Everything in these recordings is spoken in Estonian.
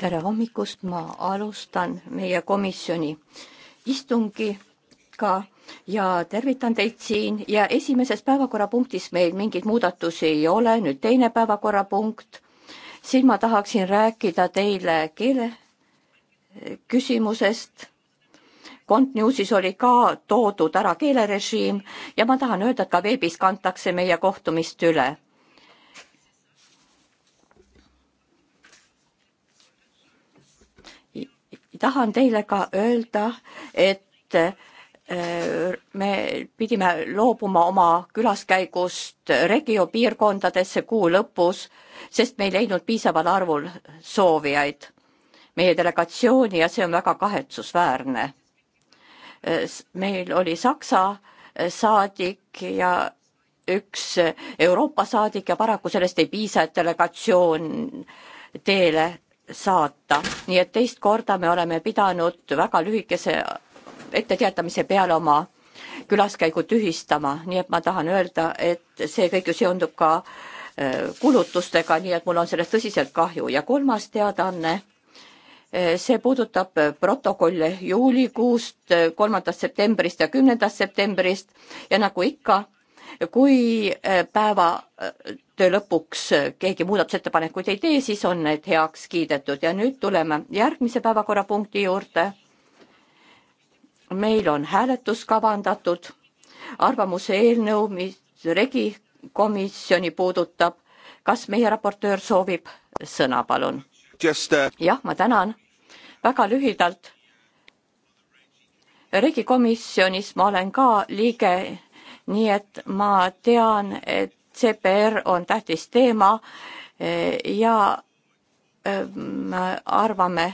tere hommikust, ma alustan meie komisjoni istungiga ja tervitan teid siin ja esimeses päevakorrapunktis meil mingeid muudatusi ei ole, nüüd teine päevakorrapunkt. siin ma tahaksin rääkida teile keele küsimusest Kontnewsis oli ka toodud ära keelerežiim ja ma tahan öelda, et ka veebis kantakse meie kohtumist üle. tahan teile ka öelda, et äh, me pidime loobuma oma külaskäigust Regio piirkondadesse kuu lõpus, sest me ei leidnud piisaval arvul soovijaid meie delegatsiooni ja see on väga kahetsusväärne. meil oli Saksa äh, saadik ja üks äh, Euroopa saadik ja paraku sellest ei piisa, et delegatsioon teele saata, nii et teist korda me oleme pidanud väga lühikese etteteatamise peale oma külaskäigu tühistama, nii et ma tahan öelda, et see kõik ju seondub ka äh, kulutustega, nii et mul on sellest tõsiselt kahju ja kolmas teadaanne, äh, see puudutab äh, protokolle juulikuust, kolmandast septembrist ja kümnendast septembrist ja nagu ikka, kui äh, päeva äh, töö lõpuks äh, keegi muudatusettepanekuid ei tee, siis on need heaks kiidetud ja nüüd tuleme järgmise päevakorrapunkti juurde. meil on hääletus kavandatud, arvamuse eelnõu, mis regi komisjoni puudutab. kas meie raportöör soovib sõna, palun? Uh, jah, ma tänan. väga lühidalt. regikomisjonis ma olen ka liige nii et ma tean, et CPR on tähtis teema e, ja e, me arvame,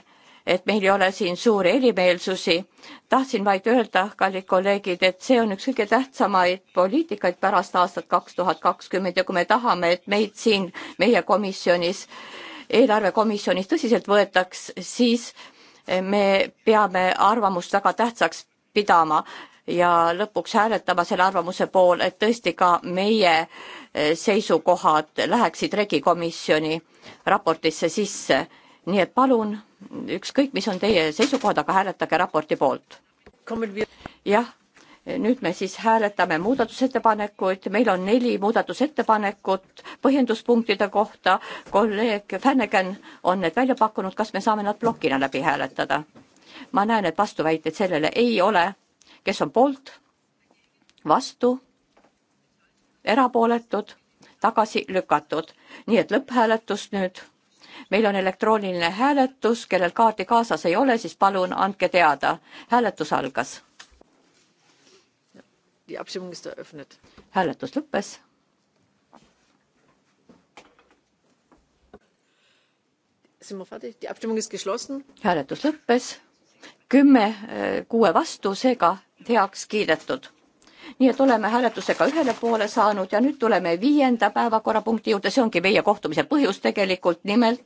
et meil ei ole siin suuri erimeelsusi. tahtsin vaid öelda, kallid kolleegid, et see on üks kõige tähtsamaid poliitikaid pärast aastat kaks tuhat kakskümmend ja kui me tahame, et meid siin meie komisjonis, eelarvekomisjonis tõsiselt võetaks, siis e, me peame arvamust väga tähtsaks pidama ja lõpuks hääletama selle arvamuse pool, et tõesti ka meie eh, seisukohad läheksid regikomisjoni raportisse sisse. nii et palun, ükskõik, mis on teie seisukohad, aga hääletage raporti poolt. jah nüüd me siis hääletame muudatusettepanekuid, meil on neli muudatusettepanekut põhjenduspunktide kohta. kolleeg Fännegan on need välja pakkunud, kas me saame nad plokina läbi hääletada? ma näen, et vastuväiteid sellele ei ole kes on poolt, vastu, erapooletud, tagasi lükatud. nii et lõpphääletus nüüd. meil on elektrooniline hääletus, kellel kaardi kaasas ei ole, siis palun andke teada. hääletus algas. hääletus lõppes hääletus lõppes, kümme äh, kuue vastu, seega heaks kiidetud. nii et oleme hääletusega ühele poole saanud ja nüüd tuleme viienda päevakorrapunkti juurde, see ongi meie kohtumise põhjus tegelikult, nimelt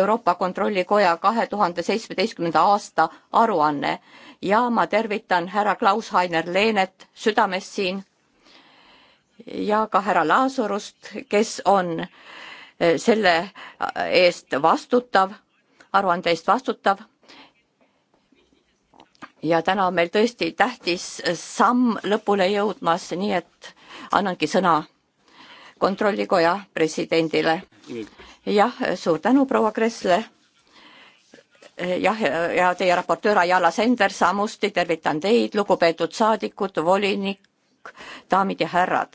Euroopa Kontrollikoja kahe tuhande seitsmeteistkümnenda aasta aruanne. ja ma tervitan härra Klaus-Hainer Leenet südamest siin ja ka härra Laasurust, kes on eh, selle eh, eest vastutav, aruande eest vastutav ja täna on meil tõesti tähtis samm lõpule jõudmas, nii et annangi sõna kontrollikoja presidendile. jah, suur tänu, proua Kressle. jah, ja teie raportöör Ayala Sender samuti tervitan teid, lugupeetud saadikud, volinik, daamid ja härrad.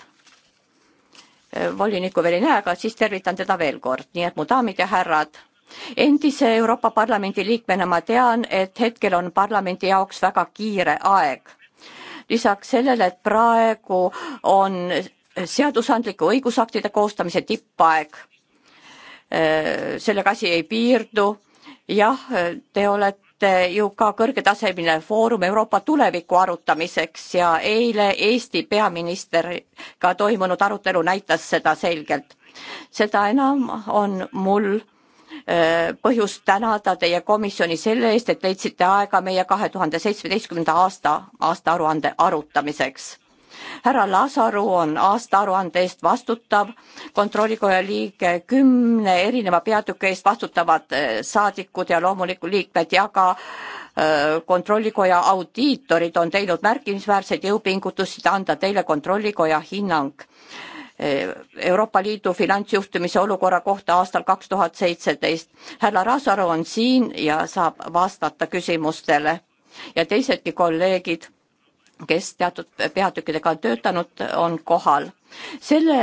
volinikku veel ei näe, aga siis tervitan teda veel kord, nii et mu daamid ja härrad endise Euroopa Parlamendi liikmena ma tean, et hetkel on parlamendi jaoks väga kiire aeg. lisaks sellele, et praegu on seadusandliku õigusaktide koostamise tippaeg. Äh, sellega asi ei piirdu. jah, te olete ju ka kõrgetasemeline foorum Euroopa tuleviku arutamiseks ja eile Eesti peaministriga toimunud arutelu näitas seda selgelt. seda enam on mul Äh, põhjust tänada teie komisjoni selle eest, et leidsite aega meie kahe tuhande seitsmeteistkümnenda aasta aastaaruande arutamiseks. härra Lasaru on aastaaruande eest vastutav, kontrollikoja liige, kümne erineva peatüki eest vastutavad äh, saadikud ja loomulikult liikmed ja ka äh, kontrollikoja audiitorid on teinud märkimisväärseid jõupingutusi, et anda teile kontrollikoja hinnang Euroopa Liidu finantsjuhtimise olukorra kohta aastal kaks tuhat seitseteist. härra Raasaru on siin ja saab vastata küsimustele ja teisedki kolleegid, kes teatud peatükkidega on töötanud, on kohal. selle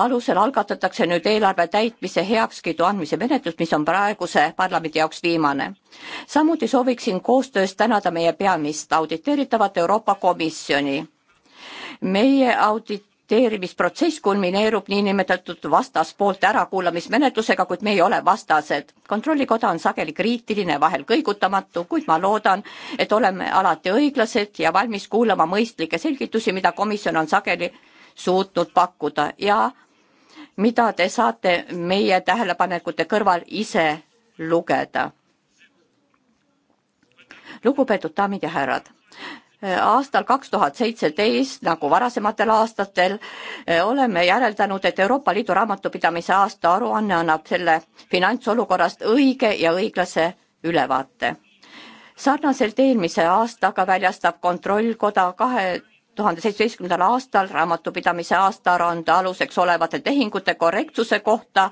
alusel algatatakse nüüd eelarve täitmise heakskiidu andmise menetlus, mis on praeguse parlamendi jaoks viimane. samuti sooviksin koostöös tänada meie peamist auditeeritavat Euroopa Komisjoni meie audit konsulteerimisprotsess kulmineerub niinimetatud vastaspoolte ärakuulamismenetlusega, kuid me ei ole vastased. kontrollikoda on sageli kriitiline, vahel kõigutamatu, kuid ma loodan, et oleme alati õiglased ja valmis kuulama mõistlikke selgitusi, mida komisjon on sageli suutnud pakkuda ja mida te saate meie tähelepanekute kõrval ise lugeda. lugupeetud daamid ja härrad aastal kaks tuhat seitseteist nagu varasematel aastatel eh, oleme järeldanud, et Euroopa Liidu raamatupidamise aasta aruanne annab selle finantsolukorrast õige ja õiglase ülevaate. sarnaselt eelmise aastaga väljastab Kontrollkoda kahe tuhande seitsmeteistkümnendal aastal raamatupidamise aastaaruande aluseks olevate tehingute korrektsuse kohta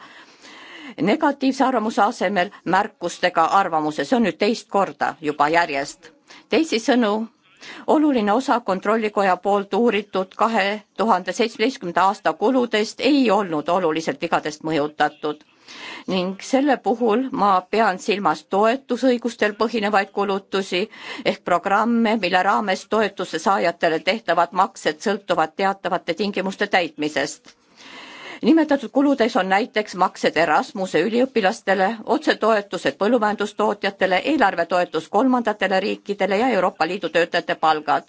negatiivse arvamuse asemel märkustega arvamuse, see on nüüd teist korda juba järjest. teisisõnu oluline osa Kontrollikoja poolt uuritud kahe tuhande seitsmeteistkümnenda aasta kuludest ei olnud oluliselt vigadest mõjutatud ning selle puhul ma pean silmas toetusõigustel põhinevaid kulutusi ehk programme, mille raames toetuse saajatele tehtavad maksed sõltuvad teatavate tingimuste täitmisest nimetatud kuludes on näiteks maksed Erasmuse üliõpilastele, otsetoetused põllumajandustootjatele, eelarvetoetus kolmandatele riikidele ja Euroopa Liidu töötajate palgad.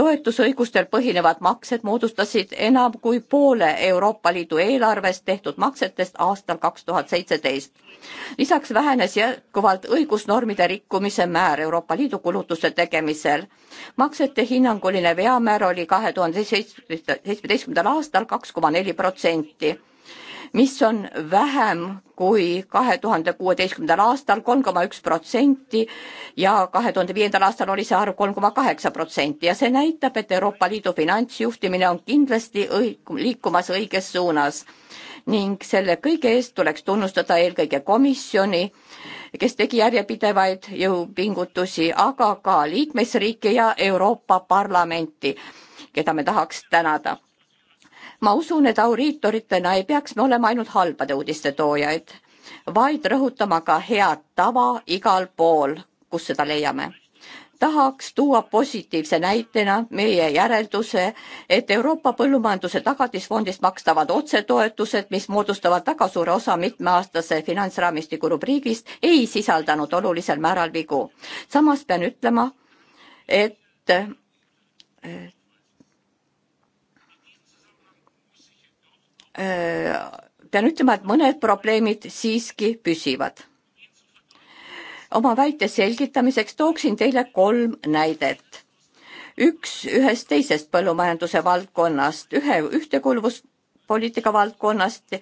toetusõigustel põhinevad maksed moodustasid enam kui poole Euroopa Liidu eelarvest tehtud maksetest aastal kaks tuhat seitseteist lisaks vähenes jätkuvalt õigusnormide rikkumise määr Euroopa Liidu kulutuste tegemisel. maksete hinnanguline veamäär oli kahe tuhande seitsmeteistkümnendal aastal kaks koma neli protsenti mis on vähem kui kahe tuhande kuueteistkümnendal aastal kolm koma üks protsenti ja kahe tuhande viiendal aastal oli see arv kolm koma kaheksa protsenti ja see näitab, et Euroopa Liidu finantsjuhtimine on kindlasti õig-, liikumas õiges suunas ning selle kõige eest tuleks tunnustada eelkõige komisjoni, kes tegi järjepidevaid jõupingutusi, aga ka liikmesriike ja Euroopa Parlamenti, keda me tahaks tänada. ma usun, et audiitoritena ei peaks me olema ainult halbade uudiste toojaid, vaid rõhutama ka head tava igal pool, kus seda leiame tahaks tuua positiivse näitena meie järelduse, et Euroopa Põllumajanduse Tagatisfondist makstavad otsetoetused, mis moodustavad väga suure osa mitmeaastase finantsraamistiku rubriigist, ei sisaldanud olulisel määral vigu. samas pean ütlema, et äh, äh, pean ütlema, et mõned probleemid siiski püsivad oma väite selgitamiseks tooksin teile kolm näidet. üks ühest teisest põllumajanduse valdkonnast, ühe ühtekuuluvuspoliitika valdkonnast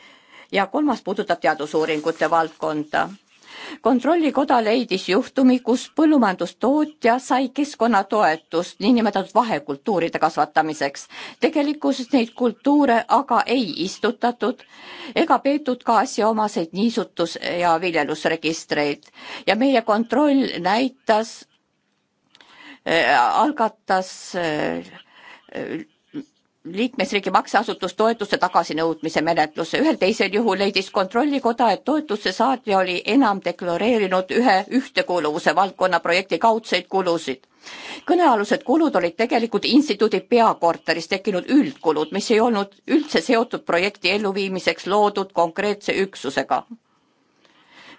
ja kolmas puudutab teadusuuringute valdkonda kontrollikoda leidis juhtumi, kus põllumajandustootja sai keskkonnatoetust niinimetatud vahekultuuride kasvatamiseks. tegelikkuses neid kultuure aga ei istutatud ega peetud ka asjaomaseid niisutus- ja viljelusregistreid ja meie kontroll näitas äh,, algatas äh, liikmesriigi makseasutus toetuste tagasinõudmise menetlusse. ühel teisel juhul leidis Kontrollikoda, et toetuste saatja oli enam deklareerinud ühe ühtekuuluvuse valdkonna projekti kaudseid kulusid. kõnealused kulud olid tegelikult instituudi peakorteris tekkinud üldkulud, mis ei olnud üldse seotud projekti elluviimiseks loodud konkreetse üksusega.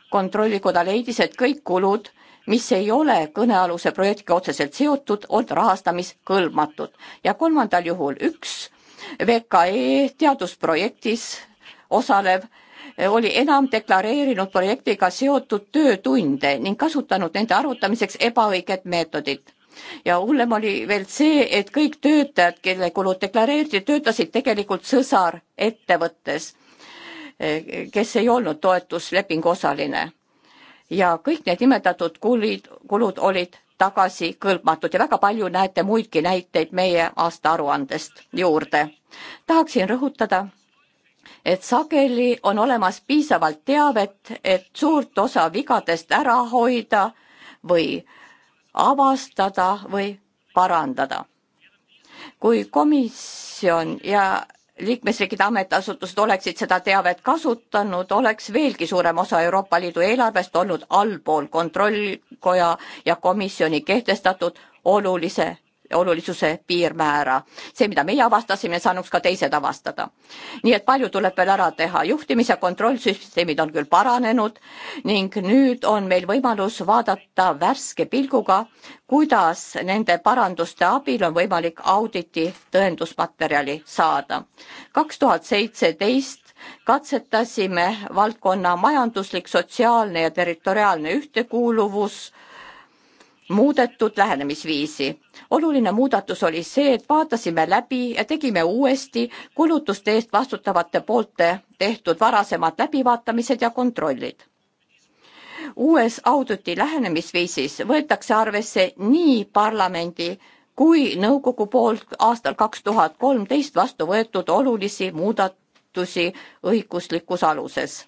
kontrollikoda leidis, et kõik kulud mis ei ole kõnealuse projektiga otseselt seotud, on rahastamiskõlbmatud. ja kolmandal juhul üks VKE teadusprojektis osalev eh, oli enam deklareerinud projektiga seotud töötunde ning kasutanud nende arvutamiseks ebaõiget meetodit ja hullem oli veel see, et kõik töötajad, kelle kulud deklareeriti, töötasid tegelikult sõsarettevõttes, eh, kes ei olnud toetuslepingu osaline ja kõik need nimetatud kulid, kulud olid tagasikõlbmatud ja väga palju näete muidki näiteid meie aastaaruandest juurde. tahaksin rõhutada, et sageli on olemas piisavalt teavet, et suurt osa vigadest ära hoida või avastada või parandada. kui komisjon ja liikmesriikide ametiasutused oleksid seda teavet kasutanud, oleks veelgi suurem osa Euroopa Liidu eelarvest olnud allpool kontrollikoja ja komisjoni kehtestatud olulise olulisuse piirmäära. see, mida meie avastasime, saanuks ka teised avastada. nii et palju tuleb veel ära teha, juhtimis- ja kontrollsüsteemid on küll paranenud ning nüüd on meil võimalus vaadata värske pilguga, kuidas nende paranduste abil on võimalik auditi tõendusmaterjali saada. kaks tuhat seitseteist katsetasime valdkonna majanduslik, sotsiaalne ja territoriaalne ühtekuuluvus muudetud lähenemisviisi. oluline muudatus oli see, et vaatasime läbi ja tegime uuesti kulutuste eest vastutavate poolte tehtud varasemad läbivaatamised ja kontrollid. uues auditi lähenemisviisis võetakse arvesse nii parlamendi kui nõukogu poolt aastal kaks tuhat kolmteist vastu võetud olulisi muudatusi õiguslikus aluses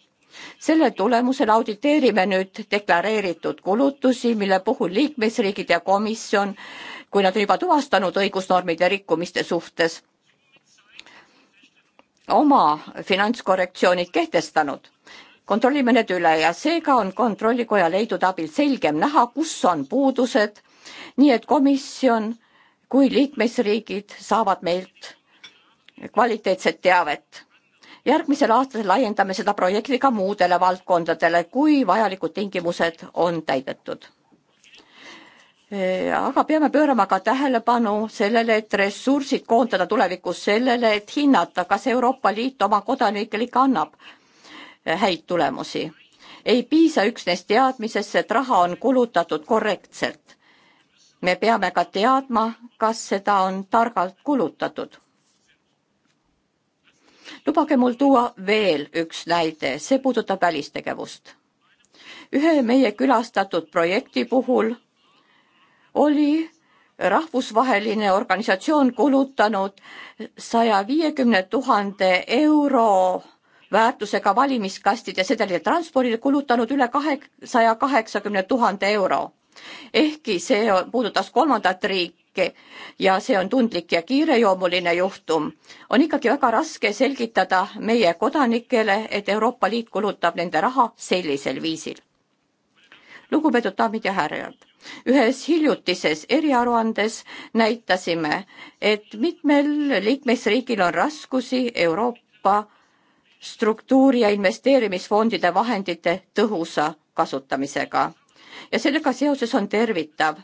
selle tulemusel auditeerime nüüd deklareeritud kulutusi, mille puhul liikmesriigid ja komisjon, kui nad on juba tuvastanud õigusnormide rikkumiste suhtes, oma finantskorrektsioonid kehtestanud. kontrollime need üle ja seega on kontrollikoja leidude abil selgem näha, kus on puudused, nii et komisjon kui liikmesriigid saavad meilt kvaliteetset teavet järgmisel aastal laiendame seda projekti ka muudele valdkondadele, kui vajalikud tingimused on täidetud. Äh, aga peame pöörama ka tähelepanu sellele, et ressursid koondada tulevikus sellele, et hinnata, kas Euroopa Liit oma kodanikele ikka annab äh, häid tulemusi. ei piisa üksnes teadmisest, et raha on kulutatud korrektselt. me peame ka teadma, kas seda on targalt kulutatud lubage mul tuua veel üks näide, see puudutab välistegevust. ühe meie külastatud projekti puhul oli rahvusvaheline organisatsioon kulutanud saja viiekümne tuhande euro väärtusega valimiskastide sedelite transpordile kulutanud üle kahe, saja kaheksakümne tuhande euro. ehkki see puudutas kolmandat riiki, riike ja see on tundlik ja kiirejoomuline juhtum, on ikkagi väga raske selgitada meie kodanikele, et Euroopa Liit kulutab nende raha sellisel viisil. lugupeetud daamid ja härrad, ühes hiljutises eriaruandes näitasime, et mitmel liikmesriigil on raskusi Euroopa struktuuri ja investeerimisfondide vahendite tõhusa kasutamisega ja sellega seoses on tervitav,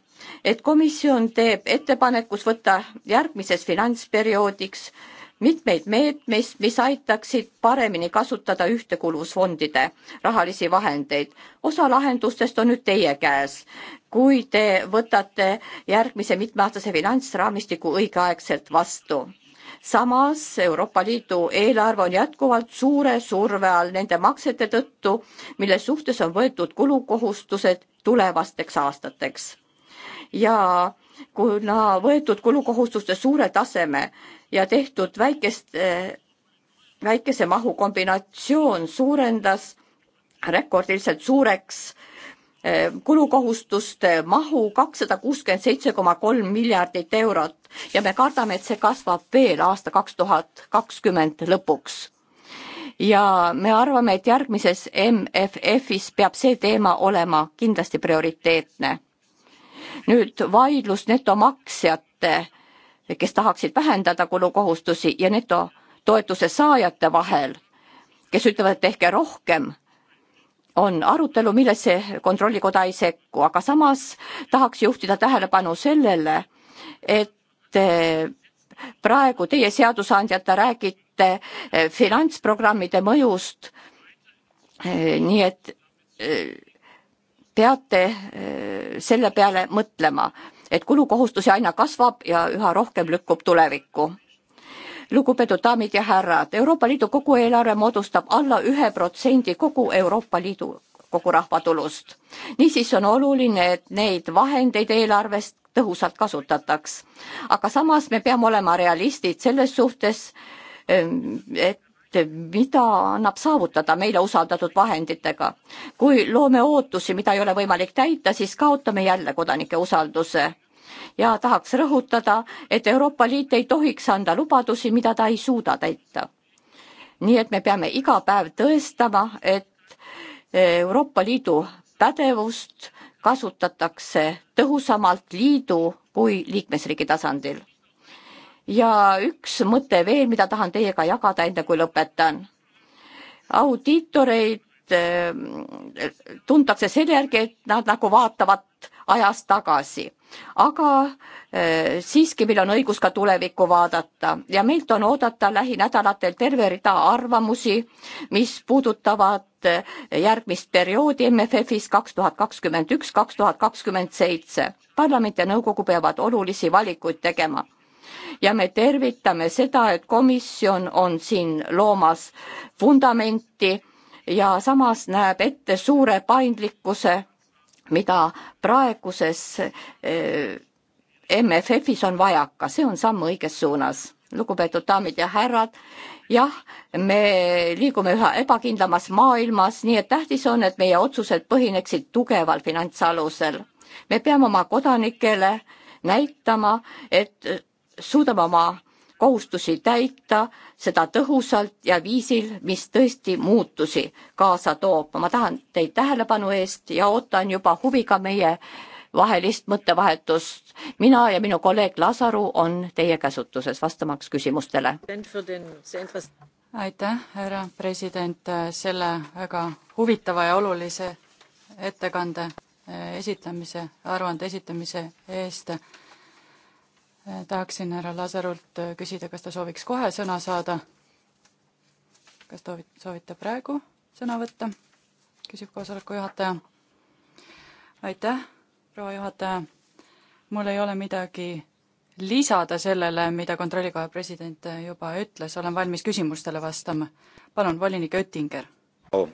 et komisjon teeb ettepanekus võtta järgmises finantsperioodiks mitmeid meetmeid, mis aitaksid paremini kasutada ühtekuuluvusfondide rahalisi vahendeid. osa lahendustest on nüüd teie käes, kui te võtate järgmise mitmeaastase finantsraamistiku õigeaegselt vastu. samas Euroopa Liidu eelarve on jätkuvalt suure surve all nende maksete tõttu, mille suhtes on võetud kulukohustused tulevasteks aastateks ja kuna võetud kulukohustuste suure taseme ja tehtud väikest, väikese mahu kombinatsioon suurendas rekordiliselt suureks eh, kulukohustuste mahu kakssada kuuskümmend seitse koma kolm miljardit eurot ja me kardame, et see kasvab veel aasta kaks tuhat kakskümmend lõpuks. ja me arvame, et järgmises MFF-is peab see teema olema kindlasti prioriteetne nüüd vaidlus netomaksjate, kes tahaksid vähendada kulukohustusi ja netotoetuse saajate vahel, kes ütlevad, et tehke rohkem, on arutelu, millesse Kontrollikoda ei sekku, aga samas tahaks juhtida tähelepanu sellele, et eh, praegu teie seadusandjate räägite eh, finantsprogrammide mõjust, eh, nii et peate eh, selle peale mõtlema, et kulukohustusi aina kasvab ja üha rohkem lükkub tulevikku. lugupeetud daamid ja härrad, Euroopa Liidu kogu eelarve moodustab alla ühe protsendi kogu Euroopa Liidu kogu rahvatulust. niisiis on oluline, et neid vahendeid eelarvest tõhusalt kasutataks. aga samas me peame olema realistid selles suhtes, eh, et mida annab saavutada meile usaldatud vahenditega. kui loome ootusi, mida ei ole võimalik täita, siis kaotame jälle kodanike usalduse. ja tahaks rõhutada, et Euroopa Liit ei tohiks anda lubadusi, mida ta ei suuda täita. nii et me peame iga päev tõestama, et Euroopa Liidu pädevust kasutatakse tõhusamalt liidu kui liikmesriigi tasandil ja üks mõte veel, mida tahan teiega jagada, enne kui lõpetan. audiitoreid eh, tuntakse selle järgi, et nad nagu vaatavad ajas tagasi, aga äh, siiski meil on õigus ka tulevikku vaadata ja meilt on oodata lähinädalatel terve rida arvamusi, mis puudutavad äh, järgmist perioodi MFF-is kaks tuhat kakskümmend üks, kaks tuhat kakskümmend seitse. parlament ja nõukogu peavad olulisi valikuid tegema ja me tervitame seda, et komisjon on siin loomas vundamenti ja samas näeb ette suure paindlikkuse, mida praeguses eh, MFF-is on vajaka, see on samm õiges suunas. lugupeetud daamid ja härrad, jah, me liigume üha ebakindlamas maailmas, nii et tähtis on, et meie otsused põhineksid tugeval finantsalusel. me peame oma kodanikele näitama, et suudame oma kohustusi täita, seda tõhusalt ja viisil, mis tõesti muutusi kaasa toob. ma tahan teid tähelepanu eest ja ootan juba huviga meie vahelist mõttevahetust. mina ja minu kolleeg Lasaru on teie käsutuses vastamaks küsimustele. aitäh, härra president, selle väga huvitava ja olulise ettekande eh, esitamise, aruande esitamise eest tahaksin härra Lazarult äh, küsida, kas ta sooviks kohe sõna saada. kas soovid, soovite praegu sõna võtta? küsib koosoleku juhataja. aitäh, proua juhataja. mul ei ole midagi lisada sellele, mida Kontrollikoja president äh, juba ütles, olen valmis küsimustele vastama. palun, volinik Oettinger oh,.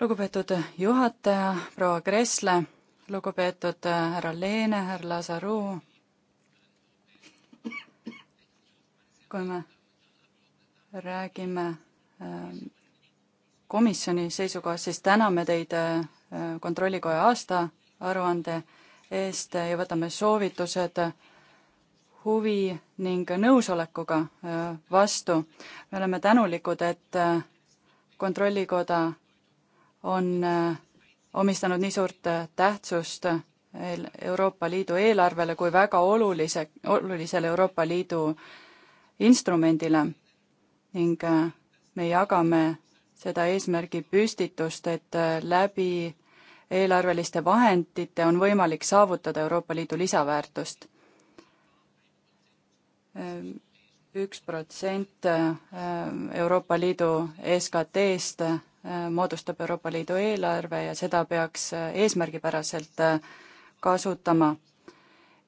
lugupeetud juhataja, proua Kressle lugupeetud äh, härra Leene, härra Lazaru. kui me räägime ähm, komisjoni seisukohast, siis täname teid äh, kontrollikoja aasta aruande eest ja võtame soovitused huvi ning nõusolekuga äh, vastu. me oleme tänulikud, et kontrollikoda on äh, omistanud nii suurt äh, tähtsust Euroopa Liidu eelarvele kui väga olulise, olulisele Euroopa Liidu instrumendile ning äh, me jagame seda eesmärgi püstitust, et äh, läbi eelarveliste vahendite on võimalik saavutada Euroopa Liidu lisaväärtust. üks protsent Euroopa Liidu SKT-st moodustab Euroopa Liidu eelarve ja seda peaks eesmärgipäraselt kasutama.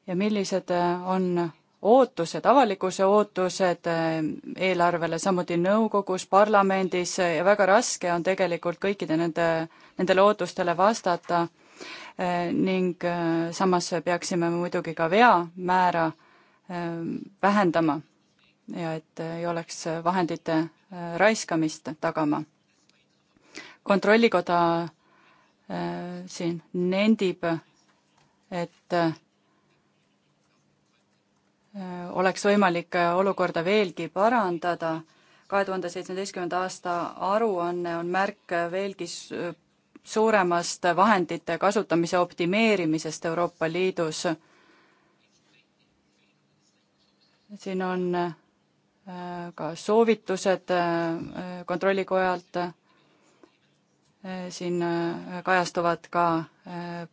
ja millised on ootused, avalikkuse ootused eelarvele, samuti nõukogus, parlamendis ja väga raske on tegelikult kõikide nende, nendele ootustele vastata ning samas peaksime muidugi ka veamäära vähendama ja et ei oleks vahendite raiskamist tagama kontrollikoda äh, siin nendib, et äh, oleks võimalik äh, olukorda veelgi parandada. kahe tuhande seitsmeteistkümnenda aasta aruanne on, on märk veelgi suuremast vahendite kasutamise optimeerimisest Euroopa Liidus. siin on ka soovitused kontrollikojalt siin äh, kajastuvad ka äh,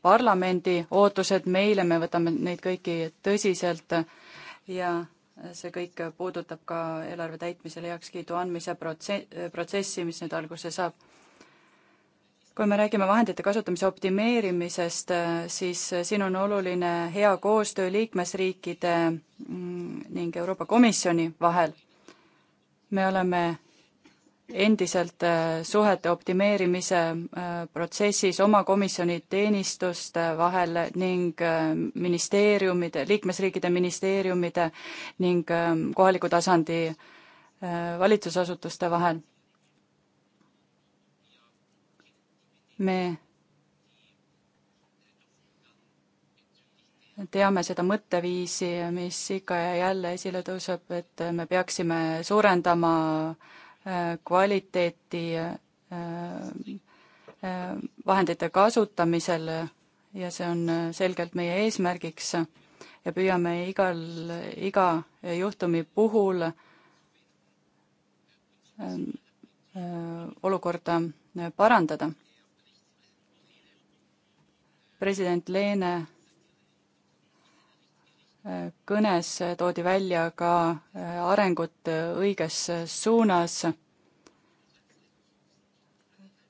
parlamendi ootused meile, me võtame neid kõiki tõsiselt ja see kõik puudutab ka eelarve täitmisele heakskiidu andmise protse-, protsessi, mis nüüd alguse saab. kui me räägime vahendite kasutamise optimeerimisest, äh, siis siin on oluline hea koostöö liikmesriikide mm, ning Euroopa Komisjoni vahel. me oleme endiselt äh, suhete optimeerimise äh, protsessis oma komisjoni teenistuste vahel ning äh, ministeeriumide, liikmesriikide ministeeriumide ning kohaliku tasandi valitsusasutuste vahel. me teame seda mõtteviisi, mis ikka ja jälle esile tõuseb, et me peaksime suurendama äh, kvaliteeti vahendite kasutamisel ja see on selgelt meie eesmärgiks ja püüame igal, iga juhtumi puhul ähm, äh, olukorda parandada. president Leene kõnes toodi välja ka äh, arengut äh, õiges äh, suunas.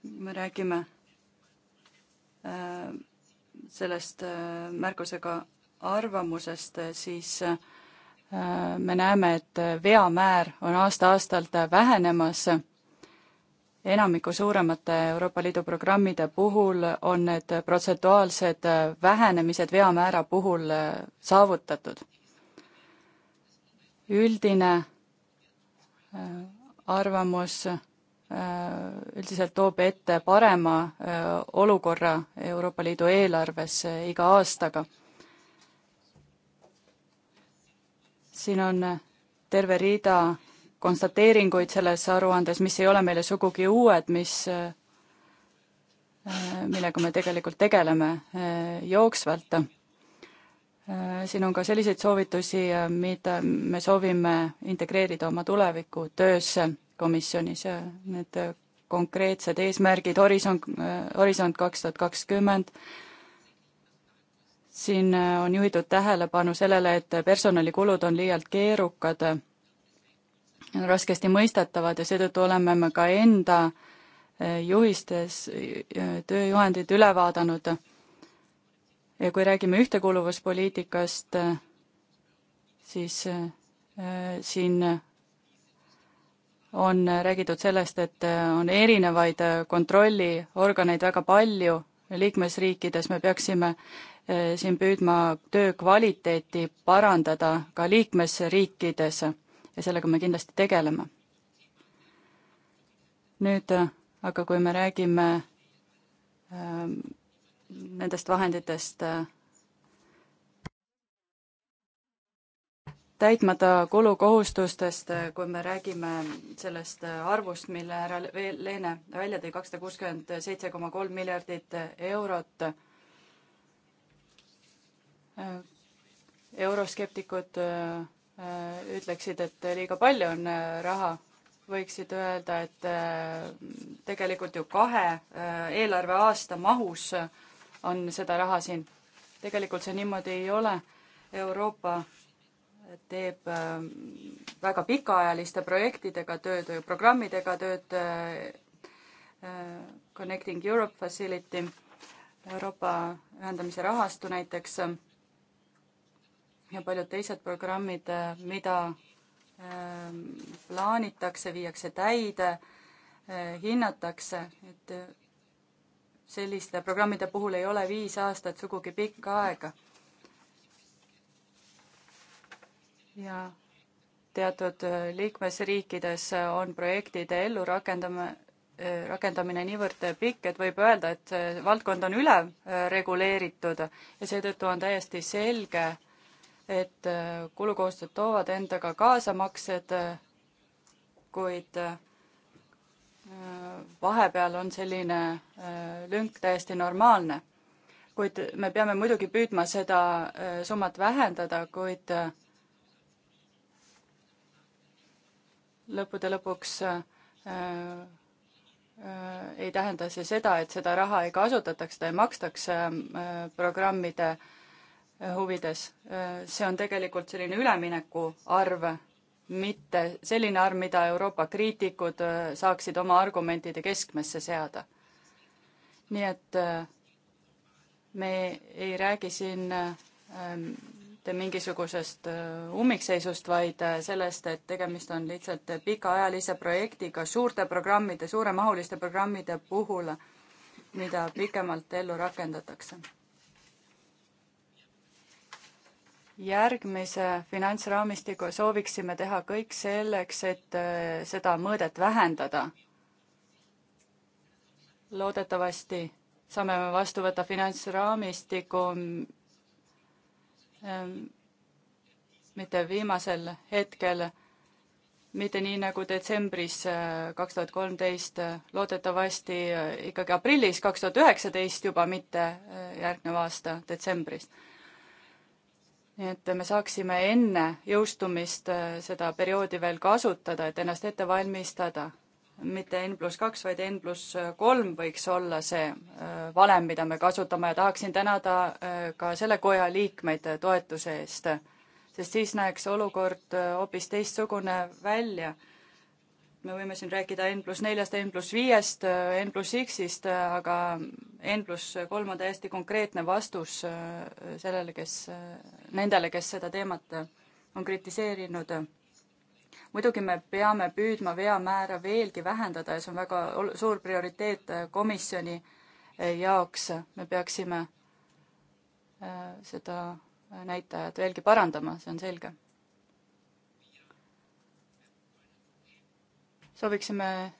me räägime sellest märkusega arvamusest, siis me näeme, et veamäär on aasta-aastalt vähenemas enamiku suuremate Euroopa Liidu programmide puhul on need protsentuaalsed vähenemised veamäära puhul äh, saavutatud. üldine äh, arvamus äh, üldiselt toob ette parema olukorra Euroopa Liidu eelarves iga aastaga. siin on terve rida konstateeringuid selles aruandes, mis ei ole meile sugugi uued, mis, millega me tegelikult tegeleme jooksvalt. siin on ka selliseid soovitusi, mida me soovime integreerida oma tuleviku töösse komisjonis, need konkreetsed eesmärgid, horisont, horisont kaks tuhat kakskümmend, siin on juhitud tähelepanu sellele, et personalikulud on liialt keerukad on raskesti mõistetavad ja seetõttu oleme me ka enda eh, juhistes eh, tööjuhendid üle vaadanud. ja kui räägime ühtekuuluvuspoliitikast, eh, siis siin on räägitud sellest, et on erinevaid kontrolliorganeid väga palju liikmesriikides, me peaksime siin püüdma töö kvaliteeti parandada ka liikmesriikides ja sellega me kindlasti tegeleme. nüüd äh, aga kui me räägime äh, nendest vahenditest äh, täitmata kulukohustustest, äh, kui me räägime sellest äh, arvust, mille härra Leene välja tõi, kakssada kuuskümmend seitse koma kolm miljardit eurot. euroskeptikud Äh, ütleksid, et liiga palju on äh, raha, võiksid öelda, et äh, tegelikult ju kahe eelarveaasta mahus on seda raha siin. tegelikult see niimoodi ei ole. Euroopa teeb väga pikaajaliste projektidega tööd või programmidega tööd. Connecting Europe Facility, Euroopa ühendamise rahastu näiteks ja paljud teised programmid, mida ähm, plaanitakse, viiakse täide, äh, hinnatakse, et äh, selliste programmide puhul ei ole viis aastat sugugi pikka aega. ja teatud äh, liikmesriikides on projektide ellurakendamine, rakendamine niivõrd pikk, et võib öelda, et valdkond on üle reguleeritud ja seetõttu on täiesti selge, et äh, kulukohustused toovad endaga kaasa maksed, äh, kuid äh, vahepeal on selline lünk täiesti normaalne. kuid me peame muidugi püüdma seda summat vähendada, kuid lõppude lõpuks ei tähenda see seda, et seda raha ei kasutataks, seda ei makstaks programmide äh, Äh, huvides. Äh, see on tegelikult selline ülemineku arv, mitte selline arv, mida Euroopa kriitikud äh, saaksid oma argumentide keskmesse seada. nii et me ei räägi siin mingisugusest ummikseisust, vaid sellest, et tegemist on lihtsalt pikaajalise projektiga suurte programmide, suuremahuliste programmide puhul, mida pikemalt ellu rakendatakse järgmise finantsraamistiku sooviksime teha kõik selleks, et äh, seda mõõdet vähendada. loodetavasti saame me vastu võtta finantsraamistiku ähm, mitte viimasel hetkel, mitte nii nagu detsembris äh, kaks tuhat kolmteist, loodetavasti äh, ikkagi aprillis kaks tuhat üheksateist juba, mitte järgneva aasta detsembris nii et me saaksime enne jõustumist äh, seda perioodi veel kasutada, et ennast ette valmistada. mitte N pluss kaks, vaid N pluss äh, kolm võiks olla see äh, valem, mida me kasutame ja tahaksin tänada ka selle koja liikmeid toetuse eest, sest siis näeks olukord hoopis teistsugune välja me võime siin rääkida N pluss neljast, N pluss viiest, N pluss X-ist, aga N pluss kolm on täiesti konkreetne vastus äh, sellele, kes, äh, nendele, kes seda teemat äh, on kritiseerinud. muidugi me peame püüdma veamäära veelgi vähendada ja see on väga suur prioriteet komisjoni jaoks, me peaksime seda näitajat veelgi parandama, see on selge sooviksime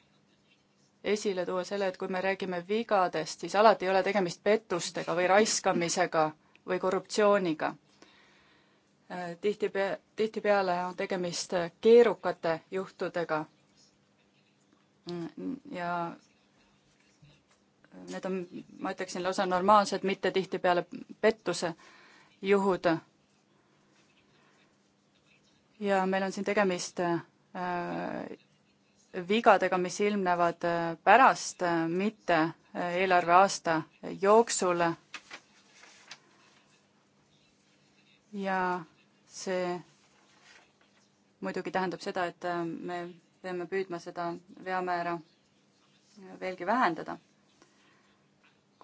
esile tuua selle, et kui me räägime vigadest, siis alati ei ole tegemist pettustega või raiskamisega või korruptsiooniga. tihtipea-, tihtipeale on tegemist keerukate juhtudega. ja need on, ma ütleksin, lausa normaalsed, mitte tihtipeale pettuse juhud. ja meil on siin tegemist äh, vigadega, mis ilmnevad äh, pärast, äh, mitte äh, eelarveaasta jooksul. ja see muidugi tähendab seda, et me peame püüdmäära, veamäära veelgi vähendada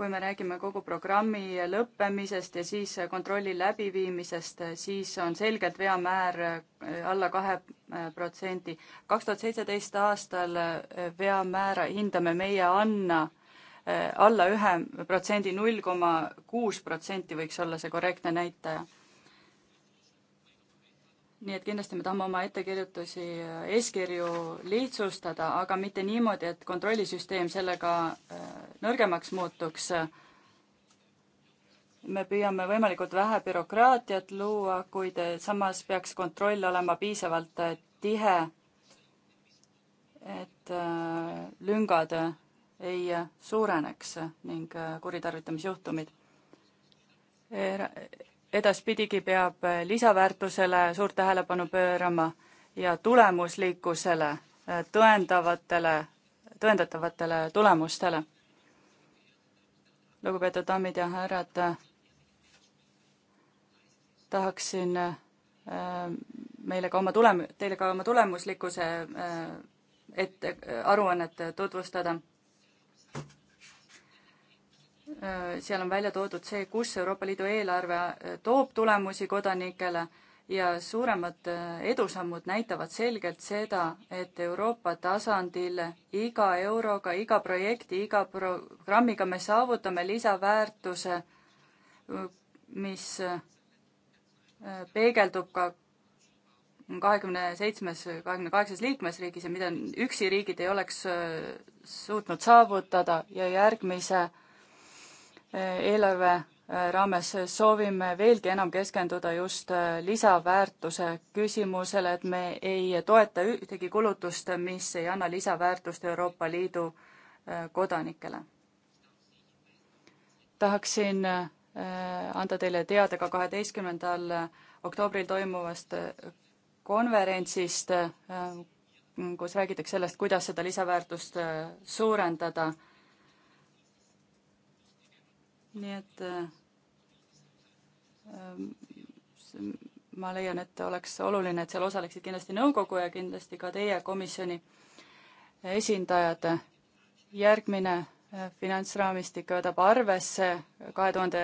kui me räägime kogu programmi lõppemisest ja siis kontrolli läbiviimisest, siis on selgelt veamäär äh, alla kahe äh, protsendi. kaks tuhat seitseteist aastal äh, veamäära hindame meie Anna alla ühe protsendi, null koma kuus protsenti võiks olla see korrektne näitaja nii et kindlasti me tahame oma ettekirjutusi, äh, eeskirju lihtsustada, aga mitte niimoodi, et kontrollisüsteem sellega äh, nõrgemaks muutuks. me püüame võimalikult vähe bürokraatiat luua, kuid äh, samas peaks kontroll olema piisavalt tihe, et lüngad ei suureneks ning kuritarvitamisjuhtumid edaspidigi peab äh, lisaväärtusele suurt tähelepanu pöörama ja tulemuslikkusele, äh, tõendavatele, tõendatavatele tulemustele. lugupeetud daamid ja härrad, äh, tahaksin meile ka oma tulem-, teile ka oma tulemuslikkuse ette, aruannet tutvustada Äh, seal on välja toodud see, kus Euroopa Liidu eelarve äh, toob tulemusi kodanikele ja suuremad äh, edusammud näitavad selgelt seda, et Euroopa tasandil iga euroga, iga projekti, iga programmiga me saavutame lisaväärtuse, mis peegeldub ka kahekümne seitsmes, kahekümne kaheksas liikmesriigis ja mida üksi riigid ei oleks suutnud saavutada ja järgmise eelarve äh, raames soovime veelgi enam keskenduda just äh, lisaväärtuse küsimusele, et me ei toeta ühtegi kulutust, mis ei anna lisaväärtust Euroopa Liidu äh, kodanikele. tahaksin anda teile teada ka kaheteistkümnendal oktoobril toimuvast konverentsist, kus räägitakse sellest, kuidas seda lisaväärtust suurendada nii et äh, ähm, ma leian, et oleks oluline, et seal osaleksid kindlasti nõukogu ja kindlasti ka teie komisjoni esindajad. järgmine äh, finantsraamistik võtab arvesse kahe tuhande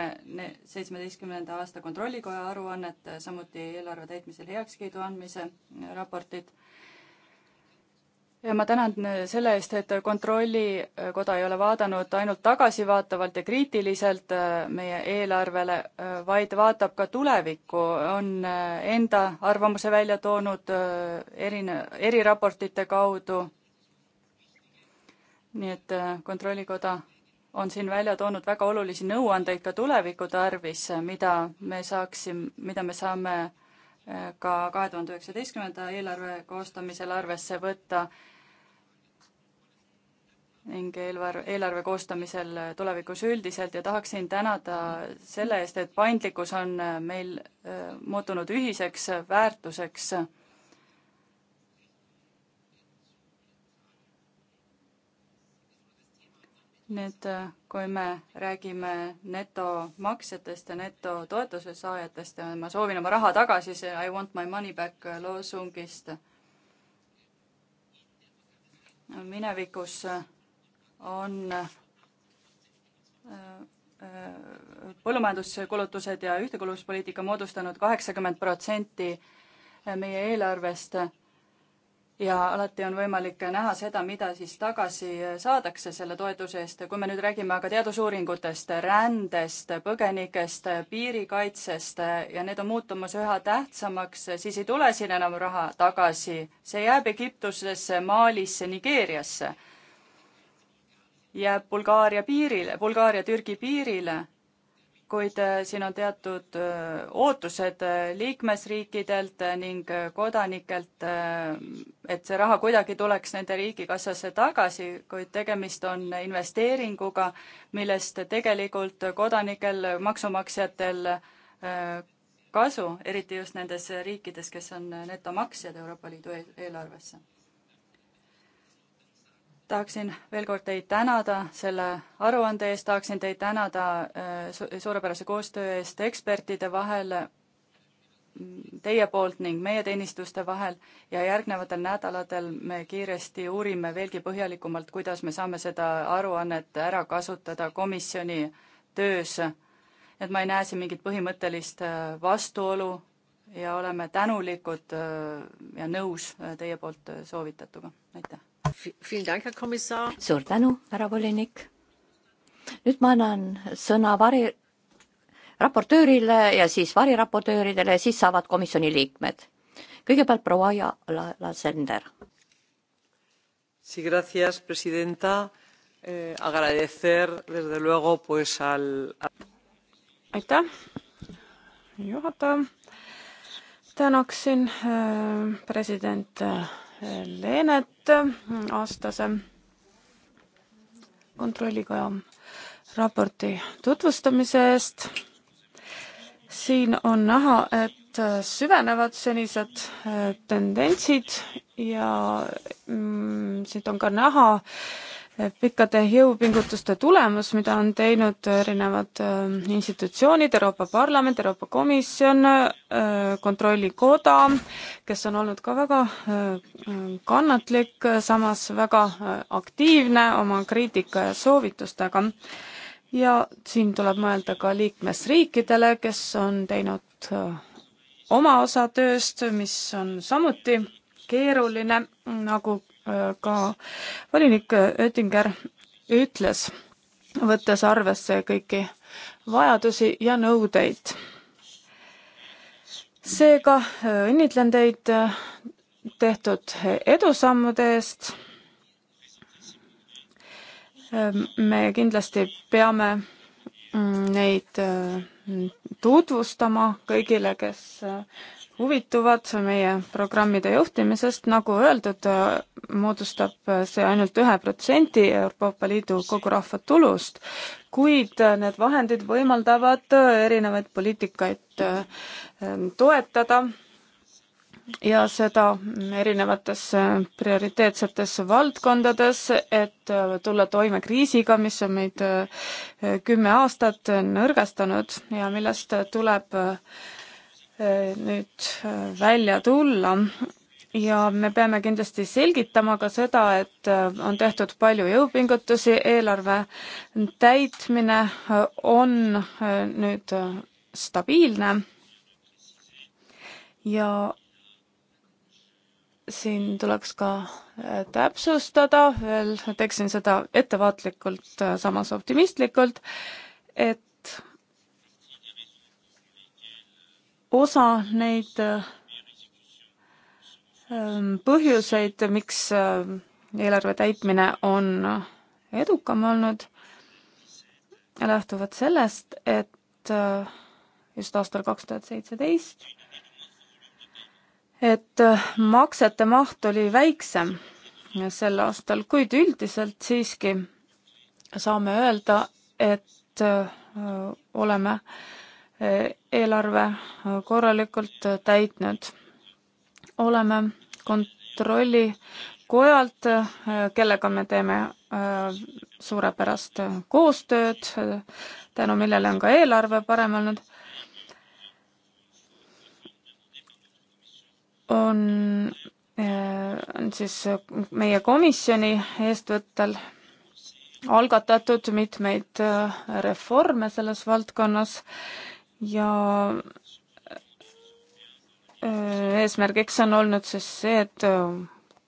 seitsmeteistkümnenda aasta kontrollikoja aruannet, samuti eelarve täitmisel heakskiidu andmise raportit ma tänan äh, selle eest, et Kontrollikoda ei ole vaadanud ainult tagasivaatavalt ja kriitiliselt äh, meie eelarvele, äh, vaid vaatab ka tulevikku, on enda arvamuse välja toonud erine-, eriraportite kaudu. nii et Kontrollikoda on siin välja toonud väga olulisi nõuandeid ka tuleviku tarvis, mida me saaksime, mida me saame ka kahe tuhande üheksateistkümnenda eelarve koostamisel arvesse võtta ning eelarve, eelarve koostamisel tulevikus üldiselt ja tahaksin tänada selle eest, et paindlikkus on äh, meil äh, muutunud ühiseks väärtuseks. nüüd, äh, kui me räägime netomaksjatest ja netotoetuse saajatest ja ma soovin oma raha tagasi, see I want my money back loosungist. minevikus äh, on äh, äh, põllumajanduskulutused ja ühtekuuluvuspoliitika moodustanud kaheksakümmend protsenti äh, meie eelarvest ja alati on võimalik näha seda, mida siis tagasi saadakse selle toetuse eest. kui me nüüd räägime aga teadusuuringutest, rändest, põgenikest, piirikaitsest ja need on muutumas üha tähtsamaks, siis ei tule siin enam raha tagasi. see jääb Egiptusesse, Malisse, Nigeeriasse jääb Bulgaaria piirile, Bulgaaria-Türgi piirile, kuid äh, siin on teatud äh, ootused äh, liikmesriikidelt ning kodanikelt, et see raha kuidagi tuleks nende riigikassasse tagasi, kuid tegemist on investeeringuga, millest tegelikult kodanikel, maksumaksjatel kasu, eriti just nendes riikides, kes on netomaksjad Euroopa Liidu e-, eelarvesse tahaksin veel kord teid tänada selle aruande eest, tahaksin teid tänada äh, suurepärase koostöö eest ekspertide vahel, mm, teie poolt ning meie teenistuste vahel ja järgnevatel nädalatel me kiiresti uurime veelgi põhjalikumalt, kuidas me saame seda aruannet ära kasutada komisjoni töös. et ma ei näe siin mingit põhimõttelist äh, vastuolu ja oleme tänulikud äh, ja nõus teie poolt soovitatuga, aitäh! suur tänu, härra volinik. nüüd ma annan sõna vari, raportöörile ja siis variraportööridele ja siis saavad komisjoni liikmed. kõigepealt proua ja la, la Sender. Sí, gracias, presidenta. Eh, agradecer desde luego pues al. aitäh, juhataja. tänaksin äh, president äh, Leenet aastase kontrollikoja raporti tutvustamise eest. siin on näha, et süvenevad senised eh, tendentsid ja mm, siit on ka näha äh, pikkade jõupingutuste tulemus, mida on teinud äh, erinevad äh, institutsioonid, Euroopa Parlament, Euroopa Komisjon, äh, Kontrollikoda, kes on olnud ka väga kannatlik, samas väga aktiivne oma kriitika ja soovitustega. ja siin tuleb mõelda ka liikmesriikidele, kes on teinud oma osa tööst, mis on samuti keeruline, nagu ka volinik Oettinger ütles, võttes arvesse kõiki vajadusi ja nõudeid. seega äh, õnnitlen teid äh, tehtud edusammude eest. Ähm, me kindlasti peame mm, neid äh, tutvustama kõigile, kes huvituvad meie programmide juhtimisest, nagu öeldud, äh, moodustab äh, see ainult ühe protsendi Euroopa Liidu kogu rahva tulust, kuid äh, need vahendid võimaldavad erinevaid poliitikaid ähm, toetada ja seda erinevates prioriteetsetes valdkondades, et tulla toime kriisiga, mis on meid kümme aastat nõrgestanud ja millest tuleb nüüd äh, välja tulla ja me peame kindlasti selgitama ka seda, et äh, on tehtud palju jõupingutusi, eelarve täitmine äh, on nüüd stabiilne ja siin tuleks ka täpsustada veel, teeksin seda ettevaatlikult, samas optimistlikult, et osa neid ähm, põhjuseid, miks äh, eelarve täitmine on edukam olnud, lähtuvad sellest, et äh, just aastal kaks tuhat seitseteist, et äh, maksete maht oli väiksem sel aastal, kuid üldiselt siiski saame öelda, et oleme eelarve korralikult täitnud. oleme kontrollikojalt, kellega me teeme äh, suurepärast koostööd, tänu millele on ka eelarve parem olnud. on, äh, on siis meie komisjoni eestvõttel algatatud mitmeid äh, reforme selles valdkonnas ja eesmärgiks on olnud siis see, et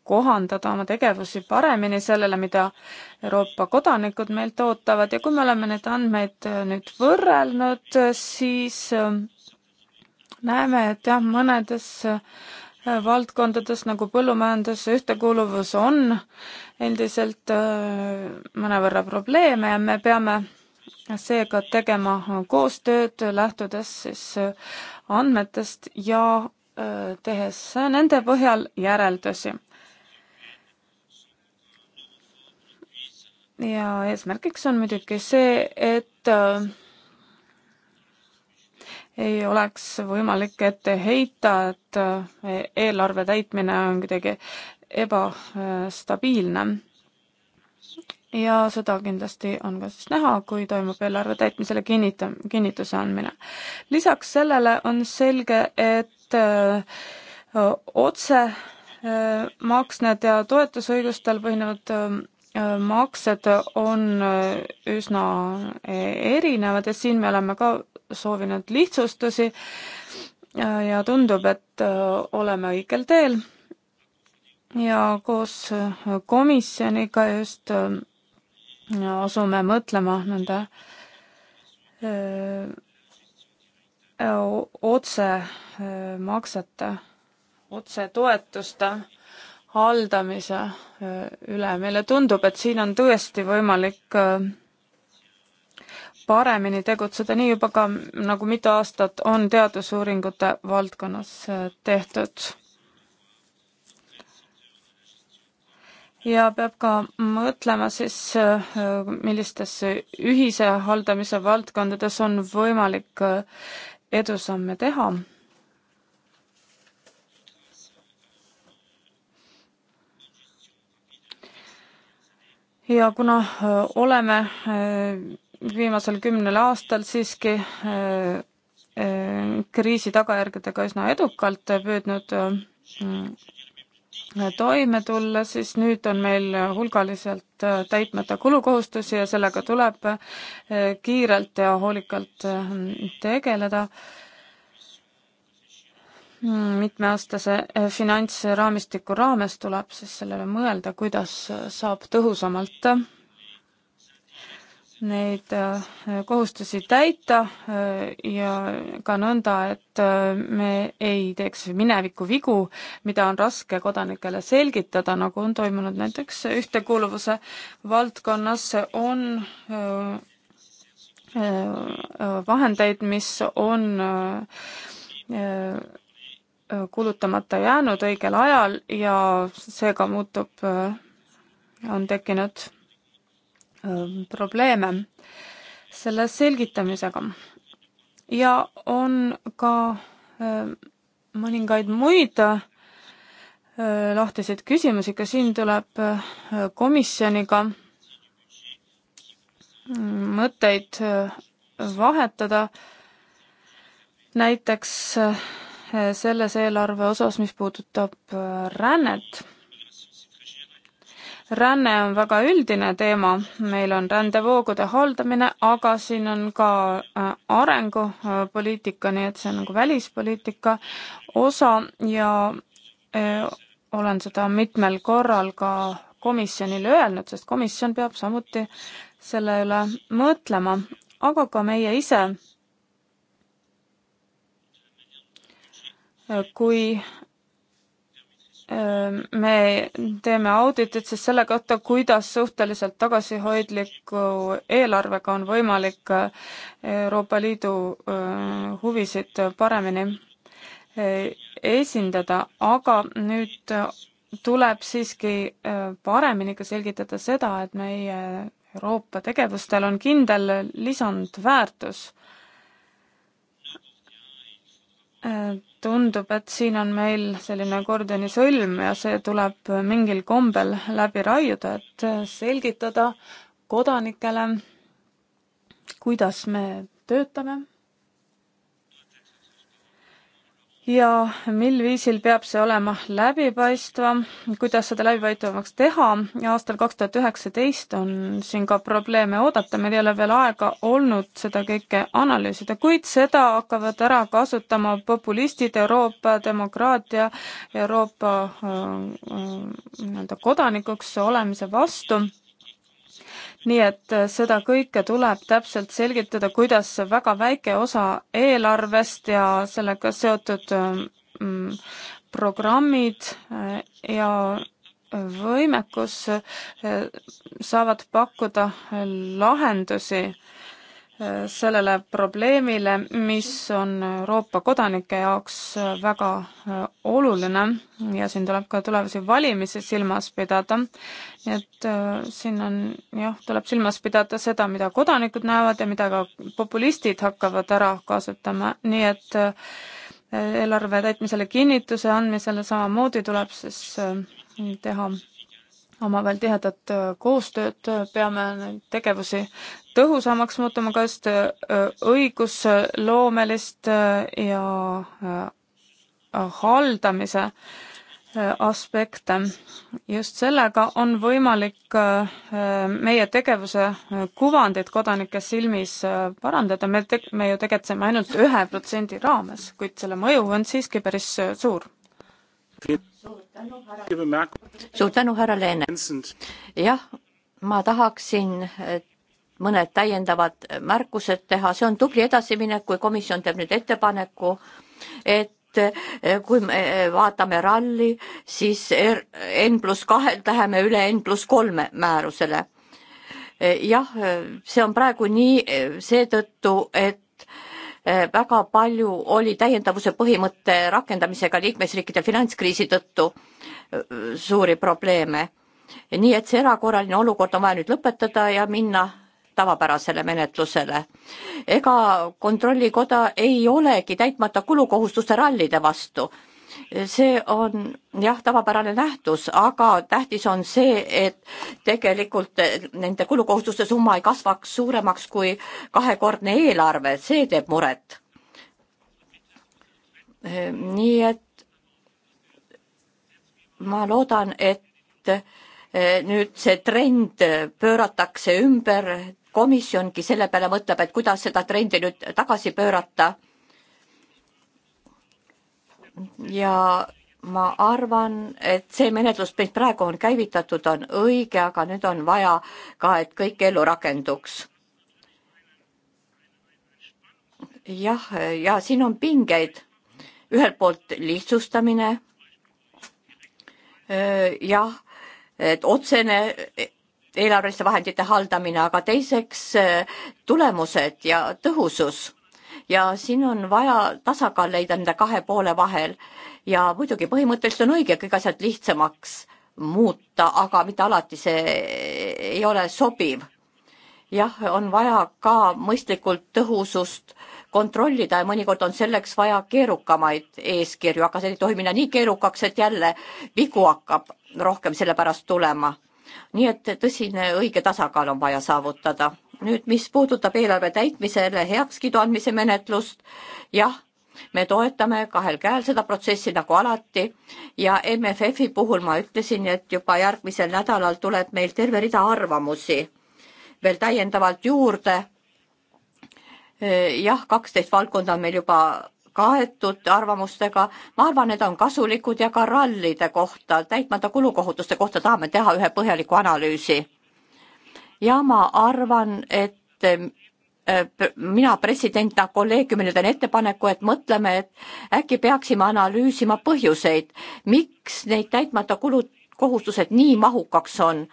kohandada oma tegevusi paremini sellele, mida Euroopa kodanikud meilt ootavad ja kui me oleme neid andmeid nüüd võrrelnud, siis näeme, et jah, mõnedes valdkondades nagu põllumajandus ja ühtekuuluvus on endiselt mõnevõrra probleeme ja me peame seega tegema koostööd, lähtudes siis äh, andmetest ja äh, tehes äh, nende põhjal järeldusi. ja eesmärgiks on muidugi see, et ei oleks võimalik ette heita, et eelarve täitmine on kuidagi ebastabiilne ja seda kindlasti on ka siis näha, kui toimub eelarve täitmisele kinnita-, kinnituse andmine. lisaks sellele on selge, et öö, äh, otse öö, äh, maksned ja toetusõigustel põhinevad öö, äh, maksed on üsna e, erinevad ja siin me oleme ka soovinud lihtsustusi ja tundub, et oleme õigel teel. ja koos komisjoniga just asume mõtlema nende otsemaksete, otsetoetuste haldamise üle. meile tundub, et siin on tõesti võimalik paremini tegutseda, nii juba ka nagu mitu aastat on teadusuuringute valdkonnas tehtud. ja peab ka mõtlema siis, äh, millistes ühise haldamise valdkondades on võimalik äh, edusamme teha. ja kuna äh, oleme viimasel kümnel aastal siiski kriisi tagajärgedega üsna edukalt püüdnud toime tulla, siis nüüd on meil hulgaliselt äh, täitmata kulukohustusi ja sellega tuleb äh, kiirelt ja hoolikalt äh, tegeleda. Mm, mitmeaastase finantsraamistiku raames tuleb siis sellele mõelda, kuidas saab tõhusamalt neid äh, kohustusi täita äh, ja ka nõnda, et äh, me ei teeks mineviku vigu, mida on raske kodanikele selgitada, nagu on toimunud näiteks ühtekuuluvuse valdkonnas, on vahendeid, mis on kulutamata jäänud õigel ajal ja seega muutub, on tekkinud Ähm, probleeme selle selgitamisega. ja on ka ähm, mõningaid muid äh, lahtiseid küsimusi, ka siin tuleb äh, komisjoniga mm, mõtteid äh, vahetada, näiteks selles eelarve osas, mis puudutab rännet ränne on väga üldine teema, meil on rändevoogude haldamine, aga siin on ka äh, arengupoliitika, äh, nii et see on nagu välispoliitika osa ja äh, olen seda mitmel korral ka komisjonile öelnud, sest komisjon peab samuti selle üle mõtlema, aga ka meie ise. kui Ehm, me teeme auditit siis selle kohta, kuidas suhteliselt tagasihoidliku eelarvega on võimalik eh, Euroopa Liidu eh, huvisid paremini eh, esindada, aga nüüd tuleb siiski paremini ka selgitada seda, et meie Euroopa tegevustel on kindel lisandväärtus Äh, tundub, et siin on meil selline Gordioni sõlm ja see tuleb mingil kombel läbi raiuda, et äh, selgitada kodanikele, kuidas me töötame ja mil viisil peab see olema läbipaistvam, kuidas seda läbipaistvamaks teha ja aastal kaks tuhat üheksateist on siin ka probleeme oodata, meil ei ole veel aega olnud seda kõike analüüsida, kuid seda hakkavad ära kasutama populistid, Euroopa demokraatia, Euroopa äh, äh, nii-öelda kodanikuks olemise vastu nii et äh, seda kõike tuleb täpselt selgitada, kuidas väga väike osa eelarvest ja sellega seotud äh, mm, programmid äh, ja võimekus saavad pakkuda lahendusi sellele probleemile, mis on Euroopa kodanike jaoks väga oluline ja siin tuleb ka tulevasi valimisi silmas pidada. nii et äh, siin on jah, tuleb silmas pidada seda, mida kodanikud näevad ja mida ka populistid hakkavad ära kasutama, nii et äh, eelarve täitmisele kinnituse andmisele samamoodi tuleb siis äh, teha omavahel tihedat äh, koostööd, äh, peame neid tegevusi tõhusamaks muutuma, ka just äh, õigusloomelist ja haldamise aspekte. just sellega on võimalik meie tegevuse kuvandit kodanike silmis parandada, me te-, me ju tegutseme ainult ühe protsendi raames, kuid selle mõju on siiski päris suur suur tänu, härra Leene. jah, ma tahaksin äh, mõned täiendavad märkused teha, see on tubli edasiminek, kui komisjon teeb nüüd ettepaneku, et äh, kui me äh, vaatame ralli, siis N pluss kahelt läheme üle N pluss kolme määrusele. jah, see on praegu nii seetõttu, et Eh, väga palju oli täiendavuse põhimõtte rakendamisega liikmesriikide finantskriisi tõttu eh, suuri probleeme. nii et see erakorraline olukord on vaja nüüd lõpetada ja minna tavapärasele menetlusele. ega Kontrollikoda ei olegi täitmata kulukohustuste rallide vastu see on jah, tavapärane nähtus, aga tähtis on see, et tegelikult eh, nende kulukohustuste summa ei kasvaks suuremaks kui kahekordne eelarve, see teeb muret. Eh, nii et ma loodan, et eh, nüüd see trend pööratakse ümber, komisjongi selle peale mõtleb, et kuidas seda trendi nüüd tagasi pöörata ja ma arvan, et see menetlus, mis praegu on käivitatud, on õige, aga nüüd on vaja ka, et kõik ellu rakenduks. jah, ja siin on pingeid. ühelt poolt lihtsustamine. jah, et otsene eelarveliste vahendite haldamine, aga teiseks tulemused ja tõhusus ja siin on vaja tasakaal leida nende kahe poole vahel. ja muidugi põhimõtteliselt on õige kõik asjad lihtsamaks muuta, aga mitte alati see ei ole sobiv. jah, on vaja ka mõistlikult tõhusust kontrollida ja mõnikord on selleks vaja keerukamaid eeskirju, aga see ei tohi minna nii keerukaks, et jälle vigu hakkab rohkem selle pärast tulema. nii et tõsine õige tasakaal on vaja saavutada nüüd, mis puudutab eelarve täitmisele heakskiidu andmise menetlust, jah, me toetame kahel käel seda protsessi nagu alati ja MFF-i puhul ma ütlesin, et juba järgmisel nädalal tuleb meil terve rida arvamusi veel täiendavalt juurde. jah, kaksteist valdkonda on meil juba kaetud arvamustega, ma arvan, need on kasulikud ja ka rallide kohta, täitmata kulukohutuste kohta tahame teha ühe põhjaliku analüüsi ja ma arvan, et äh, mina presidendina kolleegiumile teen ettepaneku, et mõtleme, et äkki peaksime analüüsima põhjuseid, miks neid täitmata kulud, kohustused nii mahukaks on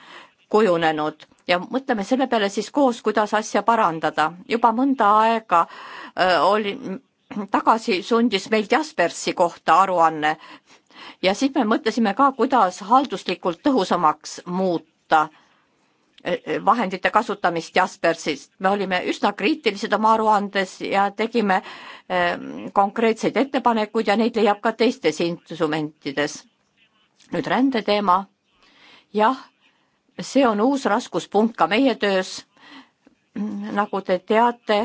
kujunenud ja mõtleme selle peale siis koos, kuidas asja parandada. juba mõnda aega äh, oli, tagasi sundis meil Jaspersi kohta aruanne ja siis me mõtlesime ka, kuidas halduslikult tõhusamaks muuta vahendite kasutamist Jaspersist. me olime üsna kriitilised oma aruandes ja tegime ähm, konkreetseid ettepanekuid ja neid leiab ka teistes instrumentides. nüüd rändeteema. jah, see on uus raskuspunkt ka meie töös. nagu te teate,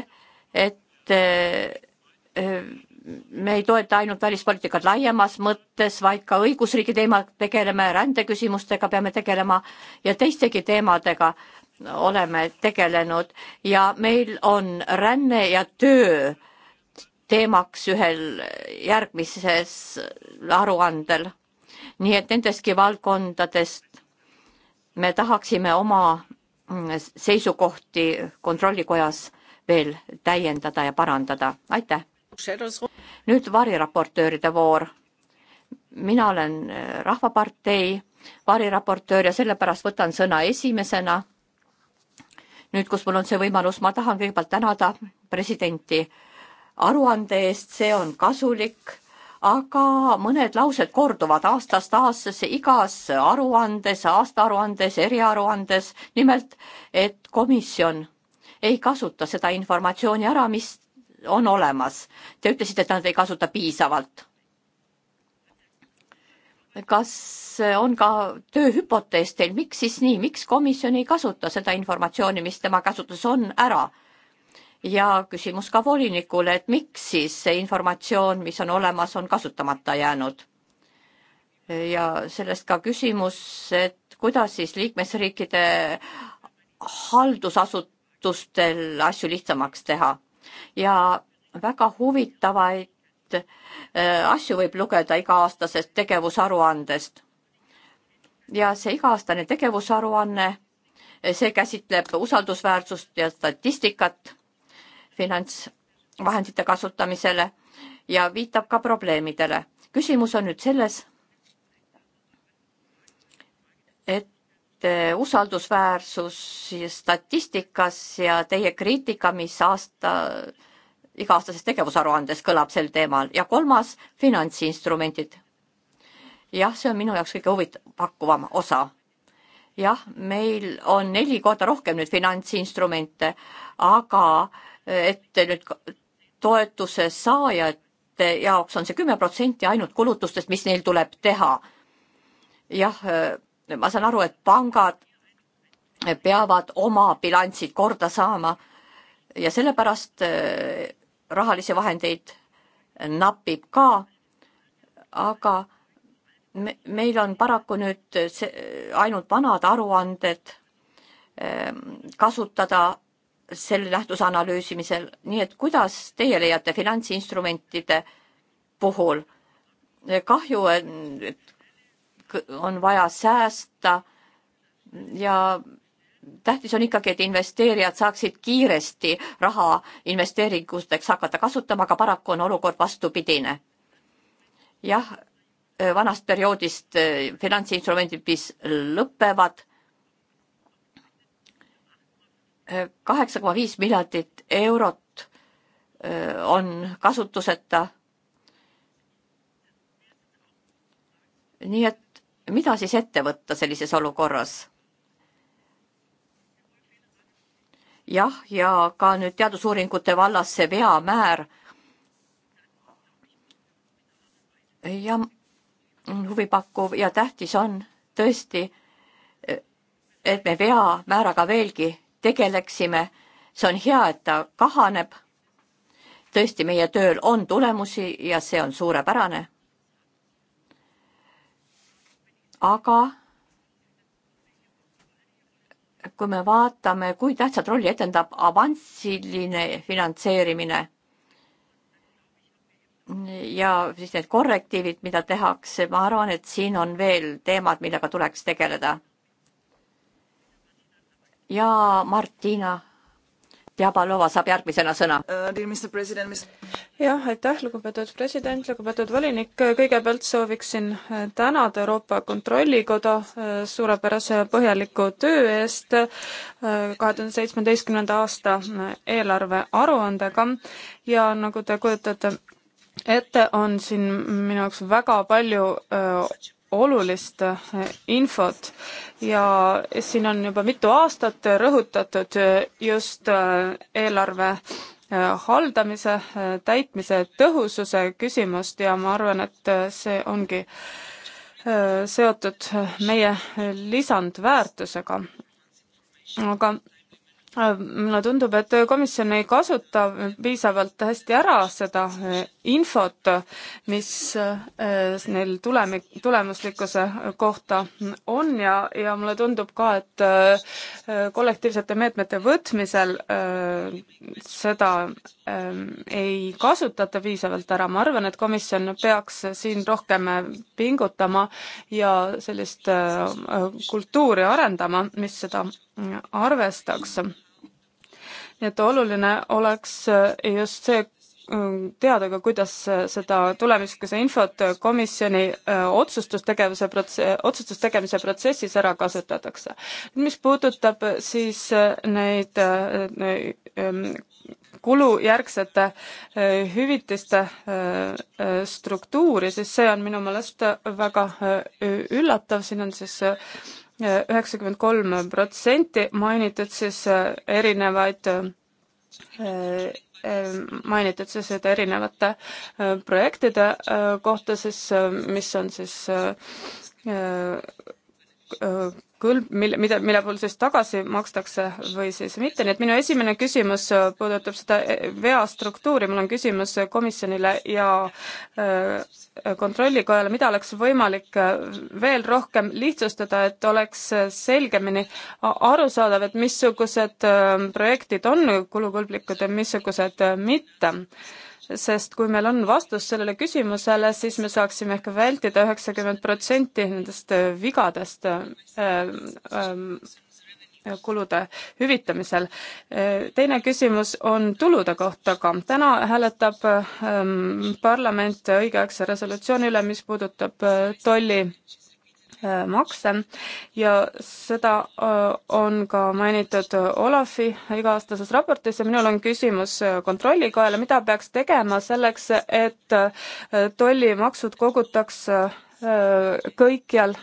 et äh, me ei toeta ainult välispoliitikat laiemas mõttes, vaid ka õigusriigi teemadega tegeleme, rändeküsimustega peame tegelema ja teistegi teemadega oleme tegelenud ja meil on ränne ja töö teemaks ühel järgmises aruandel. nii et nendestki valdkondadest me tahaksime oma seisukohti kontrollikojas veel täiendada ja parandada. aitäh! nüüd variraportööride voor. mina olen äh, Rahvapartei variraportöör ja sellepärast võtan sõna esimesena. nüüd, kus mul on see võimalus, ma tahan kõigepealt tänada presidenti aruande eest, see on kasulik, aga mõned laused korduvad aastast aastasse igas aruandes, aastaaruandes, eriaruandes, nimelt et komisjon ei kasuta seda informatsiooni ära, mis on olemas. Te ütlesite, et nad ei kasuta piisavalt. kas on ka tööhüpotees teil, miks siis nii, miks komisjon ei kasuta seda informatsiooni, mis tema käsutuses on, ära? ja küsimus ka volinikule, et miks siis see informatsioon, mis on olemas, on kasutamata jäänud? ja sellest ka küsimus, et kuidas siis liikmesriikide haldusasutustel asju lihtsamaks teha ja väga huvitavaid äh, asju võib lugeda iga-aastasest tegevusaruandest. ja see iga-aastane tegevusaruanne, äh, see käsitleb usaldusväärsust ja statistikat finantsvahendite kasutamisele ja viitab ka probleemidele. küsimus on nüüd selles, teie eh, usaldusväärsus statistikas ja teie kriitika, mis aasta, iga-aastases tegevusaruandes kõlab sel teemal ja kolmas finantsinstrumendid. jah, see on minu jaoks kõige huvipakkuvam osa. jah, meil on neli korda rohkem nüüd finantsinstrumente, aga eh, et nüüd toetuse saajate jaoks on see kümme protsenti ainult kulutustest, mis neil tuleb teha. jah eh, ma saan aru, et pangad peavad oma bilansid korda saama ja sellepärast äh, rahalisi vahendeid napib ka. aga me, meil on paraku nüüd see, ainult vanad aruanded ähm, kasutada selle nähtuse analüüsimisel, nii et kuidas teie leiate finantsinstrumentide puhul kahju, et on vaja säästa ja tähtis on ikkagi, et investeerijad saaksid kiiresti raha investeeringuteks hakata kasutama, aga paraku on olukord vastupidine. jah, vanast perioodist eh, finantsinstrumendid, mis lõpevad eh, kaheksa koma viis miljardit eurot eh, on kasutuseta. nii et mida siis ette võtta sellises olukorras? jah, ja ka nüüd teadusuuringute vallas see veamäär. ja huvipakkuv ja tähtis on tõesti, et me veamääraga veelgi tegeleksime. see on hea, et ta kahaneb. tõesti, meie tööl on tulemusi ja see on suurepärane aga kui me vaatame, kui tähtsat rolli etendab avansiline finantseerimine ja siis need korrektiivid, mida tehakse, ma arvan, et siin on veel teemad, millega tuleks tegeleda. ja Martina Jabalova saab järgmisena sõna. Uh, jah, aitäh, lugupeetud president, lugupeetud volinik, kõigepealt sooviksin äh, tänada Euroopa Kontrollikoda äh, suurepärase põhjaliku töö eest äh, kahe tuhande seitsmeteistkümnenda aasta eelarve aruandega ja nagu te kujutate ette, on siin minu jaoks väga palju öö, olulist eh, infot ja siin on juba mitu aastat rõhutatud eh, just eh, eelarve haldamise, täitmise tõhususe küsimust ja ma arvan, et see ongi seotud meie lisandväärtusega. aga mulle tundub, et komisjon ei kasuta piisavalt hästi ära seda infot, mis äh, neil tulemi-, tulemuslikkuse kohta on ja, ja mulle tundub ka, et äh, kollektiivsete meetmete võtmisel äh, seda ei kasutata piisavalt ära, ma arvan, et komisjon peaks siin rohkem pingutama ja sellist kultuuri arendama, mis seda arvestaks nii et oluline oleks just see Äh, teada ka, kuidas äh, seda tulemiskese infot komisjoni äh, otsustustegevuse prots-, otsustustegemise protsessis ära kasutatakse. mis puudutab siis neid ähm, kulujärgsete hüvitiste struktuuri, siis see on minu meelest väga üllatav, siin on siis üheksakümmend kolm protsenti mainitud siis erinevaid Äh, äh, mainitud siis seda erinevate äh, projektide kohta siis, mis on siis kõlb, mille, mida, mille puhul siis tagasi makstakse või siis mitte, nii et minu esimene küsimus puudutab seda veastruktuuri, mul on küsimus komisjonile ja äh, kontrollikojale, mida oleks võimalik äh, veel rohkem lihtsustada, et oleks selgemini arusaadav, et missugused äh, projektid on kulukõlblikud ja missugused mitte sest kui meil on vastus sellele küsimusele, siis me saaksime ehk vältida üheksakümmend protsenti nendest äh, vigadest äh, ähm, kulude hüvitamisel. Äh, teine küsimus on tulude kohta ka. täna hääletab ähm, parlament õigeaegse resolutsiooni üle, mis puudutab tolli Äh, makse ja seda äh, on ka mainitud äh, Olafi iga-aastases raportis ja minul on küsimus kontrollikojale, mida peaks tegema selleks, et tollimaksud kogutaks kõikjal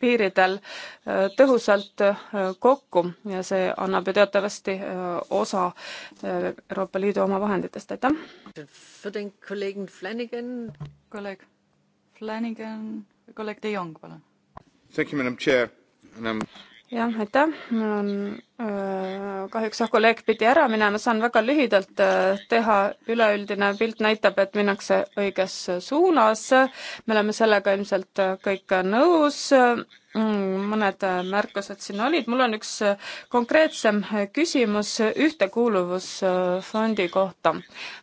piiridel tõhusalt kokku ja see annab ju teatavasti osa Euroopa Liidu omavahenditest, aitäh. kolleeg Flanagan, kolleeg Flanagan, kolleeg De Jong, palun jah, aitäh, mul on äh, kahjuks jah, kolleeg pidi ära minema, saan väga lühidalt äh, teha, üleüldine pilt näitab, et minnakse õiges suunas, me oleme sellega ilmselt äh, kõik nõus, mm, mõned äh, märkused siin olid, mul on üks äh, konkreetsem küsimus Ühtekuuluvusfondi kohta.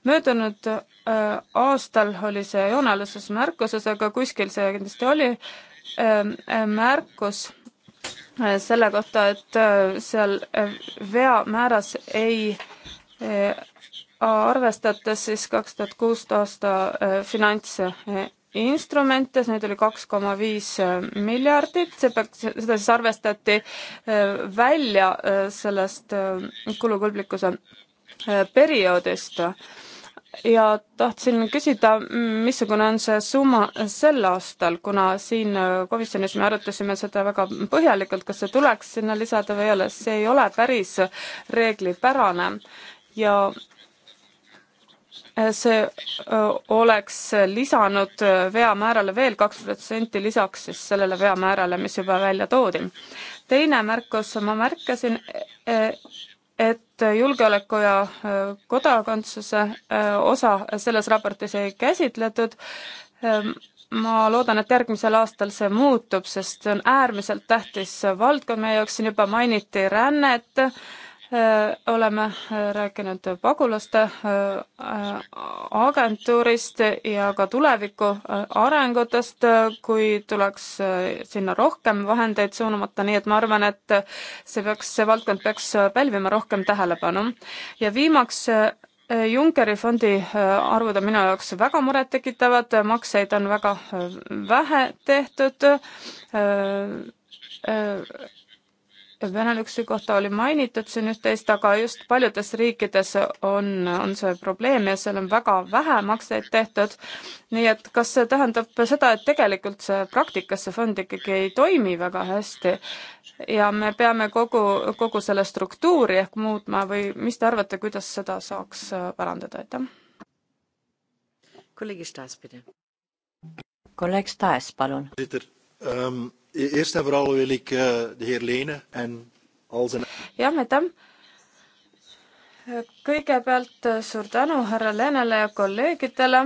möödunud äh, aastal oli see joonealuses märkuses, aga kuskil see kindlasti oli äh,, Ähm, äh, märkus äh, selle kohta, et äh, seal veamääras ei arvestates siis kaks tuhat kuus aasta finantsinstrumentes, neid oli kaks koma viis miljardit, see peaks, seda siis arvestati välja sellest kulukõlblikkuse perioodist ja tahtsin küsida, missugune on see summa sel aastal, kuna siin äh, komisjonis me arutasime seda väga põhjalikult, kas see tuleks sinna lisada või ei ole, see ei ole päris reeglipärane ja äh, see äh, oleks lisanud veamäärale veel kaks protsenti lisaks siis sellele veamäärale, mis juba välja toodi. teine märkus, ma märkasin, et Äh, julgeoleku ja äh, kodakondsuse äh, osa selles raportis ei käsitletud. Ähm, ma loodan, et järgmisel aastal see muutub, sest see on äärmiselt tähtis valdkond meie jaoks, siin juba mainiti rännet Äh, oleme äh, rääkinud pagulaste äh, agentuurist ja ka tuleviku arengutest, kui tuleks sinna rohkem vahendeid suunamata, nii et ma arvan, et see peaks, see valdkond peaks pälvima rohkem tähelepanu. ja viimaks Junckeri fondi arvud on minu jaoks väga murettekitavad, makseid on väga vähe tehtud Veneluksi kohta oli mainitud siin üht-teist, aga just paljudes riikides on, on see probleem ja seal on väga vähe makseid tehtud. nii et kas see tähendab seda, et tegelikult see praktikas see fond ikkagi ei toimi väga hästi ja me peame kogu, kogu selle struktuuri ehk muutma või mis te arvate, kuidas seda saaks äh, parandada, aitäh? kolleeg Stas, palun. Ähm, E-, Eerst en vooral wil ik uh, de heer Lene en al zijn... jah, eh, aitäh. kõigepealt eh, suur tänu härra Lenele ja kolleegidele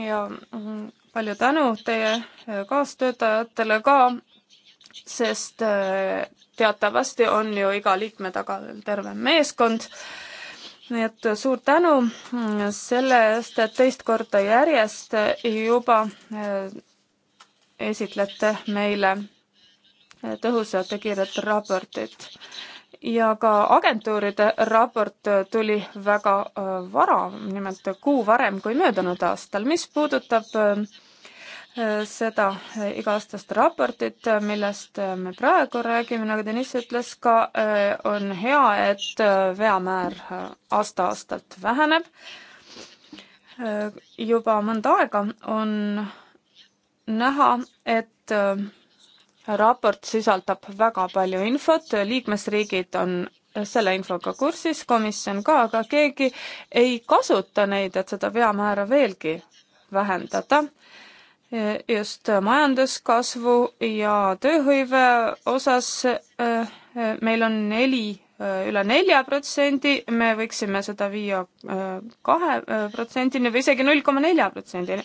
ja mm, palju tänu teie kaastöötajatele ka, sest teatavasti on ju iga liikme taga veel terve meeskond nii et suur tänu mm, selle eest, et teist korda järjest juba esitlete meile tõhusat ja kiiret raportit. ja ka agentuuride raport tuli väga äh, vara, nimelt kuu varem kui möödunud aastal. mis puudutab äh, seda iga-aastast raportit, millest äh, me praegu räägime, nagu Deniss ütles ka, on hea, et veamäär aasta-aastalt väheneb. juba mõnda aega on näha, et äh, raport sisaldab väga palju infot, liikmesriigid on selle infoga kursis, komisjon ka, aga keegi ei kasuta neid, et seda veamäära veelgi vähendada. just majanduskasvu ja tööhõive osas äh, äh, meil on neli üle nelja protsendi, me võiksime seda viia äh, kahe protsendini või isegi null koma nelja protsendini.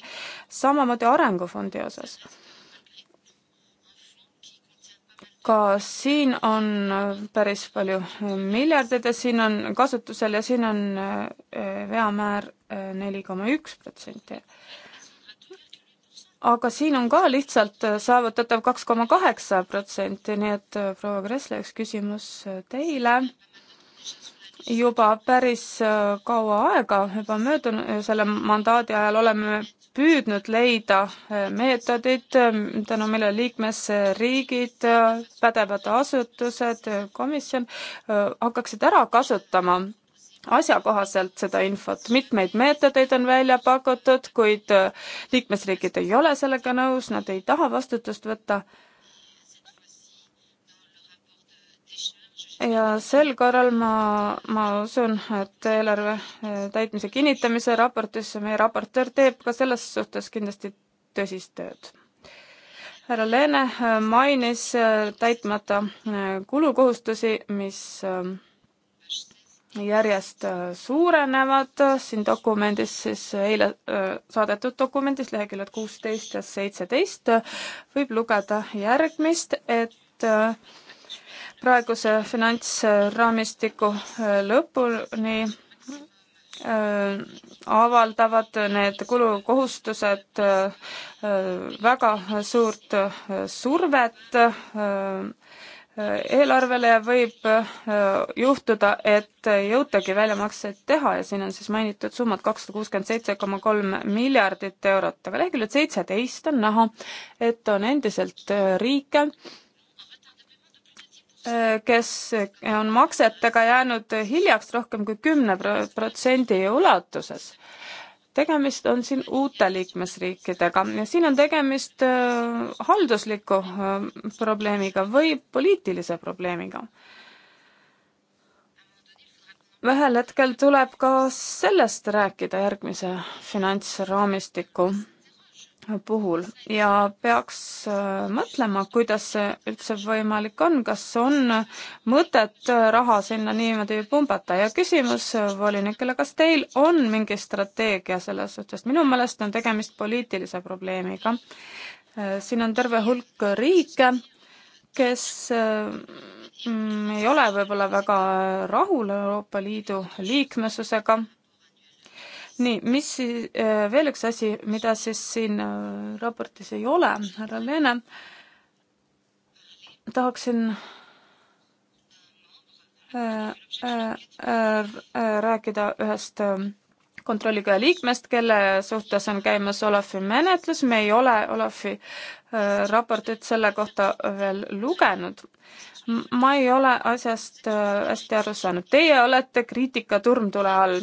samamoodi Arengufondi osas. ka siin on äh, päris palju miljardeid ja siin on kasutusel ja siin on äh, veamäär neli koma üks protsenti aga siin on ka lihtsalt äh, saavutatav kaks koma kaheksa protsenti, nii et äh, proua Kressle, üks küsimus äh, teile. juba päris kaua aega, juba möödunud, selle mandaadi ajal oleme püüdnud leida meetodid, tänu millele liikmesriigid, pädevad asutused, komisjon hakkaksid ära kasutama asjakohaselt seda infot. mitmeid meetodeid on välja pakutud, kuid äh, liikmesriigid ei ole sellega nõus, nad ei taha vastutust võtta. ja sel korral ma, ma usun, et eelarve äh, täitmise kinnitamise raportis meie raportöör teeb ka selles suhtes kindlasti tõsist tööd härra Leene äh, mainis täitmata kulukohustusi, mis järjest äh, suurenevad siin dokumendis, siis äh, eile äh, saadetud dokumendis leheküljed kuusteist ja seitseteist võib lugeda järgmist, et praeguse finantsraamistiku lõpuni avaldavad need kulukohustused väga suurt survet eelarvele ja võib äh, juhtuda, et ei jõutagi väljamakseid teha ja siin on siis mainitud summad kakssada kuuskümmend seitse koma kolm miljardit eurot, aga leheküljel seitseteist on näha, et on endiselt äh, riike, äh, kes on maksetega jäänud hiljaks rohkem kui kümne protsendi ulatuses tegemist on siin uute liikmesriikidega ja siin on tegemist äh, haldusliku äh, probleemiga või poliitilise probleemiga. ühel hetkel tuleb ka sellest rääkida järgmise finantsraamistiku puhul ja peaks äh, mõtlema, kuidas see üldse võimalik on, kas on mõtet äh, raha sinna niimoodi pumbata ja küsimus äh, volinikele, kas teil on mingi strateegia selles suhtes, minu meelest on tegemist poliitilise probleemiga. siin on terve hulk riike, kes mm, ei ole võib-olla väga rahul Euroopa Liidu liikmesusega nii, mis siis, äh, veel üks asi, mida siis siin äh, raportis ei ole, härra Leene, tahaksin äh, rääkida ühest kontrollikoja liikmest, kelle suhtes on käimas Olafi menetlus, me ei ole Olafi raportit selle kohta veel lugenud. ma ei ole asjast hästi aru saanud, teie olete kriitikaturmtule all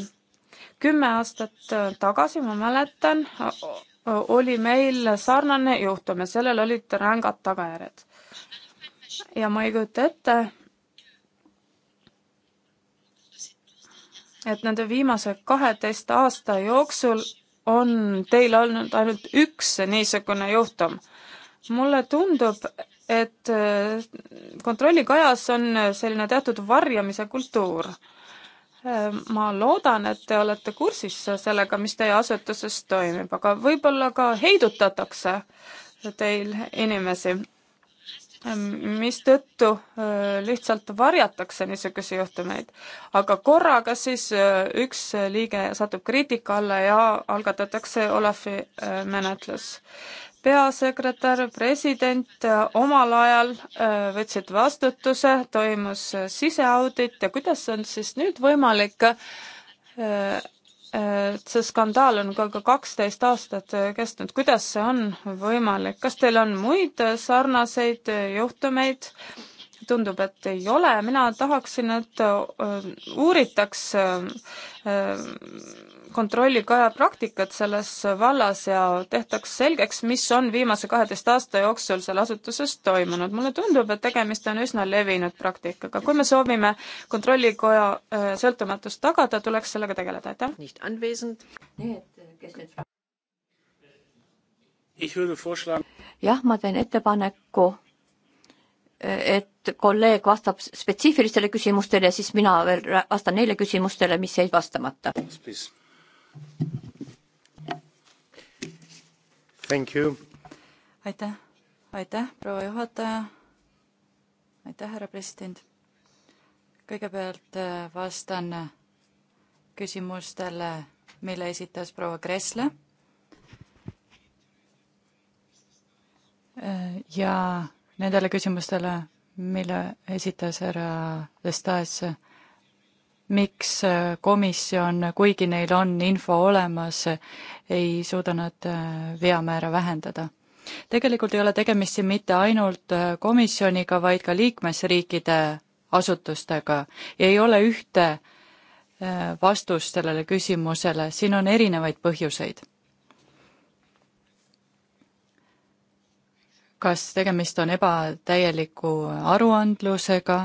kümme aastat äh, tagasi, ma mäletan, oli meil sarnane juhtum ja sellel olid rängad tagajärjed. ja ma ei kujuta ette, et nende viimase kaheteist aasta jooksul on teil olnud ainult üks niisugune juhtum. mulle tundub, et äh, kontrollikajas on selline teatud varjamise kultuur Ehm, ma loodan, et te olete kursis sellega, mis teie asutuses toimub, aga võib-olla ka heidutatakse teil inimesi, ehm, mistõttu ehm, lihtsalt varjatakse niisuguseid juhtumeid. aga korraga siis üks liige satub kriitika alla ja algatatakse Olafi menetlus peasekretär, president omal ajal äh, võtsid vastutuse, toimus siseaudit ja kuidas on siis nüüd võimalik, äh, et see skandaal on ka kaksteist aastat äh, kestnud, kuidas see on võimalik, kas teil on muid sarnaseid juhtumeid? tundub, et ei ole, mina tahaksin, et uuritaks kontrollikoja praktikat selles vallas ja tehtaks selgeks, mis on viimase kaheteist aasta jooksul seal asutuses toimunud. mulle tundub, et tegemist on üsna levinud praktikaga. kui me soovime kontrollikoja äh, sõltumatust tagada, tuleks sellega tegeleda, aitäh. jah, ma teen ettepaneku et kolleeg vastab spetsiifilistele küsimustele ja siis mina veel vastan neile küsimustele, mis jäid vastamata aitäh, aitäh, proua juhataja. aitäh, härra president. kõigepealt äh, vastan küsimustele, mille esitas proua Kressle. Äh, ja nendele küsimustele, mille esitas härra Lestas miks äh, komisjon, kuigi neil on info olemas, ei suuda nad äh, veamäära vähendada. tegelikult ei ole tegemist siin mitte ainult äh, komisjoniga, vaid ka liikmesriikide asutustega ja ei ole ühte vastust sellele küsimusele, siin on erinevaid põhjuseid. kas tegemist on ebatäieliku aruandlusega,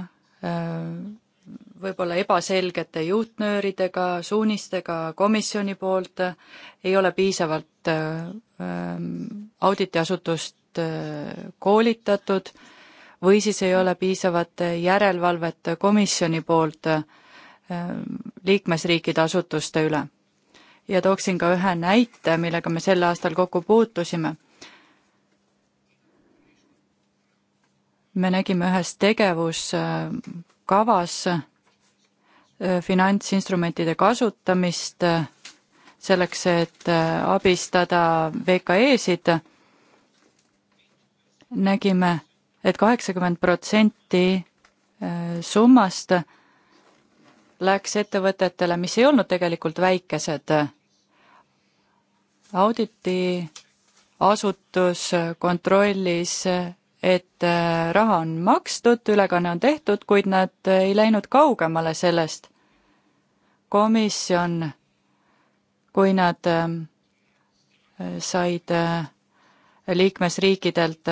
võib-olla ebaselgete juhtnööridega, suunistega komisjoni poolt, ei ole piisavalt äh, ähm, auditiasutust äh, koolitatud või siis ei ole piisavat järelevalvet komisjoni poolt äh, liikmesriikide asutuste üle. ja tooksin ka ühe näite, millega me sel aastal kokku puutusime me nägime ühes tegevuskavas Äh, finantsinstrumentide kasutamist äh, selleks, et äh, abistada VKE-sid, nägime et, et kaheksakümmend protsenti summast läks ettevõtetele, mis ei olnud tegelikult väikesed. auditiasutus kontrollis et äh, raha on makstud, ülekanne on tehtud, kuid nad äh, ei läinud kaugemale sellest. komisjon, kui nad ähm, said äh, liikmesriikidelt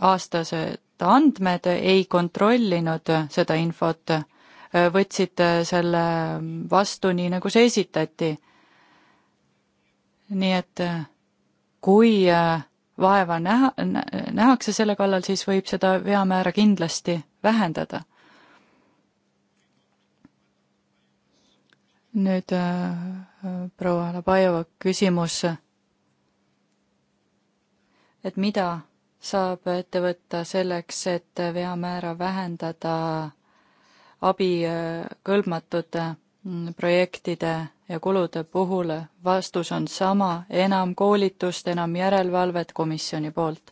aastased andmed, ei kontrollinud seda infot, võtsid selle vastu nii, nagu see esitati. nii et kui äh, vaeva näha, nähakse selle kallal, siis võib seda veamäära kindlasti vähendada. nüüd äh, äh proua Labajeva küsimus, et mida saab ette võtta selleks, et veamäära vähendada abikõlbmatute äh, projektide ja kulude puhul vastus on sama, enam koolitust, enam järelevalvet komisjoni poolt.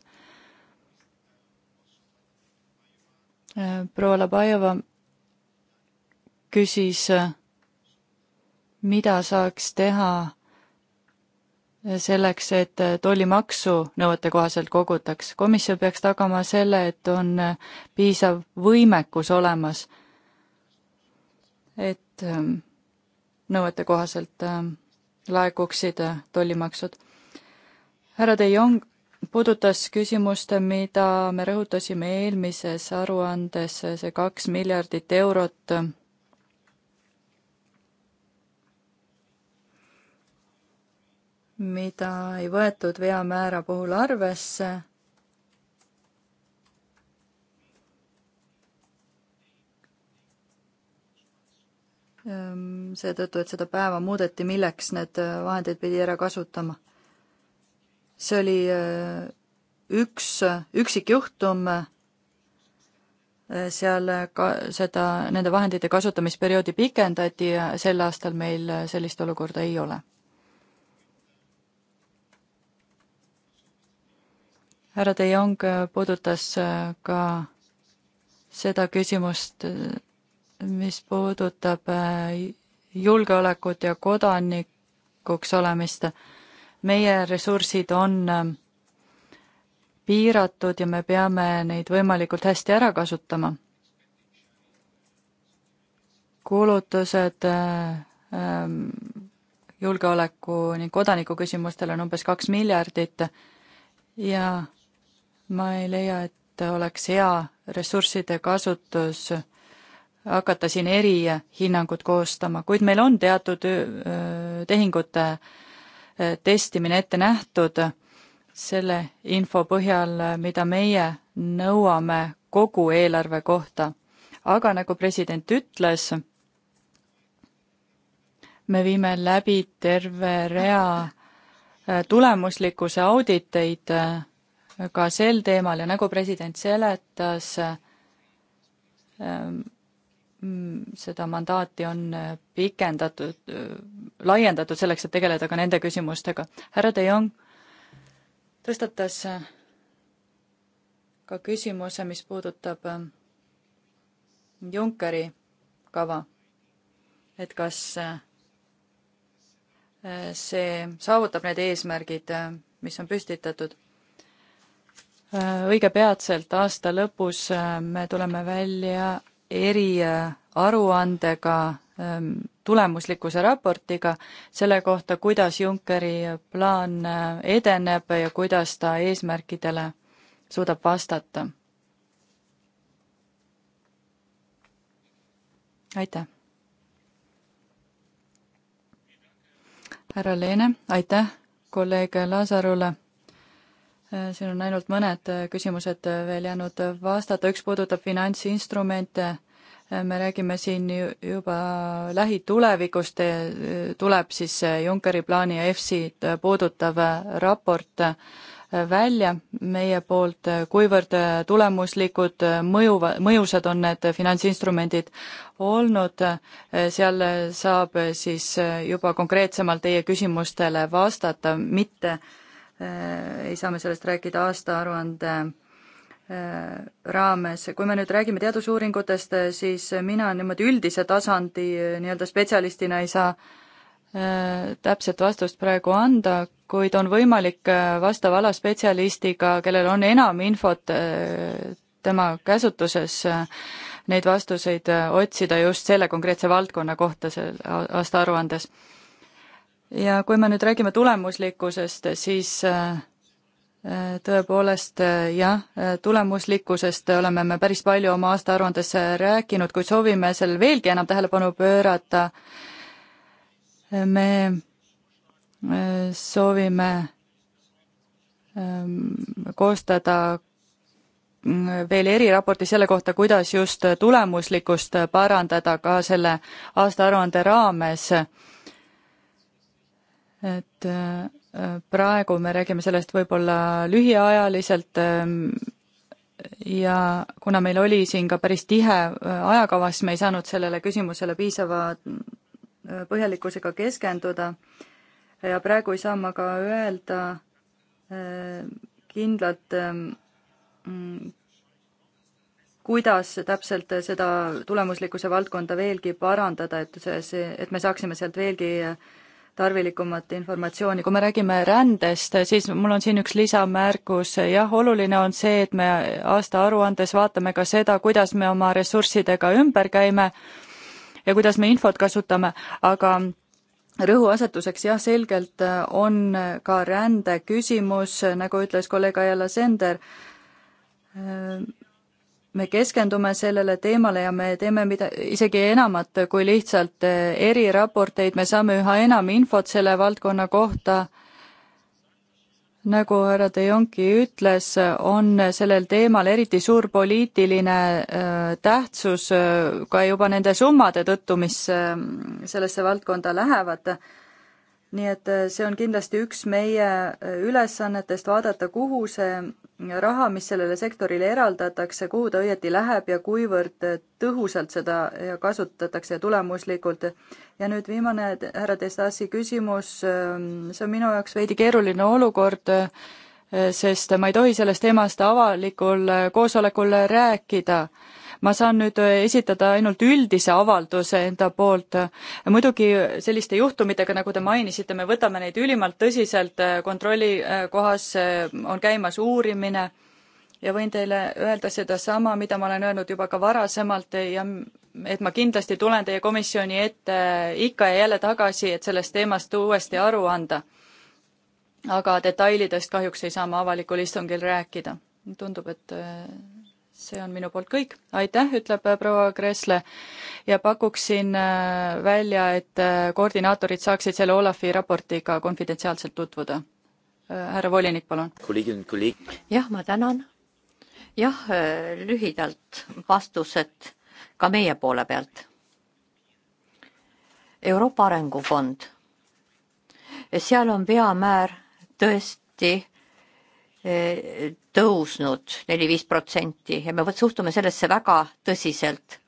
proua Labajeva küsis, mida saaks teha selleks, et tollimaksu nõuetekohaselt kogutaks. komisjon peaks tagama selle, et on piisav võimekus olemas, et et ähm, nõuete kohaselt ähm, laekuksid äh, tollimaksud. härra De Jong puudutas küsimust, mida me rõhutasime eelmises aruandes, äh, see kaks miljardit eurot. Äh, mida ei võetud veamäära puhul arvesse Ehm, seetõttu, et seda päeva muudeti, milleks need äh, vahendeid pidi ära kasutama. see oli äh, üks äh, üksikjuhtum seal ka seda, nende vahendite kasutamisperioodi pikendati ja sel aastal meil sellist olukorda ei ole. härra De Jong puudutas ka seda küsimust, mis puudutab äh, julgeolekut ja kodanikuks olemist, meie ressursid on äh, piiratud ja me peame neid võimalikult hästi ära kasutama. kulutused äh, ähm, julgeoleku ning kodaniku küsimustel on umbes kaks miljardit ja ma ei leia, et oleks hea ressursside kasutus äh, hakata siin erihinnangut koostama, kuid meil on teatud tehingute testimine ette nähtud selle info põhjal, mida meie nõuame kogu eelarve kohta. aga nagu president ütles, me viime läbi terve rea tulemuslikkuse auditeid ka sel teemal ja nagu president seletas, Mm, seda mandaati on äh, pikendatud, äh, laiendatud selleks, et tegeleda ka nende küsimustega. härra De Jong tõstatas äh, ka küsimuse, mis puudutab Junckeri kava, et kas see saavutab need eesmärgid, mis on püstitatud. õige peatselt aasta lõpus me tuleme välja eriaruandega, äh, ähm, tulemuslikkuse raportiga selle kohta, kuidas Junckeri plaan äh, edeneb ja kuidas ta eesmärkidele suudab vastata. aitäh! härra Leene, aitäh kolleeg Lazarule Äh, siin on ainult mõned äh, küsimused äh, veel jäänud vastata, üks puudutab finantsinstrumente, me räägime siin juba lähitulevikust, tuleb siis Junckeri plaani ja EFSI-d puudutav raport välja meie poolt, kuivõrd tulemuslikud, mõjuva, mõjusad on need finantsinstrumendid olnud, seal saab siis juba konkreetsemalt teie küsimustele vastata, mitte äh, Äh, ei saa me sellest rääkida aastaaruande äh, raames, kui me nüüd räägime teadusuuringutest, äh, siis mina niimoodi üldise tasandi nii-öelda spetsialistina ei saa täpset vastust praegu anda, kuid on võimalik vastava ala spetsialistiga, kellel on enam infot tema käsutuses, neid vastuseid otsida just selle konkreetse valdkonna kohta seal aastaaruandes ja kui me nüüd räägime tulemuslikkusest, siis äh, äh, tõepoolest äh, jah, tulemuslikkusest oleme me päris palju oma aastaaruandes rääkinud, kuid soovime sellele veelgi enam tähelepanu pöörata. me soovime ähm, koostada mm, veel eriraporti selle kohta, kuidas just tulemuslikkust parandada ka selle aastaaruande raames et äh, praegu me räägime sellest võib-olla lühiajaliselt ähm, ja kuna meil oli siin ka päris tihe äh, ajakava, siis me ei saanud sellele küsimusele piisava äh, põhjalikkusega keskenduda ja praegu ei saa ma ka öelda kindlalt, ähm, kuidas täpselt seda tulemuslikkuse valdkonda veelgi parandada, et see, see, et me saaksime sealt veelgi äh, tarvilikumat informatsiooni. kui me räägime rändest, siis mul on siin üks lisamärkus, jah, oluline on see, et me aastaaruandes vaatame ka seda, kuidas me oma ressurssidega ümber käime ja kuidas me infot kasutame, aga rõhuasetuseks jah, selgelt on ka rände küsimus, nagu ütles kolleeg Ajala Sender, me keskendume sellele teemale ja me teeme mida, isegi enamat kui lihtsalt eh, eriraporteid, me saame üha enam infot selle valdkonna kohta. nagu härra De Jongi ütles, on sellel teemal eriti suur poliitiline eh, tähtsus eh, ka juba nende summade tõttu, mis sellesse valdkonda lähevad nii et see on kindlasti üks meie ülesannetest, vaadata, kuhu see raha, mis sellele sektorile eraldatakse, kuhu ta õieti läheb ja kuivõrd tõhusalt seda kasutatakse ja tulemuslikult. ja nüüd viimane härra Destasi küsimus, see on minu jaoks veidi keeruline olukord, sest ma ei tohi sellest teemast avalikul koosolekul rääkida ma saan nüüd äh, esitada ainult üldise avalduse enda poolt. muidugi selliste juhtumitega, nagu te mainisite, me võtame neid ülimalt tõsiselt, kontrollikohas äh, äh, on käimas uurimine ja võin teile öelda sedasama, mida ma olen öelnud juba ka varasemalt ja et ma kindlasti tulen teie komisjoni ette ikka ja jälle tagasi, et sellest teemast uuesti aru anda. aga detailidest kahjuks ei saa ma avalikul istungil rääkida. tundub, et see on minu poolt kõik, aitäh, ütleb äh, proua Kressle ja pakuksin äh, välja, et äh, koordinaatorid saaksid selle Olafi raportiga konfidentsiaalselt tutvuda. härra volinik, palun. jah, ma tänan. jah, lühidalt vastused ka meie poole pealt. Euroopa Arengufond, seal on veamäär tõesti tõusnud neli-viis protsenti ja me suhtume sellesse väga tõsiselt.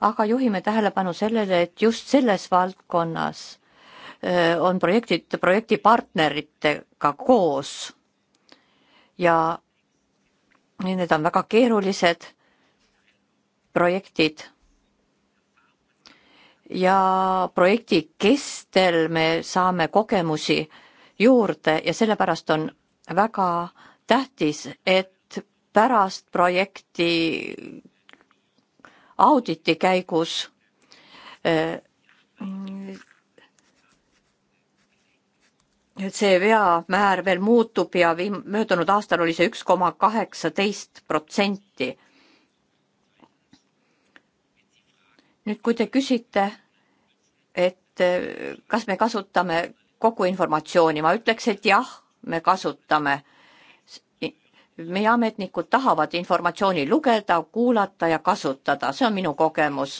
aga juhime tähelepanu sellele, et just selles valdkonnas on projektid projektipartneritega koos ja need on väga keerulised projektid ja projekti kestel me saame kogemusi juurde ja sellepärast on väga tähtis, et pärast projekti auditi käigus äh, see veamäär veel muutub ja viim-, möödunud aastal oli see üks koma kaheksateist protsenti. nüüd, kui te küsite, et äh, kas me kasutame kogu informatsiooni, ma ütleks, et jah me kasutame. meie ametnikud tahavad informatsiooni lugeda, kuulata ja kasutada, see on minu kogemus.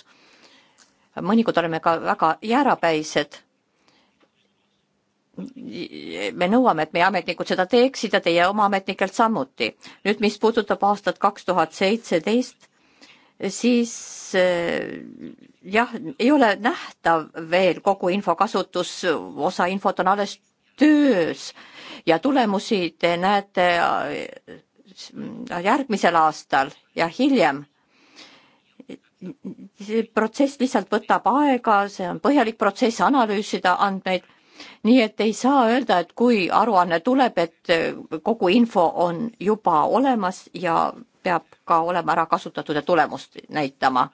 mõnikord oleme ka väga jäärapäised me nõuame, et meie ametnikud seda teeksid ja teie oma ametnikelt samuti. nüüd, mis puudutab aastat kaks tuhat seitseteist, siis eh, jah, ei ole nähtav veel kogu infokasutus, osa infot on alles töös ja tulemusi te näete äh, järgmisel aastal ja hiljem. see protsess lihtsalt võtab aega, see on põhjalik protsess analüüsida andmeid, nii et ei saa öelda, et kui aruanne tuleb, et äh, kogu info on juba olemas ja peab ka olema ära kasutatud ja tulemust näitama.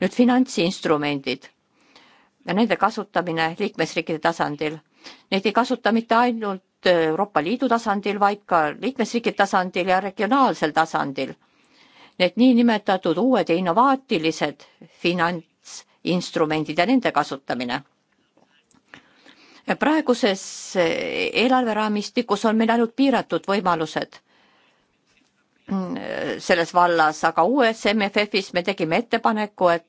nüüd finantsinstrumendid ja nende kasutamine liikmesriikide tasandil Neid ei kasuta mitte ainult äh, Euroopa Liidu tasandil, vaid ka liikmesriigi tasandil ja regionaalsel tasandil. Need niinimetatud uued ja innovaatilised finantsinstrumendid ja nende kasutamine. praeguses äh, eelarveraamistikus on meil ainult piiratud võimalused mm, äh, selles vallas, aga uues MFF-is me tegime ettepaneku, et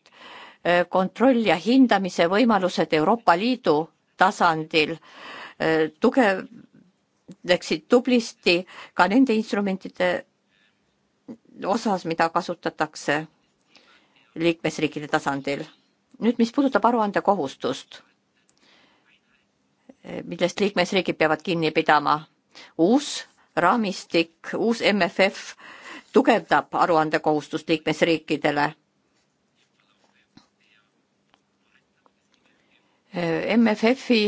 kontroll ja hindamise võimalused Euroopa Liidu tasandil äh, tugevneksid tublisti ka nende instrumentide osas, mida kasutatakse liikmesriikide tasandil. nüüd, mis puudutab aruandekohustust, äh, millest liikmesriigid peavad kinni pidama, uus raamistik, uus MFF tugevdab aruandekohustust liikmesriikidele Äh, MFF-i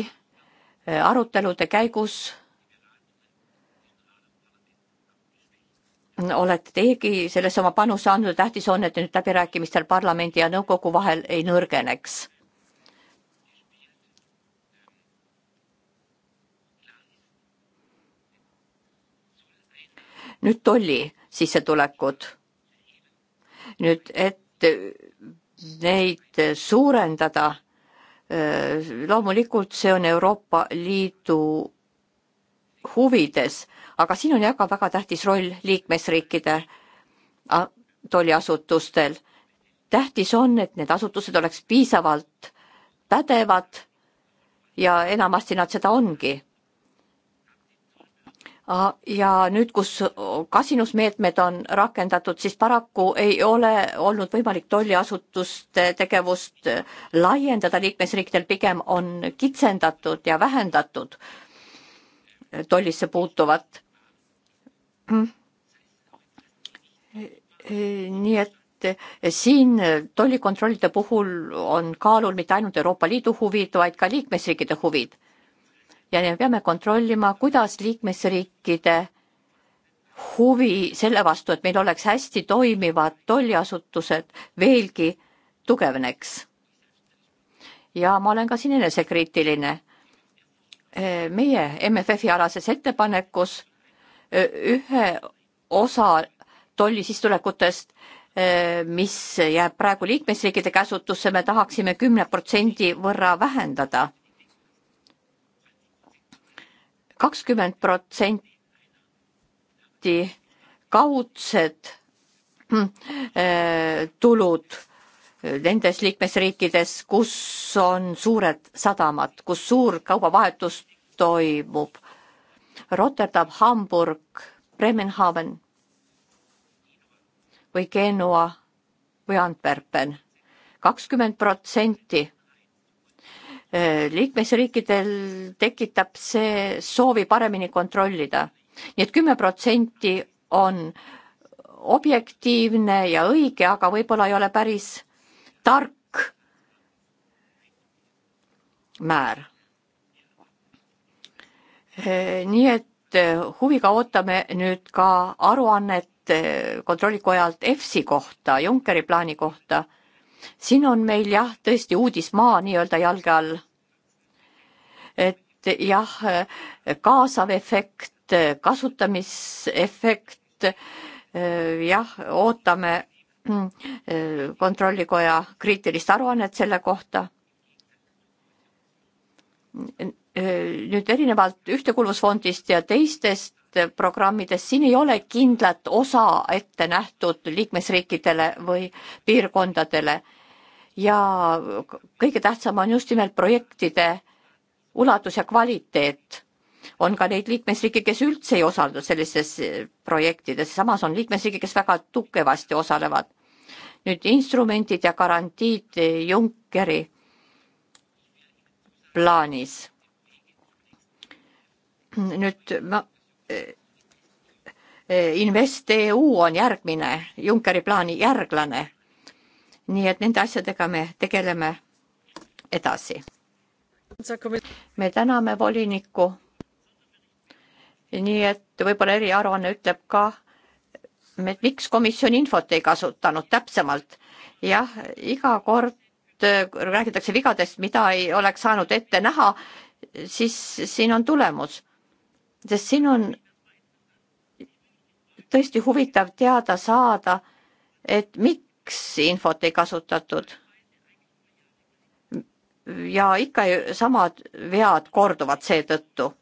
äh, arutelude käigus olete teiegi sellesse oma panuse andnud, tähtis on, et nüüd läbirääkimistel parlamendi ja nõukogu vahel ei nõrgeneks. nüüd tolli sissetulekud. nüüd, et neid suurendada loomulikult see on Euroopa Liidu huvides, aga siin on väga, väga tähtis roll liikmesriikide tolliasutustel. tähtis on, et need asutused oleks piisavalt pädevad ja enamasti nad seda ongi ja nüüd, kus kasinusmeetmed on rakendatud, siis paraku ei ole olnud võimalik tolliasutuste tegevust laiendada liikmesriikidel, pigem on kitsendatud ja vähendatud tollisse puutuvat. Mm. E, nii et siin tollikontrollide puhul on kaalul mitte ainult Euroopa Liidu huvid, vaid ka liikmesriikide huvid ja me peame kontrollima, kuidas liikmesriikide huvi selle vastu, et meil oleks hästi toimivad tolliasutused, veelgi tugevneks. ja ma olen ka siin enesekriitiline. meie MFF-i alases ettepanekus e, ühe osa tollisistulekutest, e, mis jääb praegu liikmesriikide käsutusse, me tahaksime kümne protsendi võrra vähendada kakskümmend protsenti kaudsed hm, äh, tulud nendes liikmesriikides, kus on suured sadamad, kus suur kaubavahetus toimub. Rotterdam, Hamburg, Bremenhaven või Genua või Antwerpen, kakskümmend protsenti Äh, liikmesriikidel tekitab see soovi paremini kontrollida. nii et kümme protsenti on objektiivne ja õige, aga võib-olla ei ole päris tark määr. Äh, nii et äh, huviga ootame nüüd ka aruannet kontrollikojalt EFSI kohta, Junckeri plaani kohta siin on meil jah, tõesti uudismaa nii-öelda jalge all. et jah, kaasav efekt, kasutamisefekt, jah, ootame mm, kontrollikoja kriitilist aruannet selle kohta. nüüd erinevalt Ühtekuuluvusfondist ja teistest programmides, siin ei ole kindlat osa ette nähtud liikmesriikidele või piirkondadele. ja kõige tähtsam on just nimelt projektide ulatus ja kvaliteet. on ka neid liikmesriike, kes üldse ei osaldu sellistes projektides, samas on liikmesriike, kes väga tugevasti osalevad. nüüd instrumendid ja garantiid Junckeri plaanis nüüd ma InvestEU on järgmine Junckeri plaani järglane. nii et nende asjadega me tegeleme edasi. me täname volinikku. nii et võib-olla eriaruanne ütleb ka, et miks komisjon infot ei kasutanud täpsemalt. jah, iga kord äh, räägitakse vigadest, mida ei oleks saanud ette näha, siis siin on tulemus sest siin on tõesti huvitav teada saada, et miks infot ei kasutatud. ja ikka samad vead korduvad seetõttu.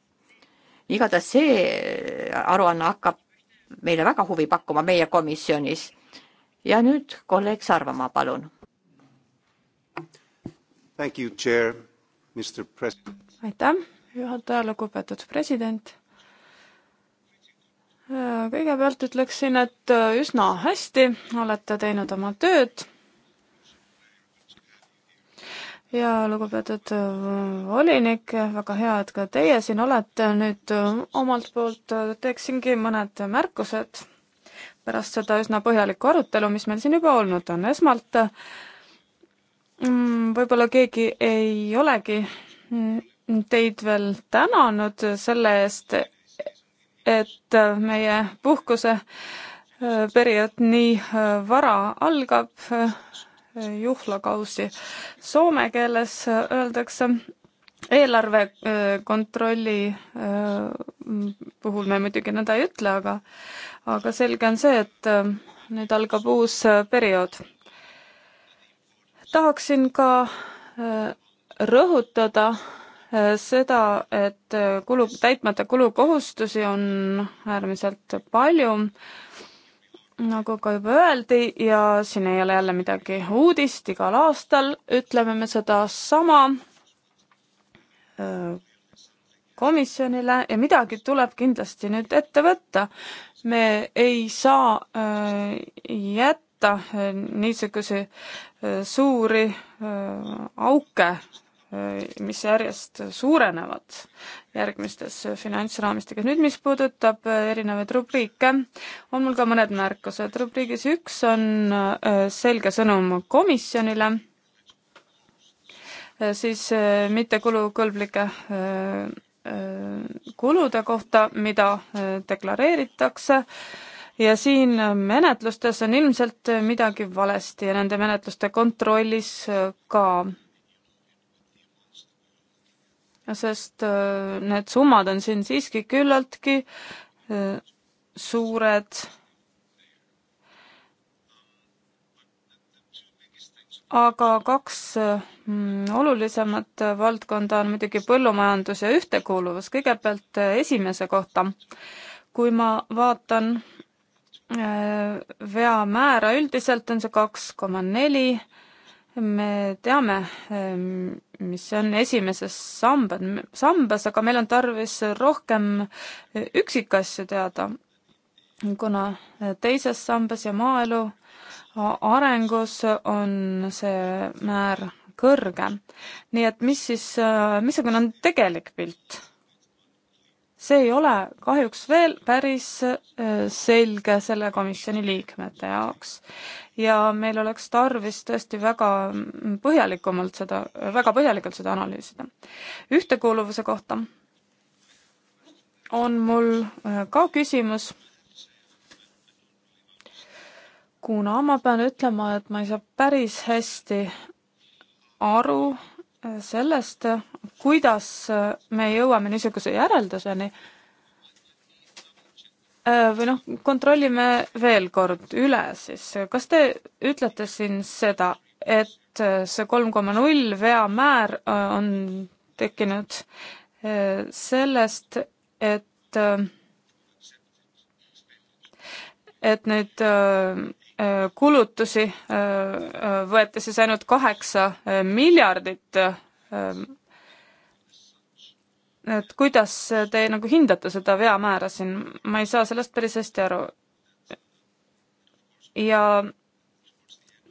igatahes see aruanne hakkab meile väga huvi pakkuma meie komisjonis. ja nüüd kolleeg Sarvamaa, palun. aitäh, juhataja, lugupeetud president kõigepealt ütleksin, et äh, üsna hästi olete teinud oma tööd. ja lugupeetud äh, volinik, väga hea, et ka teie siin olete. nüüd äh, omalt poolt teeksingi mõned märkused pärast seda üsna põhjalikku arutelu, mis meil siin juba olnud on. esmalt mm, võib-olla keegi ei olegi mm, teid veel tänanud selle eest, et äh, meie puhkuse äh, periood nii äh, vara algab, juhlakausi soome keeles öeldakse, eelarve kontrolli puhul me muidugi nõnda ei ütle, aga, aga selge on see, et nüüd algab uus periood. tahaksin ka rõhutada seda, et kulu, täitmata kulukohustusi on äärmiselt palju, nagu ka juba öeldi ja siin ei ole jälle midagi uudist, igal aastal ütleme me sedasama komisjonile ja midagi tuleb kindlasti nüüd ette võtta. me ei saa jätta niisuguseid suuri auke Äh, mis järjest suurenevad järgmistes finantsraamistikes. nüüd, mis puudutab äh, erinevaid rubriike, on mul ka mõned märkused. rubriigis üks on äh, selge sõnum komisjonile, siis mittekulukõlblike kulude kohta, mida deklareeritakse ja siin menetlustes on ilmselt midagi valesti ja nende menetluste kontrollis ka sest äh, need summad on siin siiski küllaltki äh, suured. aga kaks äh, mm, olulisemat valdkonda on muidugi põllumajandus ja ühtekuuluvus. kõigepealt esimese kohta. kui ma vaatan veamäära üldiselt on see kaks koma neli. me teame, ähm, mis on esimeses samba, sambas, aga meil on tarvis rohkem üksikasju teada, kuna teises sambas ja maaelu arengus on see määr kõrgem. nii et mis siis, missugune on tegelik pilt? see ei ole kahjuks veel päris äh, selge selle komisjoni liikmete jaoks. ja meil oleks tarvis tõesti väga põhjalikumalt seda, väga põhjalikult seda analüüsida. ühtekuuluvuse kohta on mul äh, ka küsimus. kuna ma pean ütlema, et ma ei saa päris hästi aru sellest, kuidas me jõuame niisuguse järelduseni või noh, kontrollime veel kord üle siis, kas te ütlete siin seda, et see kolm koma null veamäär äh, on tekkinud äh, sellest, et äh, et neid kulutusi äh, äh, võeti siis ainult kaheksa äh, miljardit. et kuidas te nagu hindate seda veamäära siin, ma ei saa sellest päris hästi aru. ja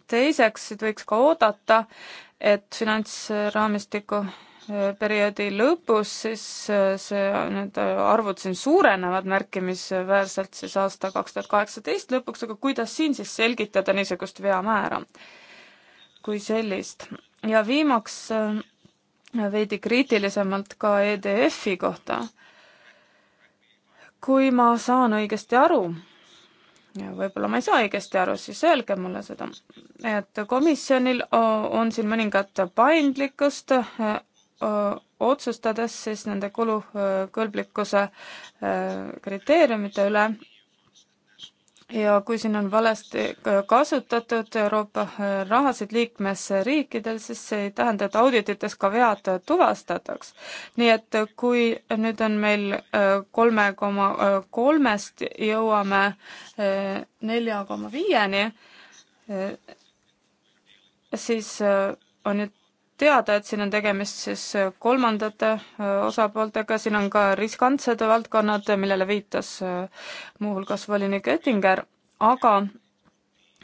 teiseks siit võiks ka oodata, et finantsraamistiku perioodi lõpus, siis äh, see, need arvud siin suurenevad märkimisväärselt siis aasta kaks tuhat kaheksateist lõpuks, aga kuidas siin siis selgitada niisugust veamäära kui sellist? ja viimaks äh, veidi kriitilisemalt ka EDF-i kohta. kui ma saan õigesti aru, ja võib-olla ma ei saa õigesti aru, siis öelge mulle seda. et komisjonil on siin mõningat paindlikkust, otsustades siis nende kulukõlblikkuse kriteeriumite üle. ja kui siin on valesti kasutatud Euroopa rahasid liikmesriikidel, siis see ei tähenda, et auditites ka vead tuvastataks. nii et kui nüüd on meil kolme koma kolmest jõuame nelja koma viieni, siis on ju teada, et siin on tegemist siis äh, kolmandate äh, osapooltega, siin on ka riskantsed valdkonnad, millele viitas äh, muuhulgas volinik Oettinger, aga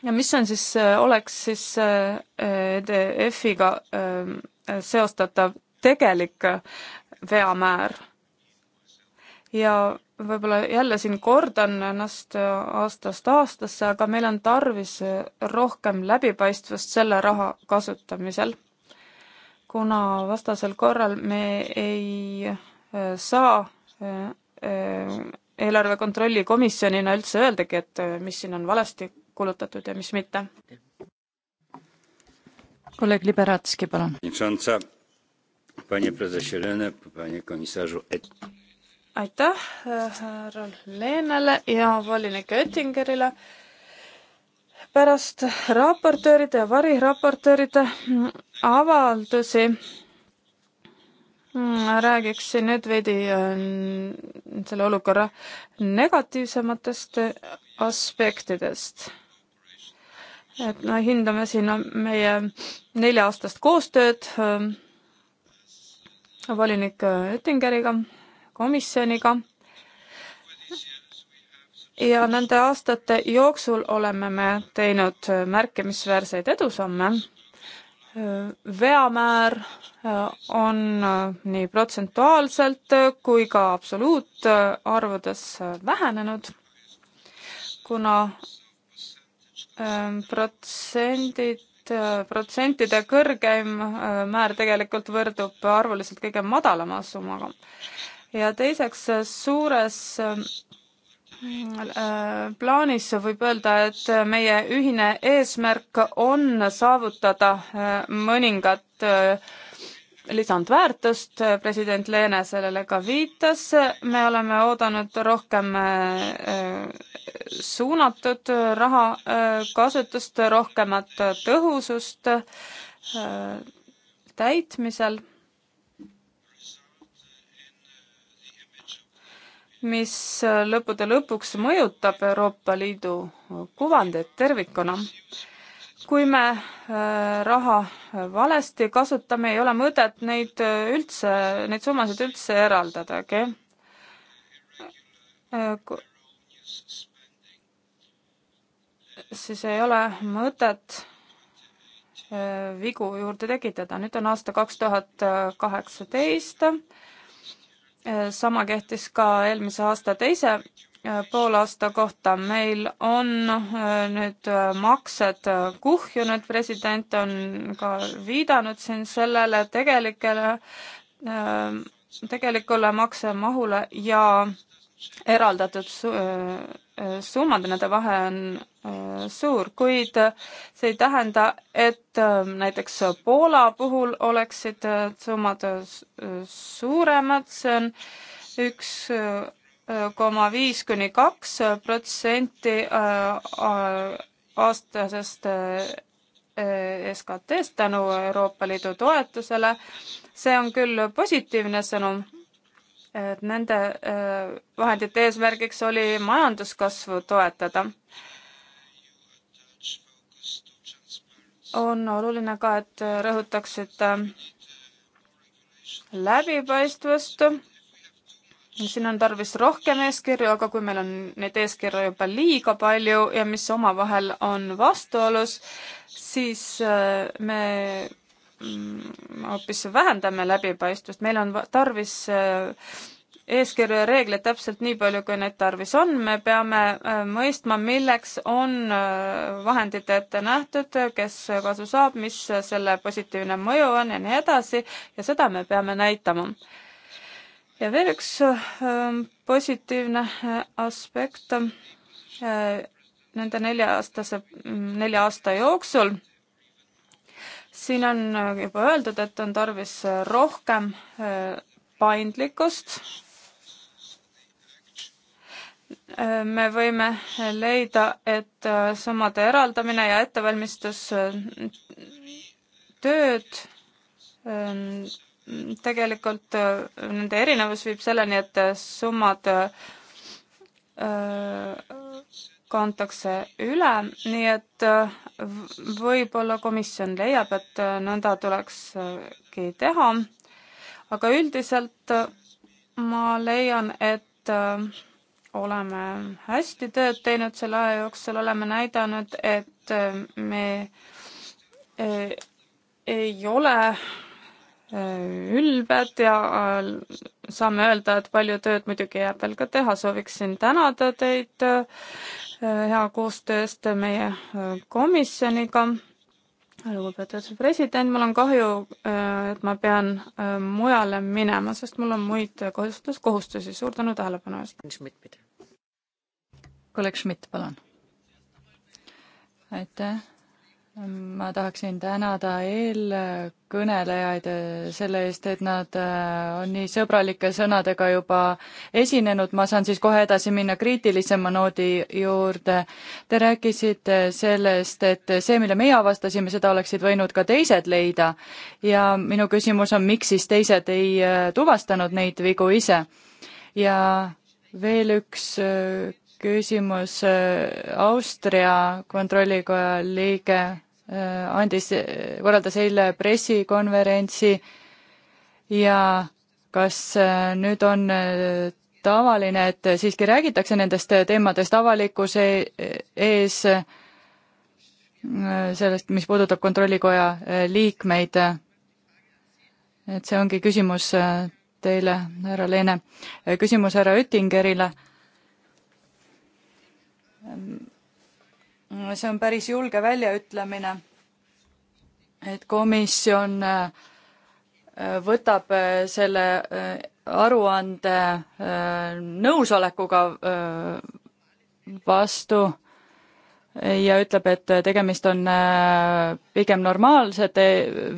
ja mis on siis, oleks siis EDF-iga seostatav tegelik veamäär? ja võib-olla jälle siin kordan ennast aastast aastasse, aga meil on tarvis rohkem läbipaistvust selle raha kasutamisel kuna vastasel korral me ei äh, saa äh, äh, eelarve kontrolli komisjonina üldse öeldagi, et mis siin on valesti kulutatud ja mis mitte. kolleeg Liberatski, palun. aitäh härra Leenele ja volinik Oettingerile pärast raportööride ja variraportööride avaldusi mm, räägiksin nüüd veidi äh, selle olukorra negatiivsematest aspektidest. et no hindame siin meie nelja-aastast koostööd äh, volinik Oettingeriga, komisjoniga ja nende aastate jooksul oleme me teinud äh, märkimisväärseid edusamme. Äh, veamäär äh, on nii protsentuaalselt kui ka absoluutarvudes vähenenud, kuna ähm, protsendid protsentide kõrgeim määr tegelikult võrdub arvuliselt kõige madalama summaga. ja teiseks, suures Äh, plaanis võib öelda, et meie ühine eesmärk on saavutada äh, mõningat äh, lisandväärtust, president Leene sellele ka viitas, me oleme oodanud rohkem suunatud raha kasutust, rohkemat tõhusust täitmisel mis äh, lõppude lõpuks mõjutab Euroopa Liidu kuvandit tervikuna. kui me äh, raha valesti kasutame, ei ole mõtet neid äh, üldse, neid summasid üldse eraldadagi siis ei ole mõtet vigu juurde tekitada. nüüd on aasta kaks tuhat kaheksateist Äh, sama kehtis ka eelmise aasta teise äh, poolaasta kohta. meil on äh, nüüd maksed kuhjunud, president on ka viidanud siin sellele tegelikele, tegelikule maksemahule ja eraldatud Äh, summade, nende vahe on äh, suur, kuid äh, see ei tähenda, et näiteks Poola puhul oleksid summad suuremad, see on üks koma viis kuni kaks protsenti aastasest e-, SKT-st tänu Euroopa Liidu toetusele. see on küll positiivne sõnum, et nende äh, vahendite eesmärgiks oli majanduskasvu toetada. on oluline ka, et rõhutaksite äh, läbipaistvust. siin on tarvis rohkem eeskirju, aga kui meil on neid eeskirju juba liiga palju ja mis omavahel on vastuolus, siis äh, me Mm, hoopis vähendame läbipaistvust, meil on tarvis äh, eeskirju ja reegleid täpselt nii palju, kui neid tarvis on, me peame äh, mõistma, milleks on äh, vahendid ette nähtud, kes kasu saab, mis selle positiivne mõju on ja nii edasi ja seda me peame näitama. ja veel üks ähm, positiivne aspekt nende nelja-aastase, mm, nelja aasta jooksul siin on äh, juba öeldud, et on tarvis äh, rohkem äh, paindlikkust. me võime leida, et summade eraldamine ja ettevalmistustööd ähm, tegelikult nende erinevus viib selleni, et summad kantakse üle, nii et äh, võib-olla komisjon leiab, et äh, nõnda tulekski teha. aga üldiselt äh, ma leian, et oleme hästi tööd teinud selle aja jooksul, oleme näidanud, et me ei ole ülbed ja äh, saame öelda, et palju tööd muidugi jääb veel ka teha, sooviksin tänada teid äh, hea koostöö eest meie äh, komisjoniga. lugupeetud president, mul on kahju, et ma pean mujale minema, sest mul on muid kohustuskohustusi. suur tänu tähelepanu eest. kolleeg Schmidt, palun. aitäh ma tahaksin tänada eelkõnelejaid selle eest, et nad äh, on nii sõbralike sõnadega juba esinenud, ma saan siis kohe edasi minna kriitilisema noodi juurde. Te rääkisite sellest, et see, mille meie avastasime, seda oleksid võinud ka teised leida ja minu küsimus on, miks siis teised ei äh, tuvastanud neid vigu ise? ja veel üks äh, küsimus, Austria kontrollikoja liige Äh, andis, korraldas äh, eile pressikonverentsi ja kas äh, nüüd on tavaline, et siiski räägitakse nendest teemadest avalikkuse ees, sellest, mis puudutab Kontrollikoja liikmeid. et see ongi küsimus teile, härra Leene. küsimus härra Oettingerile Mm, see on päris julge väljaütlemine, et komisjon äh, äh, võtab äh, selle aruande nõusolekuga vastu ja ütleb, et tegemist on pigem normaalsete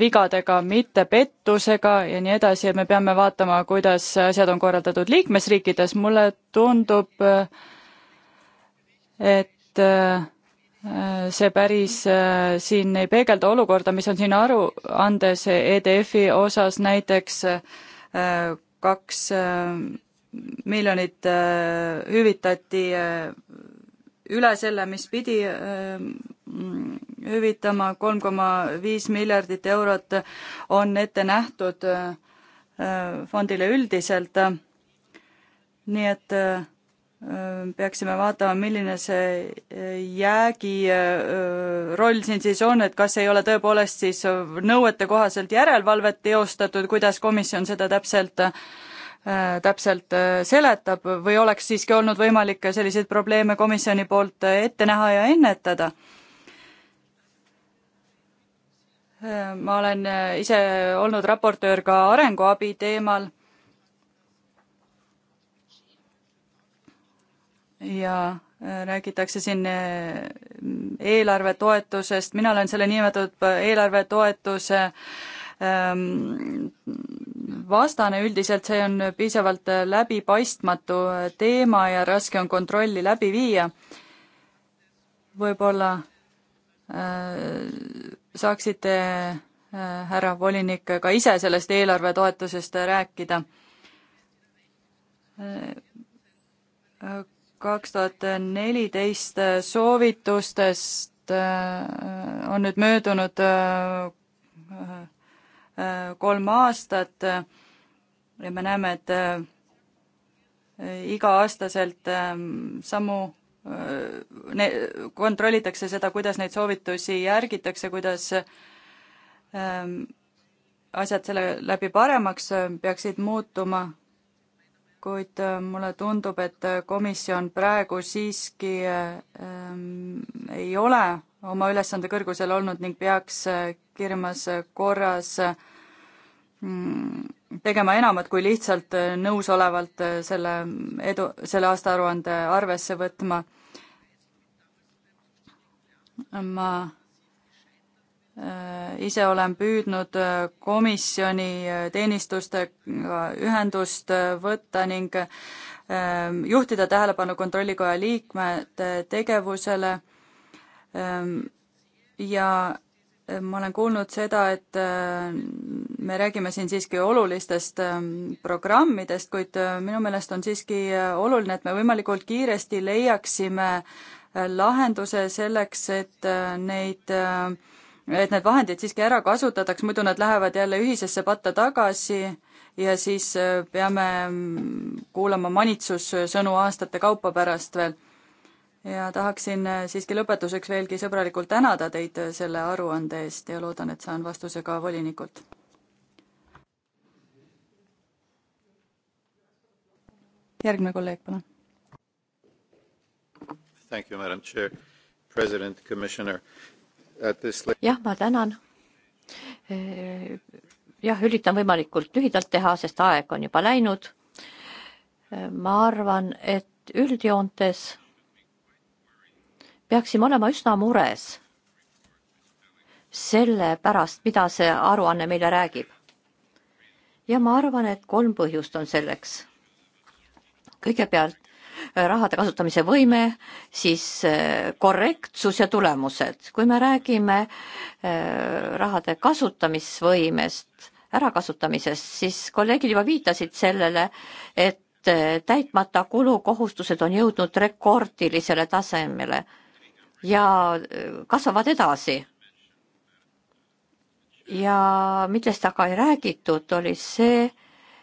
vigadega, mitte pettusega ja nii edasi, et me peame vaatama, kuidas asjad on korraldatud liikmesriikides, mulle tundub, et äh, see päris äh, siin ei peegelda olukorda, mis on siin aruandes EDF-i osas näiteks äh, kaks äh, miljonit hüvitati üle selle, mis pidi hüvitama, kolm koma viis miljardit eurot on ette nähtud fondile üldiselt. nii et Äh, peaksime vaatama, milline see äh, jäägi äh, roll siin siis on, et kas ei ole tõepoolest siis nõuete kohaselt järelevalvet teostatud, kuidas komisjon seda täpselt täpselt seletab või oleks siiski olnud võimalik selliseid probleeme komisjoni poolt ette näha ja ennetada? ma olen ise olnud raportöör ka arenguabi teemal ja äh, räägitakse siin äh, eelarvetoetusest, mina olen selle niinimetatud eelarvetoetuse ähm, vastane üldiselt, see on piisavalt äh, läbipaistmatu teema ja raske on kontrolli läbi viia. võib-olla saaksite, härra volinik, ka ise sellest eelarvetoetusest rääkida kaks tuhat neliteist soovitustest äh, on nüüd möödunud äh, äh, kolm aastat ja me näeme, et iga-aastaselt samu ne-, kontrollitakse seda, kuidas neid soovitusi järgitakse, kuidas asjad selle läbi paremaks peaksid muutuma kuid äh, mulle tundub, et äh, komisjon praegu siiski ähm, ei ole oma ülesande kõrgusel olnud ning peaks äh, kiiremas korras mm, tegema enamat kui lihtsalt nõusolevalt selle edu, selle aastaaruande arvesse võtma. ma ise olen püüdnud äh, komisjoni äh, teenistustega ühendust äh, võtta ning ähm, juhtida tähelepanu Kontrollikoja liikmete tegevusele ähm, ja ma olen kuulnud seda, et me räägime siin siiski olulistest ähm, programmidest, kuid minu meelest on siiski oluline, et me võimalikult kiiresti leiaksime lahenduse selleks, et neid äh, et need vahendid siiski ära kasutataks, muidu nad lähevad jälle ühisesse patta tagasi ja siis äh, peame mm, kuulama manitsussõnu äh, aastate kaupa pärast veel. ja tahaksin äh, siiski lõpetuseks veelgi sõbralikult tänada teid selle aruande eest ja loodan, et saan vastuse ka volinikult. järgmine kolleeg, palun. Thank you, madam chair, president, commissioner uh, jah, ma tänan. jah, üritan võimalikult lühidalt teha, sest aeg on juba läinud. ma arvan, et üldjoontes peaksime olema üsna mures selle pärast, mida see aruanne meile räägib. ja ma arvan, et kolm põhjust on selleks. kõigepealt rahade kasutamise võime, siis eh, korrektsus ja tulemused. kui me räägime eh, rahade kasutamisvõimest, ärakasutamisest, siis kolleegid juba viitasid sellele, et eh, täitmata kulukohustused on jõudnud rekordilisele tasemele ja kasvavad edasi ja millest aga ei räägitud, oli see,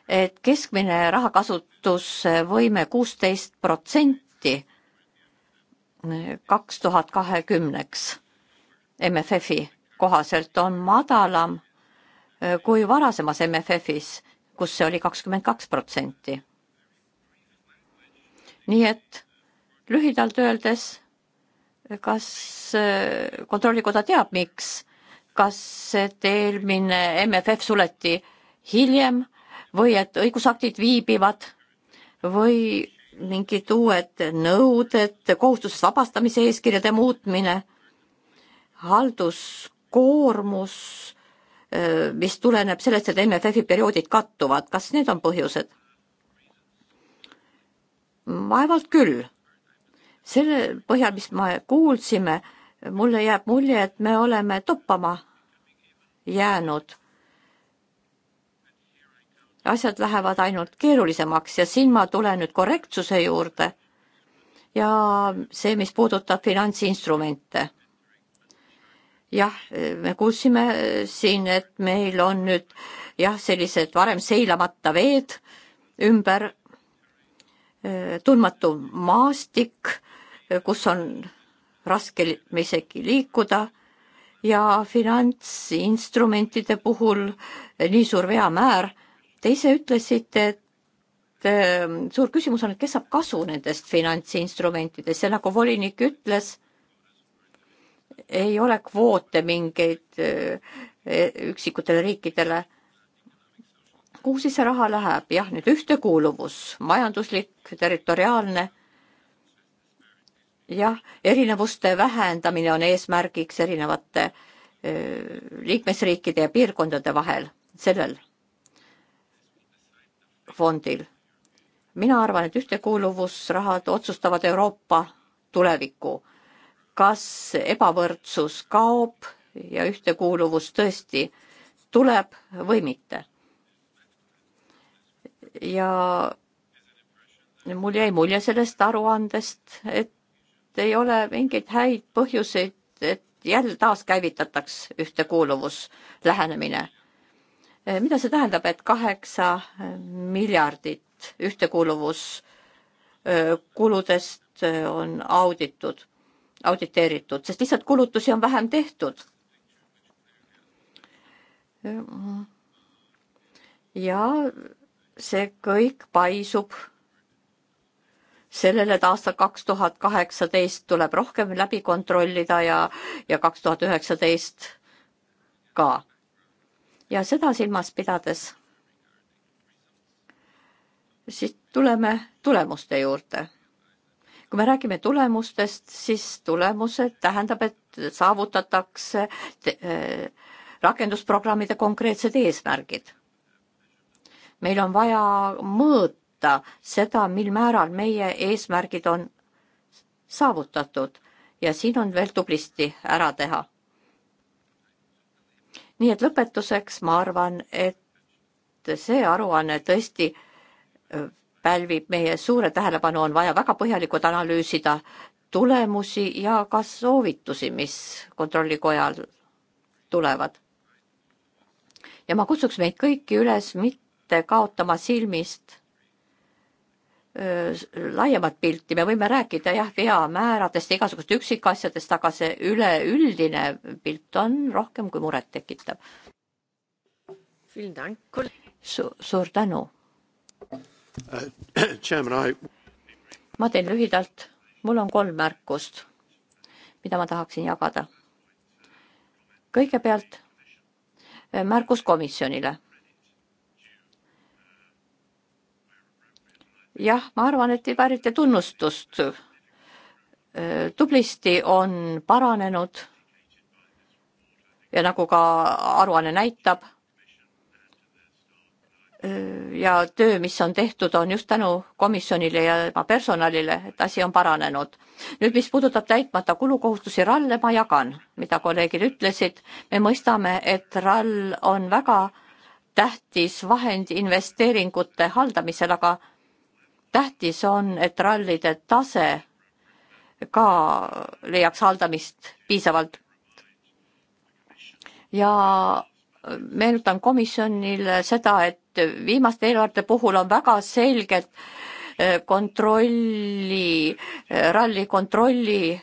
et keskmine rahakasutusvõime eh, kuusteist protsenti kaks tuhat kahekümneks MFF-i kohaselt on madalam eh, kui varasemas MFF-is, kus see oli kakskümmend kaks protsenti. nii et lühidalt öeldes, kas eh, Kontrollikoda teab, miks, kas et eelmine MFF suleti hiljem või et õigusaktid viibivad või mingid uued nõuded, kohustusest vabastamise eeskirjade muutmine, halduskoormus, mis tuleneb sellest, et MFF-i perioodid kattuvad, kas need on põhjused? vaevalt küll. selle põhjal, mis me kuulsime, mulle jääb mulje, et me oleme toppama jäänud asjad lähevad ainult keerulisemaks ja siin ma tulen nüüd korrektsuse juurde ja see, mis puudutab finantsinstrumente. jah, me kuulsime siin, et meil on nüüd jah, sellised varem seilamata veed ümber, eh, tundmatu maastik, eh, kus on raske isegi liikuda ja finantsinstrumentide puhul eh, nii suur veamäär Te ise ütlesite, et ehm, suur küsimus on, et kes saab kasu nendest finantsinstrumentidest ja nagu volinik ütles, ei ole kvoote mingeid eh, üksikutele riikidele. kuhu siis see raha läheb? jah, nüüd ühtekuuluvus, majanduslik, territoriaalne. jah, erinevuste vähendamine on eesmärgiks erinevate eh, liikmesriikide ja piirkondade vahel, sellel fondil. mina arvan, et ühtekuuluvusrahad otsustavad Euroopa tuleviku. kas ebavõrdsus kaob ja ühtekuuluvus tõesti tuleb või mitte? ja mul jäi mulje sellest aruandest, et ei ole mingeid häid põhjuseid, et jälle taaskäivitataks ühtekuuluvus lähenemine Eh, mida see tähendab, et kaheksa eh, miljardit ühtekuuluvuskuludest eh, on auditud, auditeeritud, sest lihtsalt kulutusi on vähem tehtud. ja see kõik paisub sellele, et aastal kaks tuhat kaheksateist tuleb rohkem läbi kontrollida ja, ja kaks tuhat üheksateist ka ja seda silmas pidades siis tuleme tulemuste juurde. kui me räägime tulemustest, siis tulemused tähendab, et saavutatakse äh, rakendusprogrammide konkreetsed eesmärgid. meil on vaja mõõta seda, mil määral meie eesmärgid on saavutatud ja siin on veel tublisti ära teha nii et lõpetuseks ma arvan, et see aruanne tõesti pälvib meie suure tähelepanu, on vaja väga põhjalikult analüüsida tulemusi ja ka soovitusi, mis kontrollikojal tulevad. ja ma kutsuks meid kõiki üles mitte kaotama silmist laiemat pilti, me võime rääkida jah, veamääradest ja igasugust üksikasjadest, aga see üleüldine pilt on rohkem kui murettekitav Su,. suur tänu uh,. ma teen lühidalt, mul on kolm märkust, mida ma tahaksin jagada. kõigepealt märkus komisjonile jah, ma arvan, et te väärite tunnustust. tublisti on paranenud. ja nagu ka aruanne näitab. ja töö, mis on tehtud, on just tänu komisjonile ja tema personalile, et asi on paranenud. nüüd, mis puudutab täitmata kulukohustusi ralle, ma jagan, mida kolleegid ütlesid. me mõistame, et rall on väga tähtis vahend investeeringute haldamisel, aga tähtis on, et rallide tase ka leiaks haldamist piisavalt. ja meenutan komisjonile seda, et viimaste eelarvete puhul on väga selged eh, kontrolli, eh, ralli kontrolli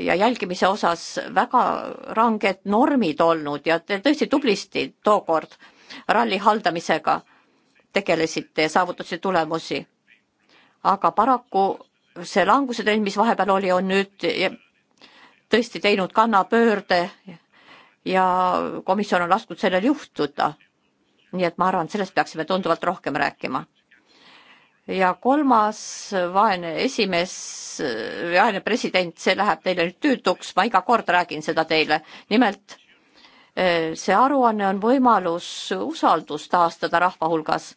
ja jälgimise osas väga ranged normid olnud ja te tõesti tublisti tookord ralli haldamisega tegelesite ja saavutasite tulemusi aga paraku see languse trend, mis vahepeal oli, on nüüd tõesti teinud kannapöörde ja komisjon on lasknud sellel juhtuda. nii et ma arvan, sellest peaksime tunduvalt rohkem rääkima. ja kolmas vaene esimees, vaene president, see läheb teile nüüd tüütuks, ma iga kord räägin seda teile. nimelt eh, see aruanne on võimalus usaldust taastada rahva hulgas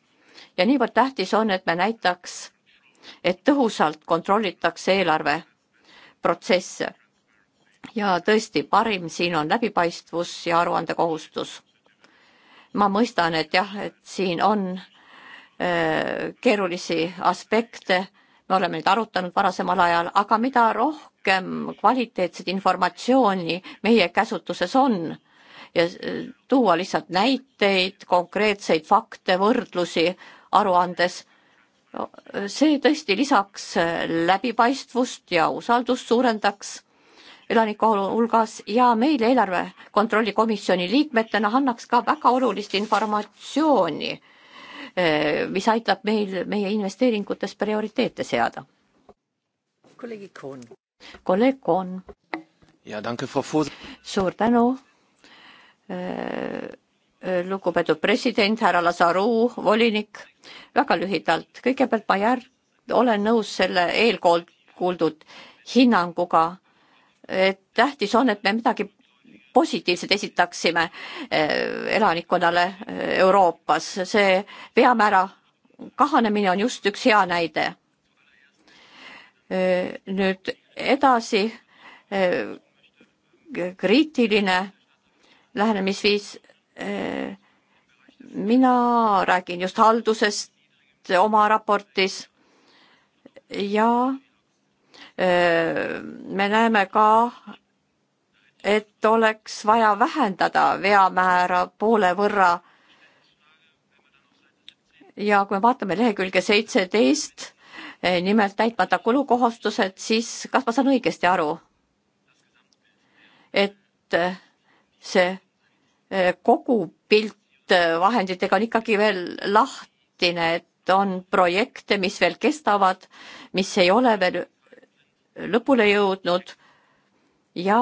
ja niivõrd tähtis on, et me näitaks et tõhusalt kontrollitakse eelarveprotsesse. ja tõesti, parim siin on läbipaistvus ja aruandekohustus. ma mõistan, et jah, et siin on öö, äh, keerulisi aspekte, me oleme neid arutanud varasemal ajal, aga mida rohkem kvaliteetset informatsiooni meie käsutuses on, ja äh, tuua lihtsalt näiteid, konkreetseid fakte, võrdlusi aruandes, see tõesti lisaks äh, läbipaistvust ja usaldust suurendaks elaniku hulgas ja meil eelarve kontrolli komisjoni liikmetena annaks ka väga olulist informatsiooni, äh, mis aitab meil meie investeeringutes prioriteete seada. kolleeg Koon. kolleeg Koon. suur tänu äh, Äh, lugupeetud president, härra Lazaru, volinik, väga lühidalt, kõigepealt ma järg-, olen nõus selle eelkool kuuldud hinnanguga, et tähtis on, et me midagi positiivset esitaksime äh, elanikkonnale äh, Euroopas, see veamäära kahanemine on just üks hea näide. nüüd edasi kriitiline lähenemisviis mina räägin just haldusest oma raportis ja me näeme ka, et oleks vaja vähendada veamäära poole võrra. ja kui me vaatame lehekülge seitseteist, eh, nimelt täitmata kulukohustused, siis kas ma saan õigesti aru, et eh, see Eh, kogu pilt eh, vahenditega on ikkagi veel lahtine, et on projekte, mis veel kestavad, mis ei ole veel lõpule jõudnud ja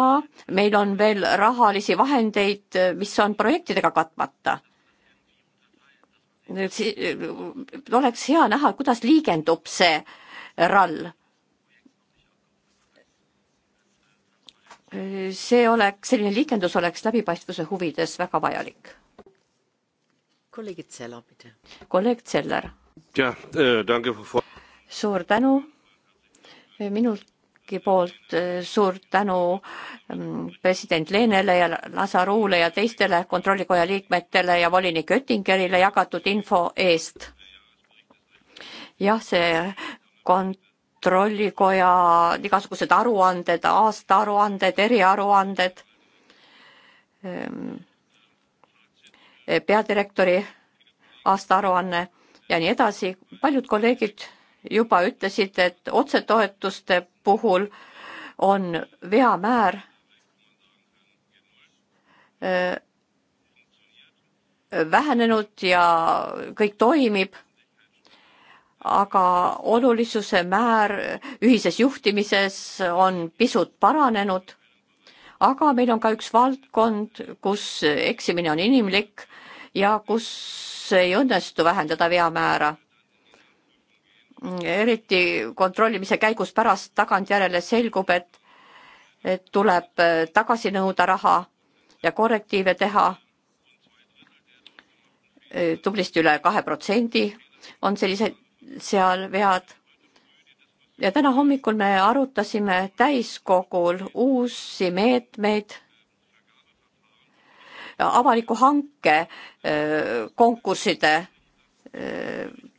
meil on veel rahalisi vahendeid, eh, mis on projektidega katmata. oleks hea näha, kuidas liigendub see rall see oleks, selline liikendus oleks läbipaistvuse huvides väga vajalik. kolleegid Zeller, bitte. kolleeg Zeller. jah, äh, tänke. suur tänu minultki poolt äh, suur tänu mm, president Leenele ja Lasaruule ja teistele kontrollikoja liikmetele ja volinik Oettingerile jagatud info eest. jah, see kont-, kontrollikoja igasugused aruanded, aastaaruanded, eriaruanded, ehm, peadirektori aastaaruanne ja nii edasi. paljud kolleegid juba ütlesid, et otsetoetuste puhul on veamäär ehm, vähenenud ja kõik toimib aga olulisuse määr ühises juhtimises on pisut paranenud. aga meil on ka üks valdkond, kus eksimine on inimlik ja kus ei õnnestu vähendada veamäära. eriti kontrollimise käigus pärast tagantjärele selgub, et, et tuleb tagasi nõuda raha ja korrektiive teha tublisti üle kahe protsendi on selliseid seal vead. ja täna hommikul me arutasime täiskogul uusi meetmeid avaliku hanke konkursside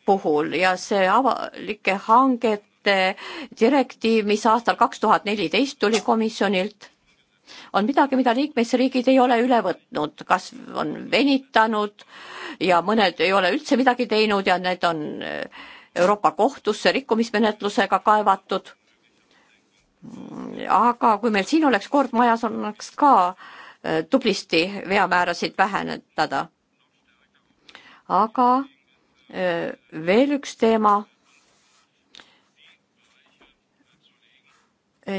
puhul ja see avalike hangete direktiiv, mis aastal kaks tuhat neliteist tuli komisjonilt, on midagi, mida liikmesriigid ei ole üle võtnud, kas on venitanud ja mõned ei ole üldse midagi teinud ja need on äh, Euroopa Kohtusse rikkumismenetlusega kaevatud. aga kui meil siin oleks kord majas, oleks ka äh, tublisti veamäärasid vähendada. aga äh, veel üks teema.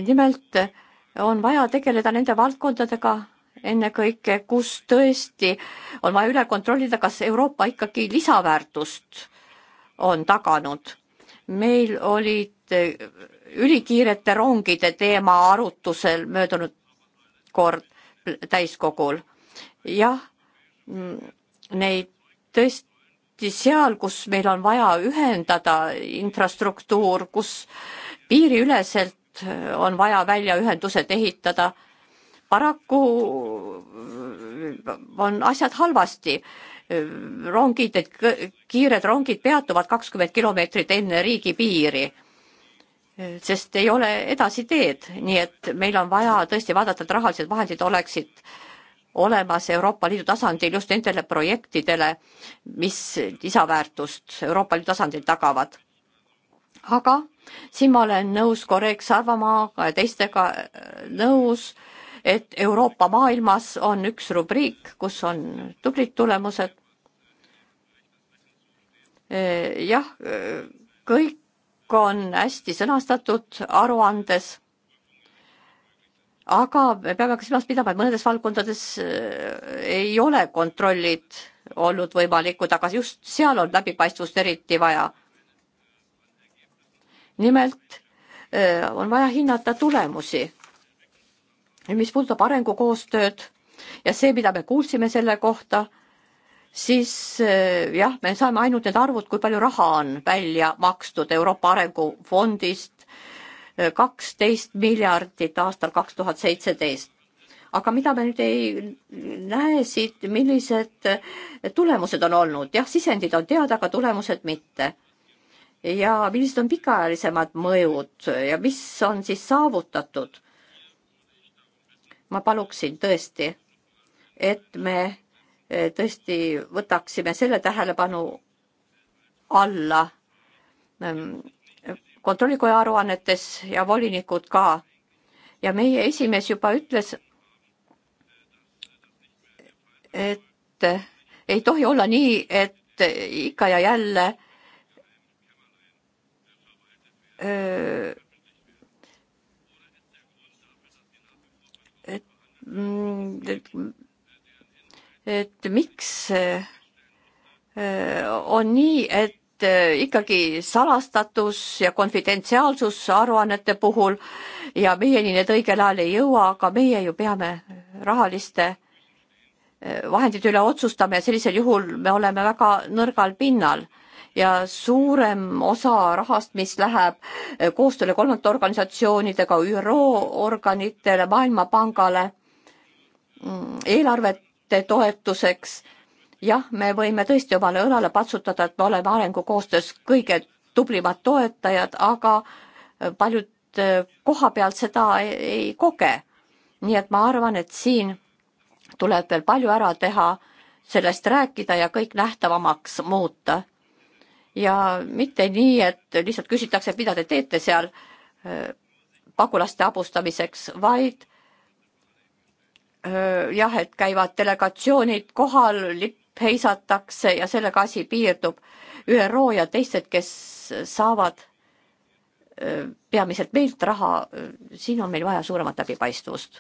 nimelt äh, on vaja tegeleda nende valdkondadega ennekõike, kus tõesti on vaja üle kontrollida, kas Euroopa ikkagi lisaväärtust on taganud. meil olid äh, ülikiirete rongide teema arutusel möödunud kord täiskogul. jah, mm, neid tõesti seal, kus meil on vaja ühendada infrastruktuur, kus piiriüleselt äh, on vaja väljaühendused ehitada paraku äh, on asjad halvasti rongid, need kiired rongid peatuvad kakskümmend kilomeetrit enne riigipiiri, sest ei ole edasi teed, nii et meil on vaja tõesti vaadata, et rahalised vahendid oleksid olemas Euroopa Liidu tasandil just nendele projektidele, mis lisaväärtust Euroopa Liidu tasandil tagavad. aga siin ma olen nõus kolleeg Sarvamaaga ja teistega nõus äh, et Euroopa maailmas on üks rubriik, kus on tublid tulemused. Eh, jah, eh, kõik on hästi sõnastatud aruandes. aga me peame ka silmas pidama, et mõnedes valdkondades eh, ei ole kontrollid olnud võimalikud, aga just seal on läbipaistvust eriti vaja. nimelt on vaja hinnata tulemusi mis puudutab arengukoostööd ja see, mida me kuulsime selle kohta, siis eh, jah, me saame ainult need arvud, kui palju raha on välja makstud Euroopa Arengufondist, eh, kaksteist miljardit aastal kaks tuhat seitseteist. aga mida me nüüd ei näe siit, millised eh, tulemused on olnud, jah, sisendid on teada, aga tulemused mitte. ja millised on pikaajalisemad mõjud ja mis on siis saavutatud ma paluksin tõesti, et me eh, tõesti võtaksime selle tähelepanu alla ehm, kontrollikoja aruannetes ja volinikud ka. ja meie esimees juba ütles, et ei tohi olla nii, et ikka ja jälle öö, eh, Mm, et miks äh, on nii, et äh, ikkagi salastatus ja konfidentsiaalsus aruannete puhul ja meieni need õigel ajal ei jõua, aga meie ju peame rahaliste äh, vahendite üle otsustama ja sellisel juhul me oleme väga nõrgal pinnal ja suurem osa rahast, mis läheb koostööle kolmandate organisatsioonidega, ÜRO organitele, Maailmapangale Mm, eelarvete toetuseks. jah, me võime tõesti omale õlale patsutada, et me oleme arengukoostöös kõige tublimad toetajad, aga äh, paljud äh, kohapealt seda ei, ei koge. nii et ma arvan, et siin tuleb veel palju ära teha, sellest rääkida ja kõik nähtavamaks muuta. ja mitte nii, et lihtsalt küsitakse, et mida te teete seal äh, pagulaste abustamiseks, vaid jah, et käivad delegatsioonid kohal, lipp heisatakse ja sellega asi piirdub. ÜRO ja teised, kes saavad peamiselt meilt raha, siin on meil vaja suuremat läbipaistvust.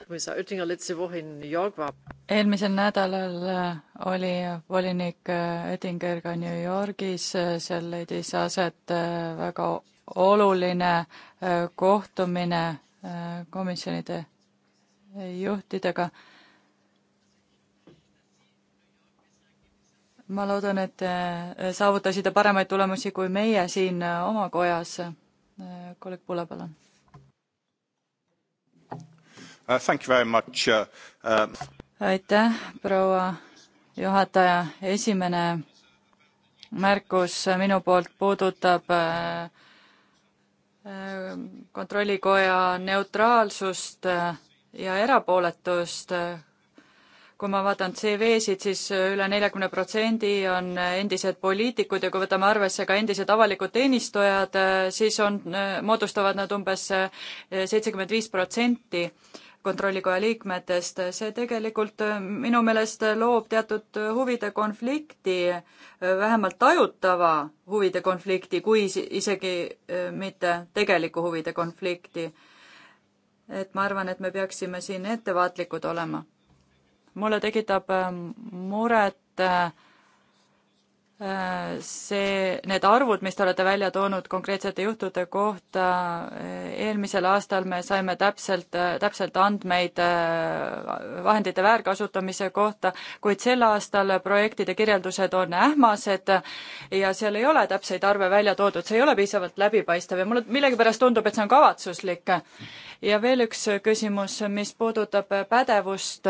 eelmisel nädalal oli volinik Oettinger ka New Yorgis, seal leidis aset väga oluline kohtumine komisjonide juhtidega ma loodan, et te äh, saavutasite paremaid tulemusi kui meie siin äh, oma kojas. Äh, kolleeg Pule, palun. Uh, uh, um, aitäh, proua juhataja, esimene märkus minu poolt puudutab kontrollikoja neutraalsust ja erapooletust kui ma vaatan CV-sid, siis äh, üle neljakümne protsendi on äh, endised poliitikud ja kui võtame arvesse ka endised avalikud teenistujad, äh, siis on, moodustavad nad umbes seitsekümmend viis protsenti kontrollikoja liikmetest, see tegelikult minu meelest loob teatud huvide konflikti, vähemalt tajutava huvide konflikti, kui isegi mitte tegeliku huvide konflikti. et ma arvan, et me peaksime siin ettevaatlikud olema mulle tekitab äh, muret äh, see, need arvud, mis te olete välja toonud konkreetsete juhtude kohta, eelmisel aastal me saime täpselt, täpselt andmeid äh, vahendite väärkasutamise kohta, kuid sel aastal projektide kirjeldused on ähmased ja seal ei ole täpseid arve välja toodud, see ei ole piisavalt läbipaistev ja mulle millegipärast tundub, et see on kavatsuslik. ja veel üks küsimus, mis puudutab pädevust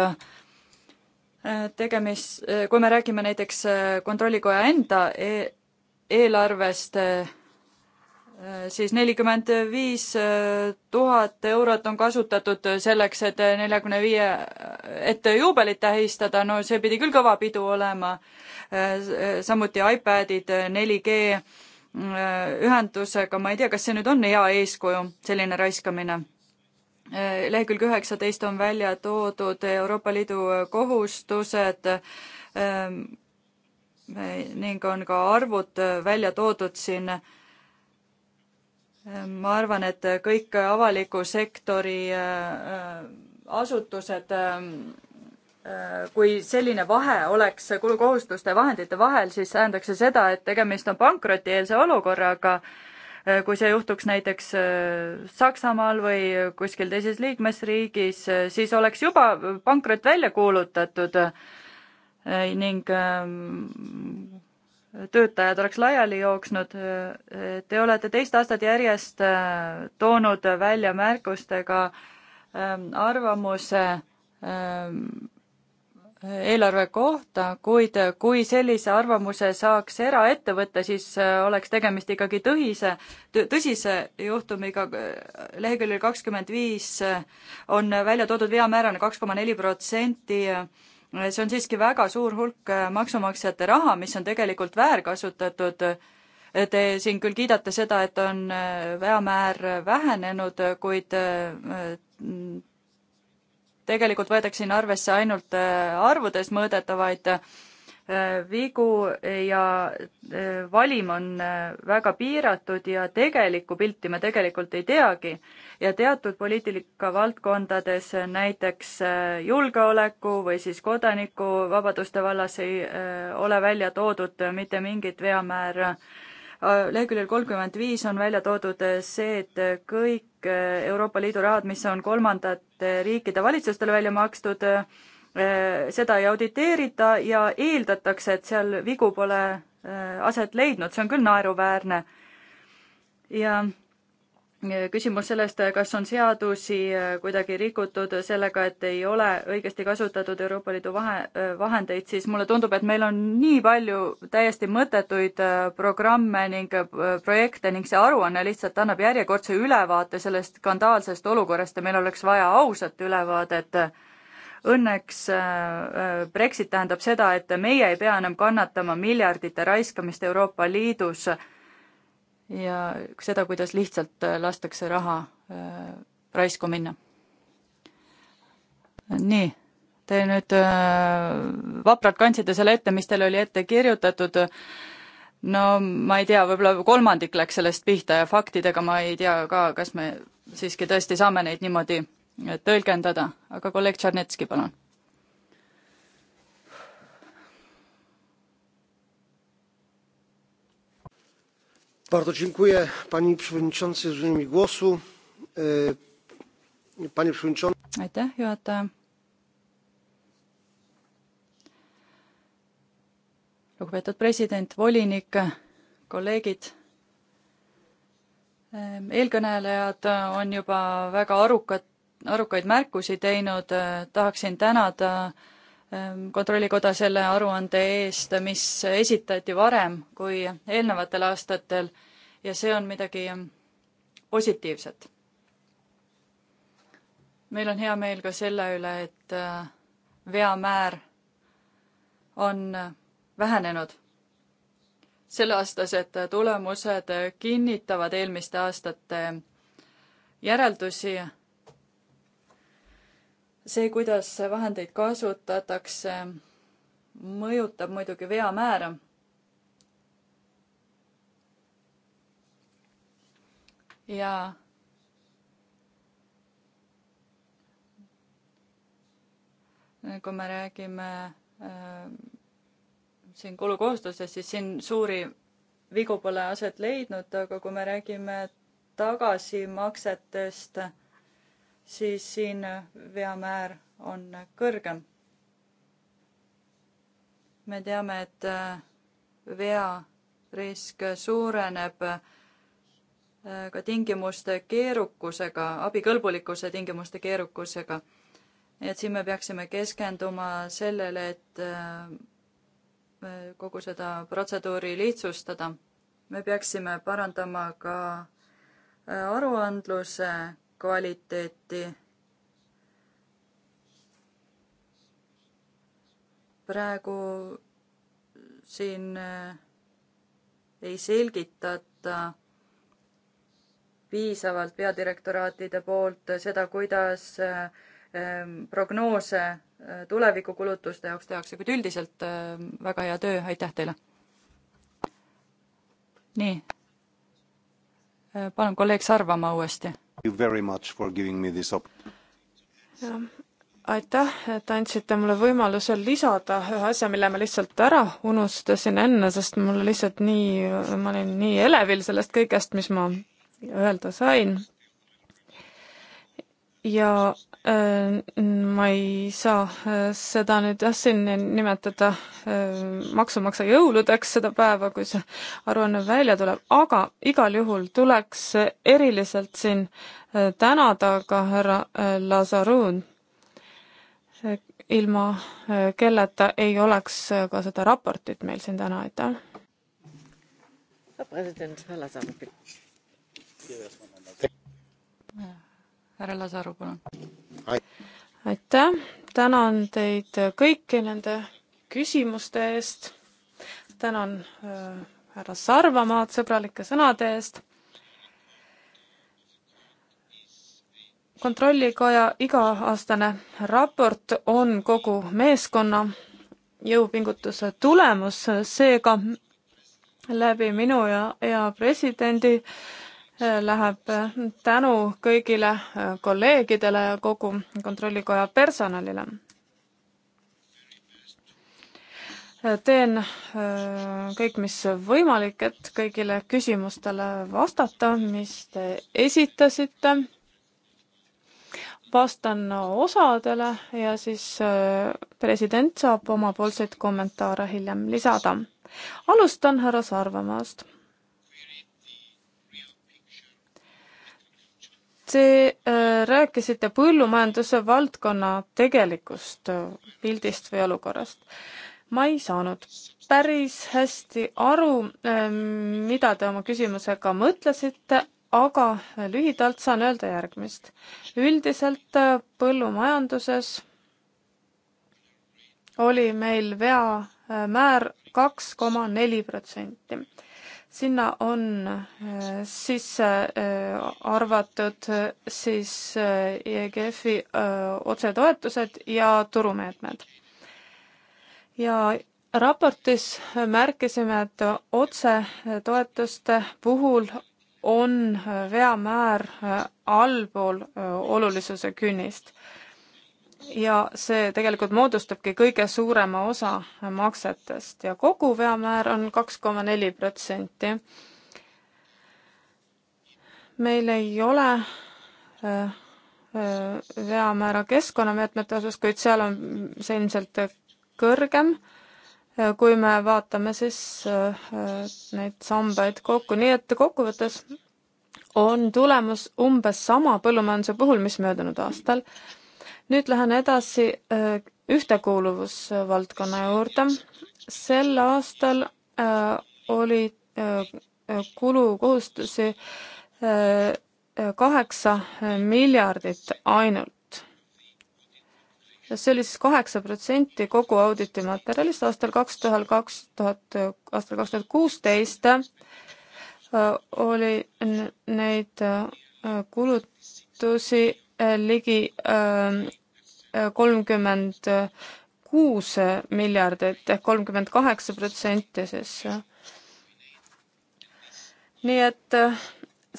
Äh, tegemist, äh, kui me räägime näiteks äh, Kontrollikoja enda e eelarvest, siis nelikümmend viis tuhat eurot on kasutatud selleks, et neljakümne viie, et juubelit tähistada, no see pidi küll kõva pidu olema. samuti iPadid, 4G ühendusega, ma ei tea, kas see nüüd on hea eeskuju, selline raiskamine Äh, lehekülg üheksateist on välja toodud Euroopa Liidu kohustused ähm, ning on ka arvud välja toodud siin. Ähm, ma arvan, et kõik avaliku sektori äh, äh, asutused, ähm, kui selline vahe oleks kulukohustuste vahendite vahel, siis tähendaks see seda, et tegemist on pankrotieelse olukorraga Äh, kui see juhtuks näiteks äh, Saksamaal või kuskil teises liikmesriigis, äh, siis oleks juba pankrot välja kuulutatud ning ähm, töötajad oleks laiali jooksnud. Te olete teist aastat järjest toonud välja märkustega ähm, arvamuse ähm, eelarve kohta, kuid kui sellise arvamuse saaks eraettevõte, siis äh, oleks tegemist ikkagi tõhise, tõsise juhtumiga. leheküljel kakskümmend viis äh, on välja toodud veamäärana kaks koma neli protsenti. see on siiski väga suur hulk äh, maksumaksjate raha, mis on tegelikult väärkasutatud. Te siin küll kiidate seda, et on veamäär vähenenud, kuid tegelikult võetakse siin arvesse ainult äh, arvudes mõõdetavaid äh, vigu ja äh, valim on väga piiratud ja tegelikku pilti me tegelikult ei teagi. ja teatud poliitika valdkondades, näiteks julgeoleku või siis kodanikuvabaduste vallas ei ole välja toodud mitte mingit veamäära Äh, leheküljel kolmkümmend viis on välja toodud äh, see, et äh, kõik Euroopa Liidu rahad, mis on kolmandate riikide valitsustele välja makstud, seda ei auditeerita ja eeldatakse, et seal vigu pole aset leidnud, see on küll naeruväärne. ja küsimus sellest, kas on seadusi äh, kuidagi rikutud sellega, et ei ole õigesti kasutatud Euroopa Liidu vahe, äh, vahendeid, siis mulle tundub, et meil on nii palju täiesti mõttetuid äh, programme ning projekte ning see aruanne lihtsalt annab järjekordse ülevaate sellest skandaalsest olukorrast ja meil oleks vaja ausat ülevaadet. Õnneks Brexit tähendab seda, et meie ei pea enam kannatama miljardite raiskamist Euroopa Liidus ja seda, kuidas lihtsalt äh, lastakse raha äh, raisku minna. nii, te nüüd äh, vapralt kandsite selle ette, mis teil oli ette kirjutatud. no ma ei tea, võib-olla kolmandik läks sellest pihta ja faktidega ma ei tea ka, kas me siiski tõesti saame neid niimoodi tõlgendada, aga kolleeg Tšarnetski, palun Bardzo dziękuję pani przewodniczący za udzielenie głosu. E, panie przewodniczący. Aitäh, juhataja. lugupeetud president, volinik, kolleegid. E, eelkõnelejad on juba väga arukad, arukaid märkusi teinud, e, tahaksin tänada äh, Ähm, kontrollikoda selle aruande eest, mis esitati varem kui eelnevatel aastatel ja see on midagi positiivset. meil on hea meel ka selle üle, et äh, veamäär on vähenenud. selleaastased tulemused kinnitavad eelmiste aastate järeldusi see, kuidas vahendeid kasutatakse, mõjutab muidugi vea määra. ja kui me räägime äh, siin kulukohustustest, siis siin suuri vigu pole aset leidnud, aga kui me räägime tagasimaksetest äh, siis siin veamäär on kõrgem. me teame, et äh, vearisk suureneb äh, ka tingimuste keerukusega, abikõlbulikkuse tingimuste keerukusega. et siin me peaksime keskenduma sellele, et äh, kogu seda protseduuri lihtsustada. me peaksime parandama ka aruandluse kvaliteeti. praegu siin äh, ei selgitata piisavalt peadirektoraatide poolt seda, kuidas äh, ähm, prognoose äh, tulevikukulutuste jaoks tehakse, kuid üldiselt väga hea töö, aitäh teile! nii, palun kolleeg Sarvamaa uuesti aitäh, et andsite mulle võimaluse lisada ühe asja, mille ma lihtsalt ära unustasin enne, sest mul lihtsalt nii, ma olin nii elevil sellest kõigest, mis ma öelda sain ja äh, ma ei saa äh, seda nüüd jah, siin nimetada äh, maksumaksja jõuludeks seda päeva, kui see aruanne välja tuleb, aga igal juhul tuleks eriliselt siin äh, tänada ka härra äh, Lazarun äh,, ilma äh, kelleta ei oleks äh, ka seda raportit meil siin täna, aitäh. president Lazarun härra Lasaru, palun. aitäh, tänan teid kõiki nende küsimuste eest. tänan äh, härra Sarvamaad sõbralike sõnade eest. kontrollikoja iga-aastane raport on kogu meeskonna jõupingutuse tulemus, seega läbi minu ja, ja presidendi äh, läheb tänu kõigile äh, kolleegidele ja kogu Kontrollikoja personalile. Äh, teen äh, kõik, mis võimalik, et kõigile küsimustele vastata, mis te esitasite. vastan osadele ja siis president saab omapoolseid kommentaare hiljem lisada. alustan härra Sarvemaast Te äh, rääkisite põllumajanduse valdkonna tegelikust äh, pildist või olukorrast. ma ei saanud päris hästi aru, äh, mida te oma küsimusega mõtlesite, aga lühidalt saan öelda järgmist. üldiselt põllumajanduses oli meil veamäär kaks koma neli protsenti sinna on äh, sisse äh, arvatud äh, siis EGF-i otsetoetused ja turumeetmed. ja raportis märkisime, et otsetoetuste puhul on veamäär allpool olulisuse künnist ja see tegelikult moodustabki kõige suurema osa maksetest ja kogu veamäär on kaks koma neli protsenti. meil ei ole äh, äh, veamäära keskkonnameetmete osas, kuid seal on see ilmselt kõrgem, äh, kui me vaatame siis neid sambaid kokku, nii et kokkuvõttes on tulemus umbes sama põllumajanduse puhul, mis möödunud aastal nüüd lähen edasi äh, ühtekuuluvusvaldkonna juurde. sel aastal äh, oli äh, kulukohustusi kaheksa miljardit ainult. see oli siis kaheksa protsenti kogu auditi materjalist aastal kaks tuhat, kaks tuhat, aastal kaks tuhat kuusteist oli neid kulutusi Äh, ligi äh, äh, kolmkümmend kuus miljardit ehk kolmkümmend kaheksa protsenti siis. nii et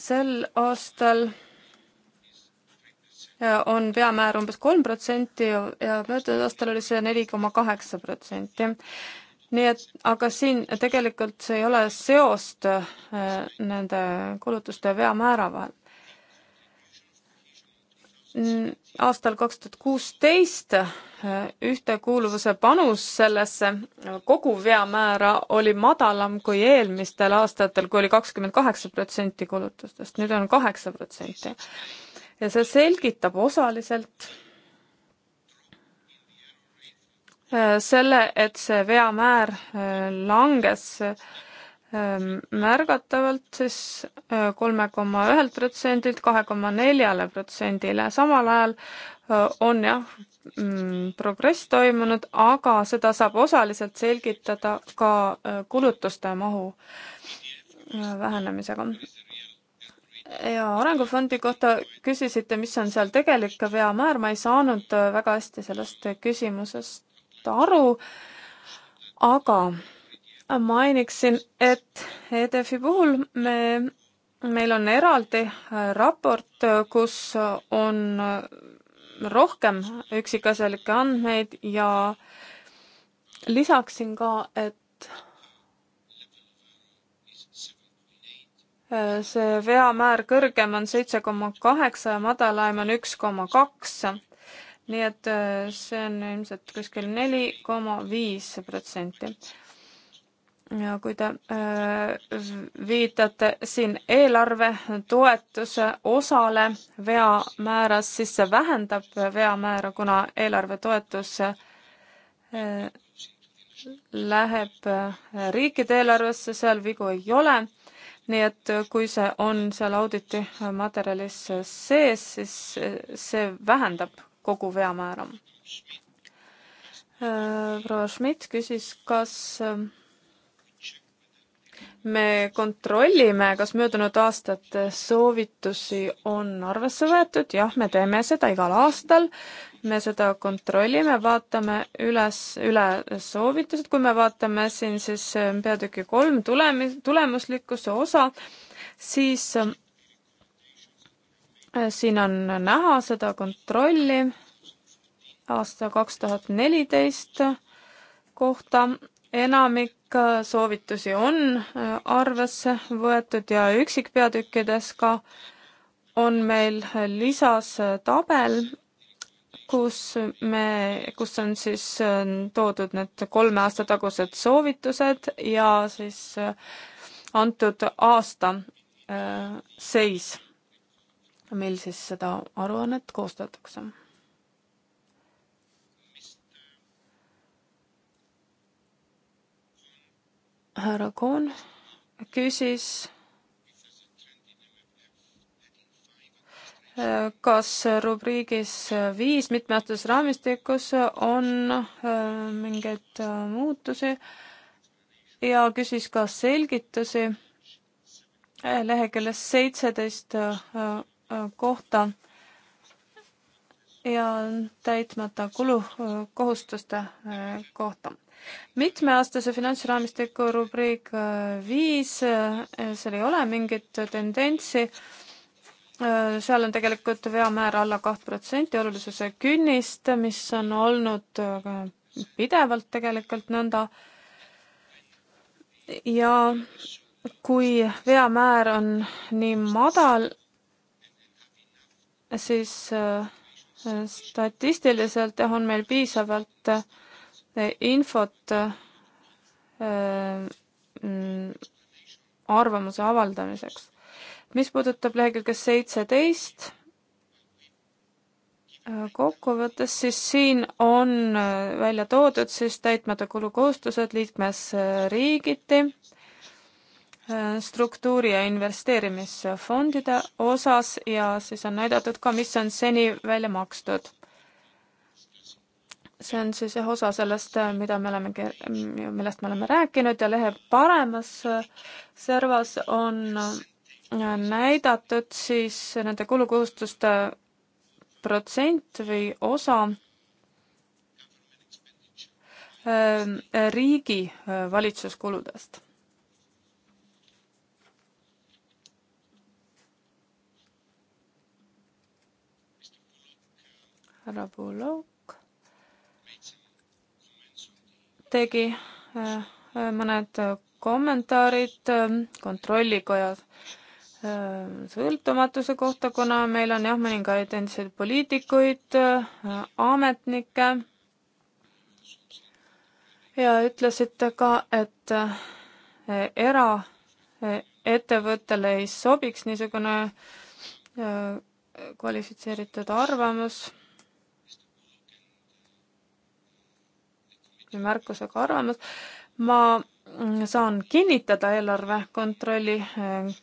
sel aastal on veamäär umbes kolm protsenti ja möödunud aastal oli see neli koma kaheksa protsenti. nii et, aga siin tegelikult see ei ole seost nende kulutuste veamäära vahel aastal kaks tuhat kuusteist äh, ühtekuuluvuse panus sellesse koguveamäära oli madalam kui eelmistel aastatel, kui oli kakskümmend kaheksa protsenti kulutustest, nüüd on kaheksa protsenti. ja see selgitab osaliselt äh, selle, et see veamäär äh, langes märgatavalt siis kolme koma ühelt protsendilt kahe koma neljale protsendile. samal ajal on jah, mm, progress toimunud, aga seda saab osaliselt selgitada ka kulutuste mahu vähenemisega. ja Arengufondi kohta küsisite, mis on seal tegelik veamäär, ma ei saanud väga hästi sellest küsimusest aru, aga Äh, mainiksin, et EDF-i puhul me, meil on eraldi äh, raport, äh, kus on rohkem üksikasjalikke andmeid ja lisaksin ka, et see veamäär kõrgem on seitse koma kaheksa ja madalaim on üks koma kaks nii et see on ilmselt kuskil neli koma viis protsenti ja kui te äh, viitate siin eelarve toetuse osale veamääras, siis see vähendab veamäära, kuna eelarve toetus äh, läheb äh, riikide eelarvesse, seal vigu ei ole. nii et kui see on seal auditi materjalis sees, siis see vähendab kogu veamäära. proua Schmidt küsis, kas me kontrollime, kas möödunud aastate soovitusi on arvesse võetud, jah, me teeme seda igal aastal, me seda kontrollime, vaatame üles, üle soovitused, kui me vaatame siin siis ähm, peatüki kolm tulemi-, tulemuslikkuse osa, siis ähm, äh, siin on näha seda kontrolli aasta kaks tuhat neliteist kohta enamik ka soovitusi on äh, arvesse võetud ja üksikpeatükkides ka on meil äh, lisas äh, tabel, kus me, kus on siis toodud need kolme aasta tagused soovitused ja siis antud aasta seis, mil siis seda aruannet koostatakse härra Kohn küsis, kas rubriigis viis mitmeaastases raamistikus on äh, mingeid äh, muutusi ja küsis ka selgitusi äh, leheküljest seitseteist kohta ja täitmata kulukohustuste kohta mitmeaastase finantsraamistiku rubriik äh, viis, äh, seal ei ole mingit tendentsi. Äh, seal on tegelikult veamäär alla kaht protsenti olulisuse künnist, mis on olnud pidevalt tegelikult nõnda. ja kui veamäär on nii madal, siis statistiliselt jah, on meil piisavalt äh, infot äh, mm, arvamuse avaldamiseks. mis puudutab lehekülge seitseteist, äh, kokkuvõttes siis siin on äh, välja toodud siis täitmata kulukohustused liikmesriigiti struktuuri- ja investeerimisfondide osas ja siis on näidatud ka, mis on seni välja makstud see on siis jah osa sellest, äh, mida me oleme, millest me oleme rääkinud ja lehe paremas äh, servas on äh, näidatud siis nende kulukohustuste protsent või osa ähm, riigi valitsuskuludest härra Puulov. tegi äh, äh, mõned kommentaarid äh, kontrollikoja sõltumatuse kohta, kuna meil on jah, mõningaid endiseid poliitikuid, ametnikke ja ütlesite ka, et eraettevõttele ei sobiks niisugune kvalifitseeritud arvamus märkusega arvamus. ma mm, saan kinnitada eelarve kontrolli äh,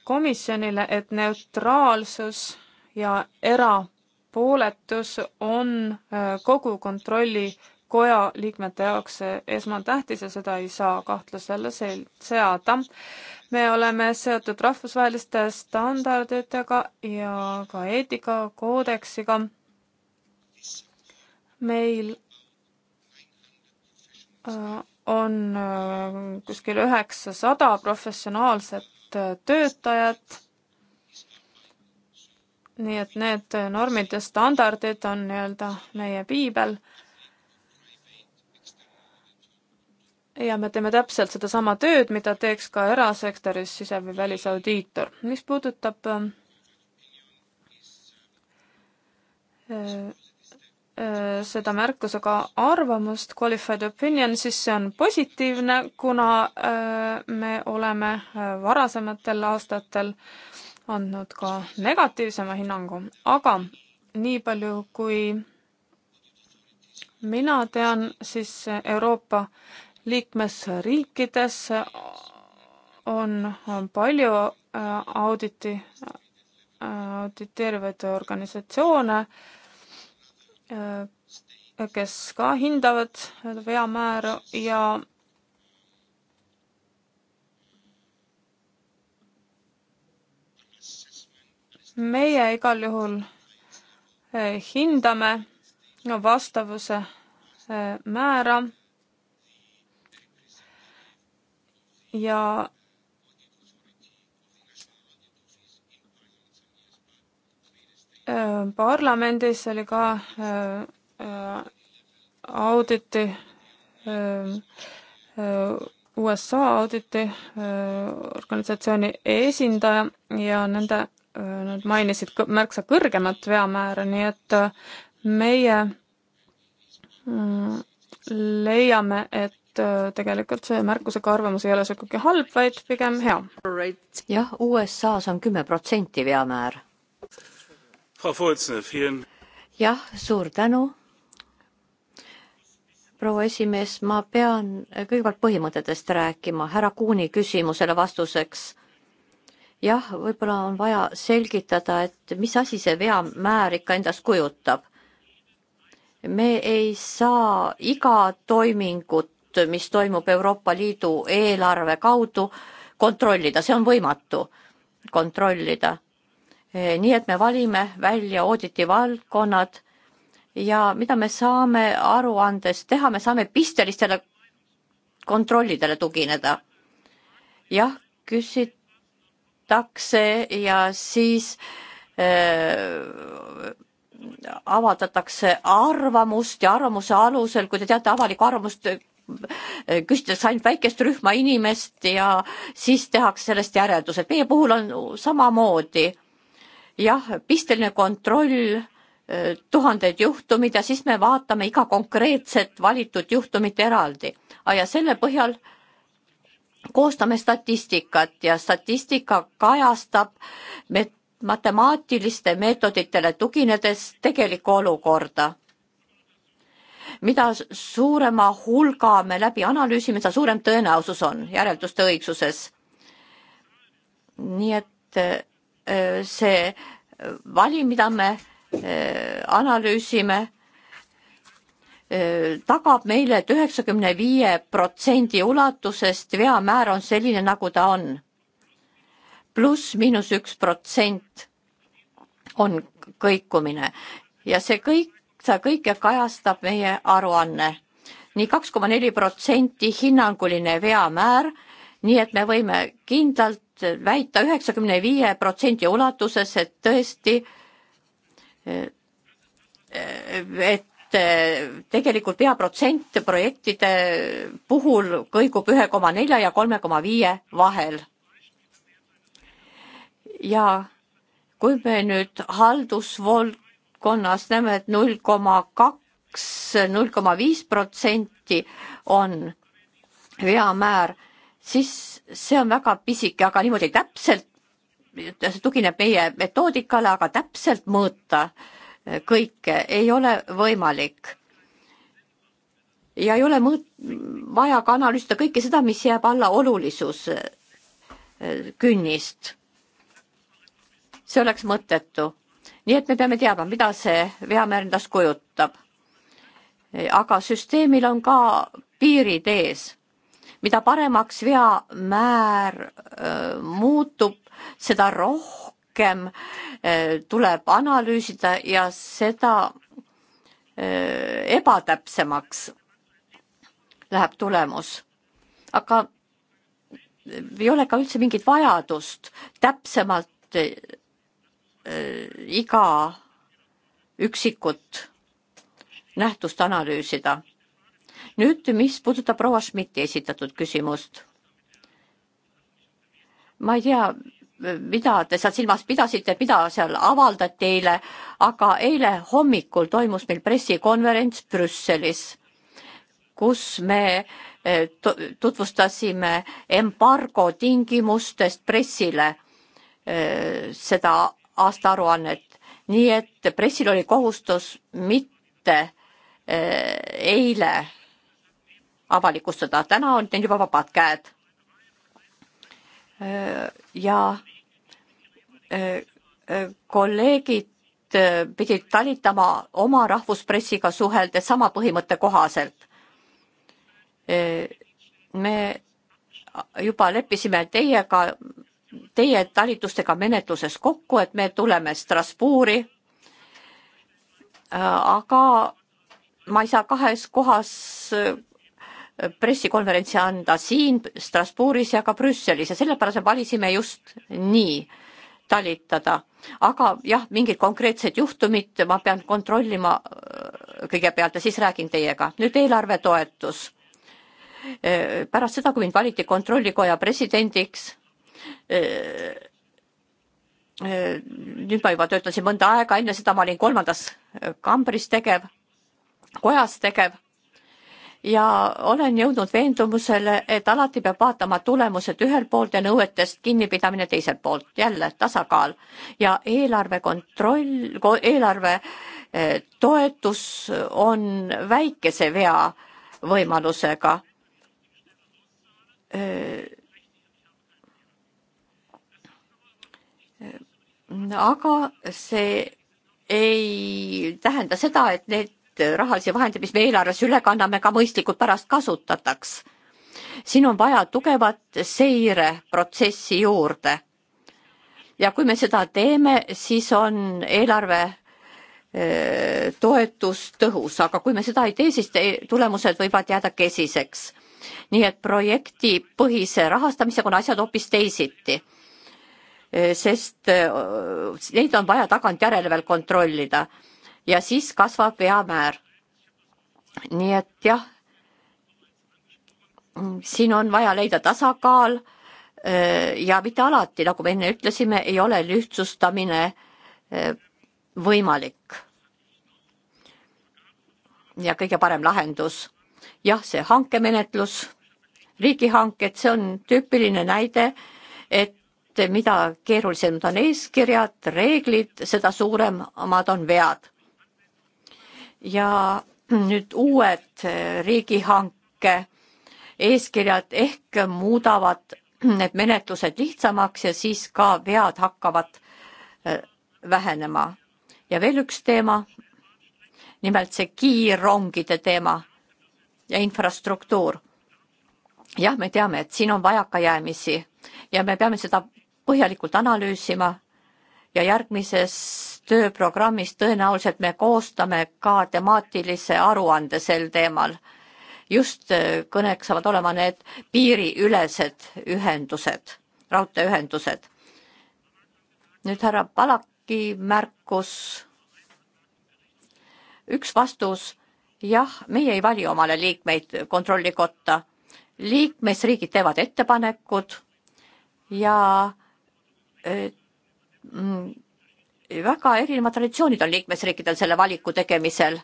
komisjonile, et neutraalsus ja erapooletus on äh, kogu kontrollikoja liikmete jaoks äh, esmatähtis ja seda ei saa kahtluse alla seada. me oleme seotud rahvusvaheliste standarditega ja ka eetikakoodeksiga. meil Äh, on äh, kuskil üheksasada professionaalset äh, töötajat. nii et need normid ja standardid on nii-öelda meie piibel. ja me teeme täpselt sedasama tööd, mida teeks ka erasektoris sise- või välisaudiitor. mis puudutab Äh, seda märkusega arvamust, qualified opinion, siis see on positiivne, kuna äh, me oleme äh, varasematel aastatel andnud ka negatiivsema hinnangu, aga nii palju, kui mina tean, siis Euroopa liikmesriikides on palju auditi, auditeerivaid organisatsioone äh, Äh, kes ka hindavad veamäära ja meie igal juhul äh, hindame vastavuse äh, määra ja Äh, parlamendis oli ka äh, äh, auditi, USA auditi organisatsiooni esindaja ja nende, nad mainisid märksa kõrgemat veamäära, nii et meie mm, leiame, et tegelikult see märkusega arvamus ei ole sugugi halb, vaid pigem hea. jah, USA-s on kümme protsenti veamäär jah, suur tänu. proua esimees, ma pean kõigepealt põhimõtetest rääkima härra Kuuni küsimusele vastuseks. jah, võib-olla on vaja selgitada, et mis asi see veamäär ikka endast kujutab. me ei saa iga toimingut, mis toimub Euroopa Liidu eelarve kaudu, kontrollida, see on võimatu kontrollida Eh, nii et me valime välja auditi valdkonnad ja mida me saame aruandes teha, me saame pistelistele kontrollidele tugineda. jah, küsitakse ja siis äh, avaldatakse arvamust ja arvamuse alusel, kui te teate avalikku arvamust, eh, küsitakse ainult väikest rühma inimest ja siis tehakse sellest järeldused. meie puhul on samamoodi jah, pisteline kontroll, äh, tuhanded juhtumid ja siis me vaatame iga konkreetset valitud juhtumit eraldi ah, ja selle põhjal koostame statistikat ja statistika kajastab met-, matemaatiliste meetoditele tuginedes tegelikku olukorda mida suurema hulga me läbi analüüsime, seda suurem tõenäosus on järelduste õigsuses. nii et äh, Äh, see valim, mida me äh, analüüsime, äh, tagab meile et, et üheksakümne viie protsendi ulatusest veamäär on selline, nagu ta on. pluss-miinus üks protsent on kõikumine ja see kõik, seda kõike kajastab meie aruanne nii. nii kaks koma neli protsenti hinnanguline veamäär, nii et me võime kindlalt väita üheksakümne viie protsendi ulatuses, et tõesti, et eh, tegelikult peaprotsent projektide puhul kõigub ühe koma nelja ja kolme koma viie vahel. ja kui me nüüd haldusvaldkonnas näeme, et null koma kaks, null koma viis protsenti on veamäär, siis see on väga pisike, aga niimoodi täpselt, see tugineb meie metoodikale, aga täpselt mõõta kõike ei ole võimalik. ja ei ole mõõt-, vaja ka analüüsida kõike seda, mis jääb alla olulisuse äh, künnist. see oleks mõttetu. nii et me peame teadma, mida see veamäär endast kujutab. aga süsteemil on ka piirid ees mida paremaks veamäär äh, muutub, seda rohkem äh, tuleb analüüsida ja seda äh, ebatäpsemaks läheb tulemus. aga ei ole ka üldse mingit vajadust täpsemalt äh, iga üksikut nähtust analüüsida nüüd, mis puudutab proua Schmidti esitatud küsimust. ma ei tea, mida te seal silmas pidasite, mida seal avaldati eile, aga eile hommikul toimus meil pressikonverents Brüsselis, kus me e, tutvustasime embargo tingimustest pressile e, seda aastaaruannet, nii et pressil oli kohustus mitte e, eile avalikustada, täna olid neil juba vabad käed. ja kolleegid pidid talitama oma rahvuspressiga suheldes sama põhimõtte kohaselt. me juba leppisime teiega, teie talitustega menetluses kokku, et me tuleme Strasbourgi. aga ma ei saa kahes kohas pressikonverentsi anda siin Strasbourgis ja ka Brüsselis ja sellepärast me valisime just nii talitada. aga jah, mingid konkreetsed juhtumid ma pean kontrollima äh, kõigepealt ja siis räägin teiega. nüüd eelarvetoetus. Äh, pärast seda, kui mind valiti kontrollikoja presidendiks, äh, nüüd ma juba töötasin mõnda aega, enne seda ma olin kolmandas kambris tegev, kojas tegev ja olen jõudnud veendumusele, et alati peab vaatama tulemused ühelt poolt ja nõuetest kinnipidamine teiselt poolt, jälle tasakaal ja eelarve kontroll, eelarve eh, toetus on väikese vea võimalusega. Eh, eh, aga see ei tähenda seda, et need et äh, rahalisi vahendeid, mis me eelarves üle kanname, ka mõistlikult pärast kasutataks. siin on vaja tugevat seireprotsessi juurde. ja kui me seda teeme, siis on eelarve äh, toetus tõhus, aga kui me seda ei tee, siis te tulemused võivad jääda kesiseks. nii et projektipõhise rahastamisega on asjad hoopis teisiti äh, sest neid on vaja tagantjärele veel kontrollida ja siis kasvab veamäär. nii et jah, siin on vaja leida tasakaal ja mitte alati, nagu me enne ütlesime, ei ole lihtsustamine võimalik. ja kõige parem lahendus, jah, see hankemenetlus, riigihanked, see on tüüpiline näide, et mida keerulisemad on eeskirjad, reeglid, seda suuremad on vead ja nüüd uued äh, riigihanke eeskirjad ehk muudavad need menetlused lihtsamaks ja siis ka vead hakkavad äh, vähenema. ja veel üks teema, nimelt see kiirrongide teema ja infrastruktuur. jah, me teame, et siin on vajakajäämisi ja me peame seda põhjalikult analüüsima ja järgmises tööprogrammis tõenäoliselt me koostame ka temaatilise aruande sel teemal. just äh, kõneks saavad olema need piiriülesed ühendused, raudteeühendused. nüüd härra Palaki märkus. üks vastus, jah, meie ei vali omale liikmeid kontrollikotta. liikmesriigid teevad ettepanekud ja et äh, Mm, väga erinevad traditsioonid on liikmesriikidel selle valiku tegemisel.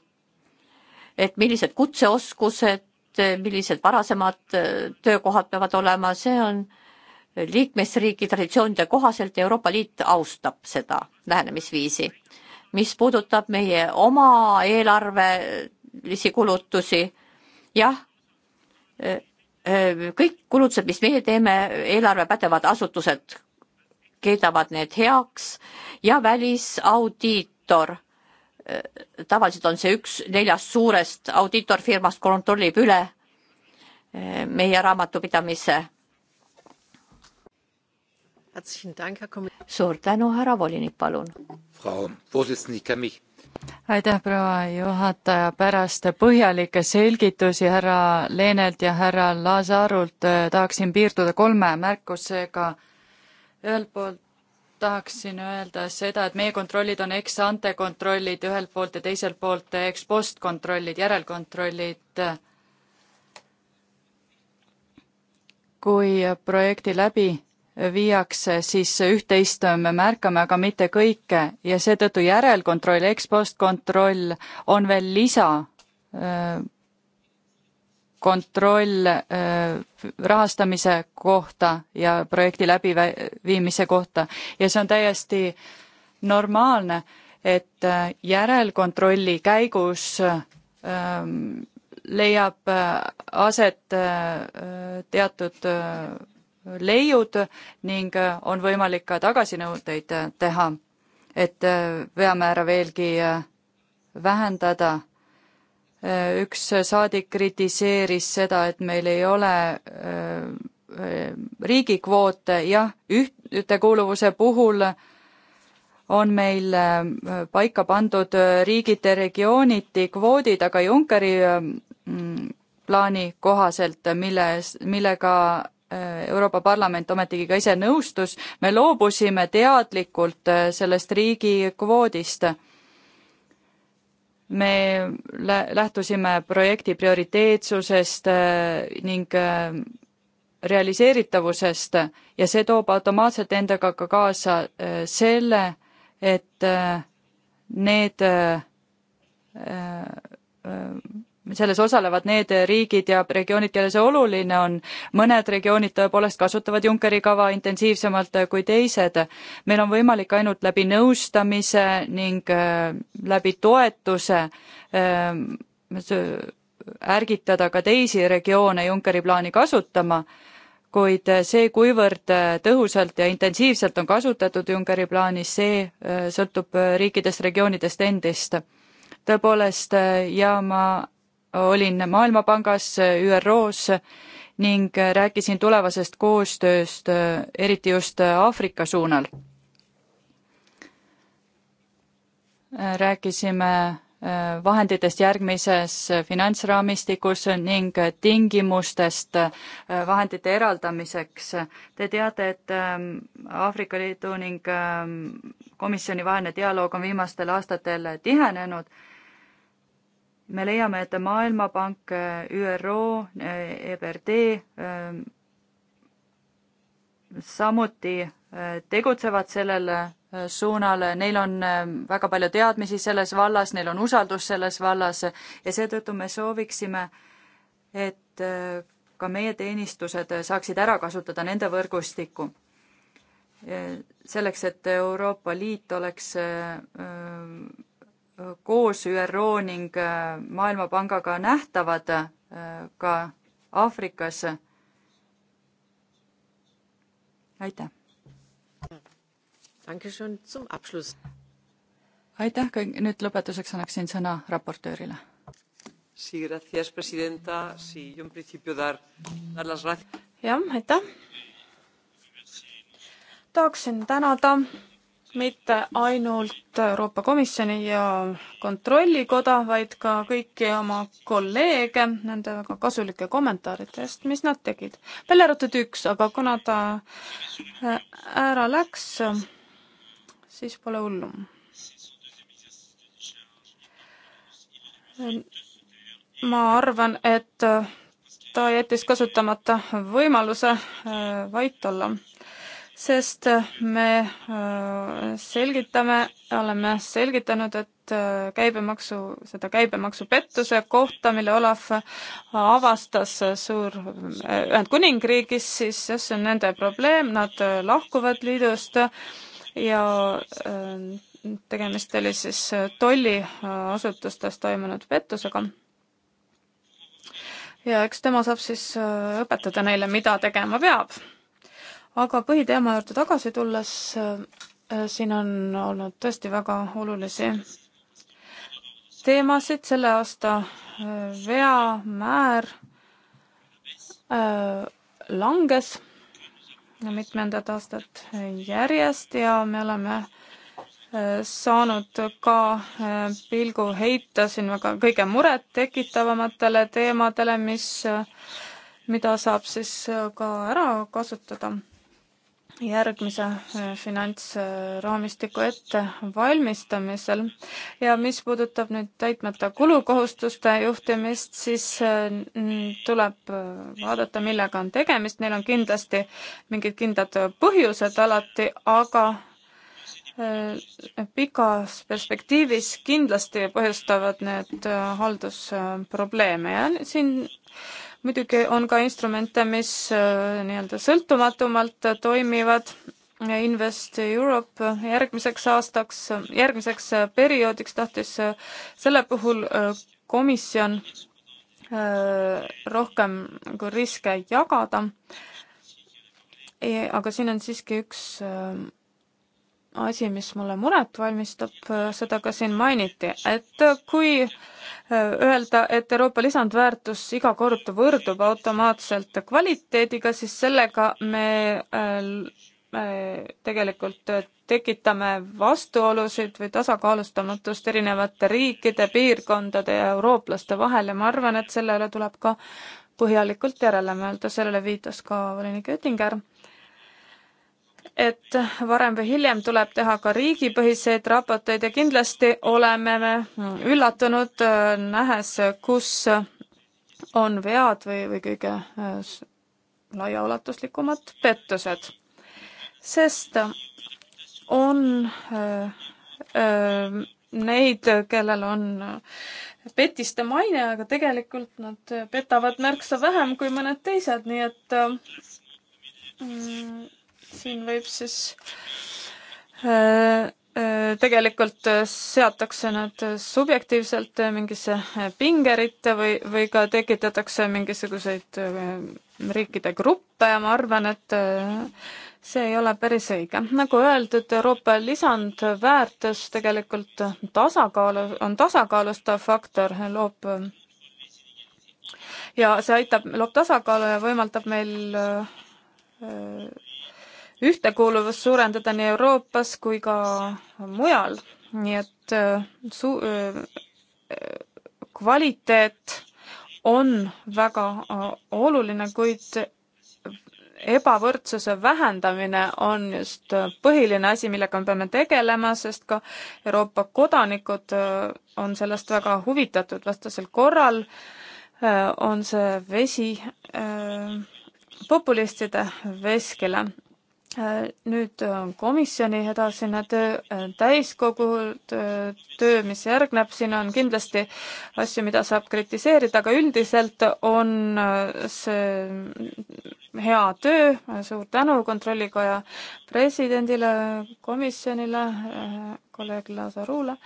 et millised kutseoskused, millised varasemad äh, töökohad peavad olema, see on liikmesriigi traditsioonide kohaselt ja Euroopa Liit austab seda lähenemisviisi. mis puudutab meie oma eelarvelisi kulutusi, jah, äh, äh, kõik kulutused, mis meie teeme, eelarve pädevad asutused kiidavad need heaks ja välisaudiitor, tavaliselt on see üks neljast suurest audiitorfirmast, kontrollib üle eh, meie raamatupidamise. suur tänu, härra volinik, palun. aitäh, proua juhataja, pärast põhjalikke selgitusi härra Leenelt ja härra Lazarult eh, tahaksin piirduda kolme märkusega ühelt poolt tahaksin öelda seda, et meie kontrollid on ex-ante kontrollid ühelt poolt ja teiselt poolt ex-post kontrollid, järelkontrollid. kui projekti läbi viiakse, siis üht-teist me märkame, aga mitte kõike ja seetõttu järelkontroll, ex-post kontroll on veel lisa kontroll äh, rahastamise kohta ja projekti läbiviimise kohta ja see on täiesti normaalne, et äh, järelkontrolli käigus ähm, leiab äh, aset teatud leiud ning on võimalik ka tagasinõudeid teha, et veamäära veelgi vähendada Äh, üks saadik kritiseeris seda, et meil ei ole äh, äh, riigikvoote, jah, üht, ühtekuuluvuse puhul on meil paika pandud riigid ja regiooniti kvoodid, aga Junckeri mm, plaani kohaselt, milles, millega Euroopa Parlament ometigi ka ise nõustus, me loobusime teadlikult sellest riigikvoodist me lähtusime projekti prioriteetsusest äh, ning äh, realiseeritavusest ja see toob automaatselt endaga ka kaasa äh, selle, et need selles osalevad need riigid ja regioonid, kellele see oluline on. mõned regioonid tõepoolest kasutavad Junckeri kava intensiivsemalt kui teised. meil on võimalik ainult läbi nõustamise ning äh, läbi toetuse äh, ärgitada ka teisi regioone Junckeri plaani kasutama, kuid see, kuivõrd tõhusalt ja intensiivselt on kasutatud Junckeri plaani, see äh, sõltub riikidest, regioonidest endist. tõepoolest ja ma olin Maailmapangas, ÜRO-s ning rääkisin tulevasest koostööst, eriti just Aafrika suunal. rääkisime äh, vahenditest järgmises finantsraamistikus ning tingimustest äh, vahendite eraldamiseks. Te teate, et ähm, Aafrika Liidu ning ähm, komisjoni vaheline dialoog on viimastel aastatel tihenenud me leiame, et Maailmapank, ÜRO, EBRD samuti eh, tegutsevad sellel eh, suunal, neil on eh, väga palju teadmisi selles vallas, neil on usaldus selles vallas ja seetõttu me sooviksime, et ka meie teenistused saaksid ära kasutada nende võrgustikku. selleks, et Euroopa Liit oleks koos ÜRO ning äh, Maailmapangaga nähtavad äh, ka Aafrikas. aitäh! aitäh, nüüd lõpetuseks annaksin sõna raportöörile. jah, aitäh! tahaksin tänada mitte ainult Euroopa Komisjoni ja Kontrollikoda, vaid ka kõiki oma kolleege nende väga kasulike kommentaaride eest, mis nad tegid. välja arvatud üks, aga kuna ta äh, ära läks, siis pole hullu. ma arvan, et ta jättis kasutamata võimaluse äh, vait olla sest äh, me äh, selgitame, oleme selgitanud, et äh, käibemaksu, seda käibemaksupettuse kohta, mille Olav avastas suur Ühendkuningriigis, siis jah, see on nende probleem, nad lahkuvad liidust ja tegemist oli siis tolliasutustes toimunud pettusega ja eks tema saab siis õpetada neile, mida tegema peab aga põhiteema juurde tagasi tulles, äh, siin on olnud tõesti väga olulisi teemasid, selle aasta äh, veamäär äh, langes mitmendat aastat järjest ja me oleme saanud ka pilgu heita siin väga kõige muret tekitavamatele teemadele, mis, mida saab siis ka ära kasutada järgmise äh, finantsraamistiku ettevalmistamisel ja mis puudutab nüüd täitmata kulukohustuste juhtimist, siis äh, tuleb äh, vaadata, millega on tegemist, neil on kindlasti mingid kindlad põhjused alati, aga pikas perspektiivis kindlasti põhjustavad need haldusprobleeme ja siin muidugi on ka instrumente, mis äh, nii-öelda sõltumatumalt toimivad, Invest Europe järgmiseks aastaks, järgmiseks äh, perioodiks tahtis äh, selle puhul komisjon rohkem nagu riske jagada. E, aga siin on siiski üks asi, mis mulle muret valmistab, seda ka siin mainiti, et kui äh, öelda, et Euroopa lisandväärtus iga kord võrdub automaatselt kvaliteediga, siis sellega äh, me tegelikult tekitame vastuolusid või tasakaalustamatust erinevate riikide, piirkondade ja eurooplaste vahel ja ma arvan, et selle üle tuleb ka põhjalikult järele mõelda, sellele viitas ka volinik Oettinger et varem või hiljem tuleb teha ka riigipõhiseid raporteid ja kindlasti oleme me üllatunud, nähes, kus on vead või, või kõige äh, laiaulatuslikumad pettused. sest on öö, äh, öö, äh, neid, kellel on petiste maine, aga tegelikult nad petavad märksa vähem kui mõned teised, nii et mm, siin võib siis äh, äh, tegelikult äh, seatakse nad subjektiivselt mingisse pingeritta või, või ka tekitatakse mingisuguseid riikide gruppe ja ma arvan, et see ei ole päris õige. nagu öeldud, Euroopa lisandväärtus tegelikult tasakaalu, on tasakaalustav faktor, loob ja see aitab, loob tasakaalu ja võimaldab meil ühtekuuluvust suurendada nii Euroopas kui ka mujal, nii et äh, su-, äh, kvaliteet on väga äh, oluline, kuid ebavõrdsuse vähendamine on just põhiline asi, millega me peame tegelema, sest ka Euroopa kodanikud on sellest väga huvitatud, vastasel korral on see vesi populistide veskile Äh, nüüd äh, komisjoni edasine töö, äh, täiskogu töö, mis järgneb, siin on kindlasti asju, mida saab kritiseerida, aga üldiselt on see hea töö, suur tänu Kontrollikoja presidendile, komisjonile, kolleeg Lazarule.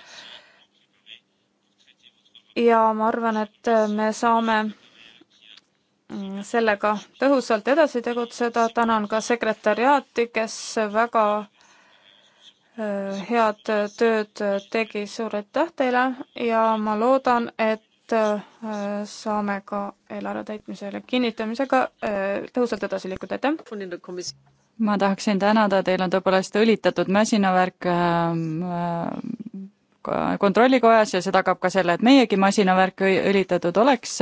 ja ma arvan, et me saame Mm, sellega tõhusalt edasi tegutseda, tänan ka sekretäriaati, kes väga head tööd tegi, suur aitäh teile ja ma loodan, et saame ka eelarve täitmisele kinnitamisega tõhusalt edasi liikuda, aitäh! ma tahaksin tänada, teil on tõepoolest õlitatud masinavärk ähm, äh, kontrollikojas ja see tagab ka selle, et meiegi masinavärk õlitatud oleks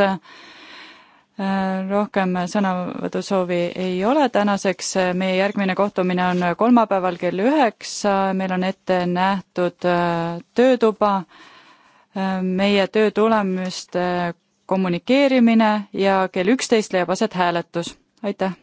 Äh, rohkem sõnavõtusoovi ei ole tänaseks, äh, meie järgmine kohtumine on kolmapäeval kell üheksa, meil on ette nähtud äh, töötuba, meie töö tulemuste kommunikeerimine ja kell üksteist leiab aset hääletus, aitäh!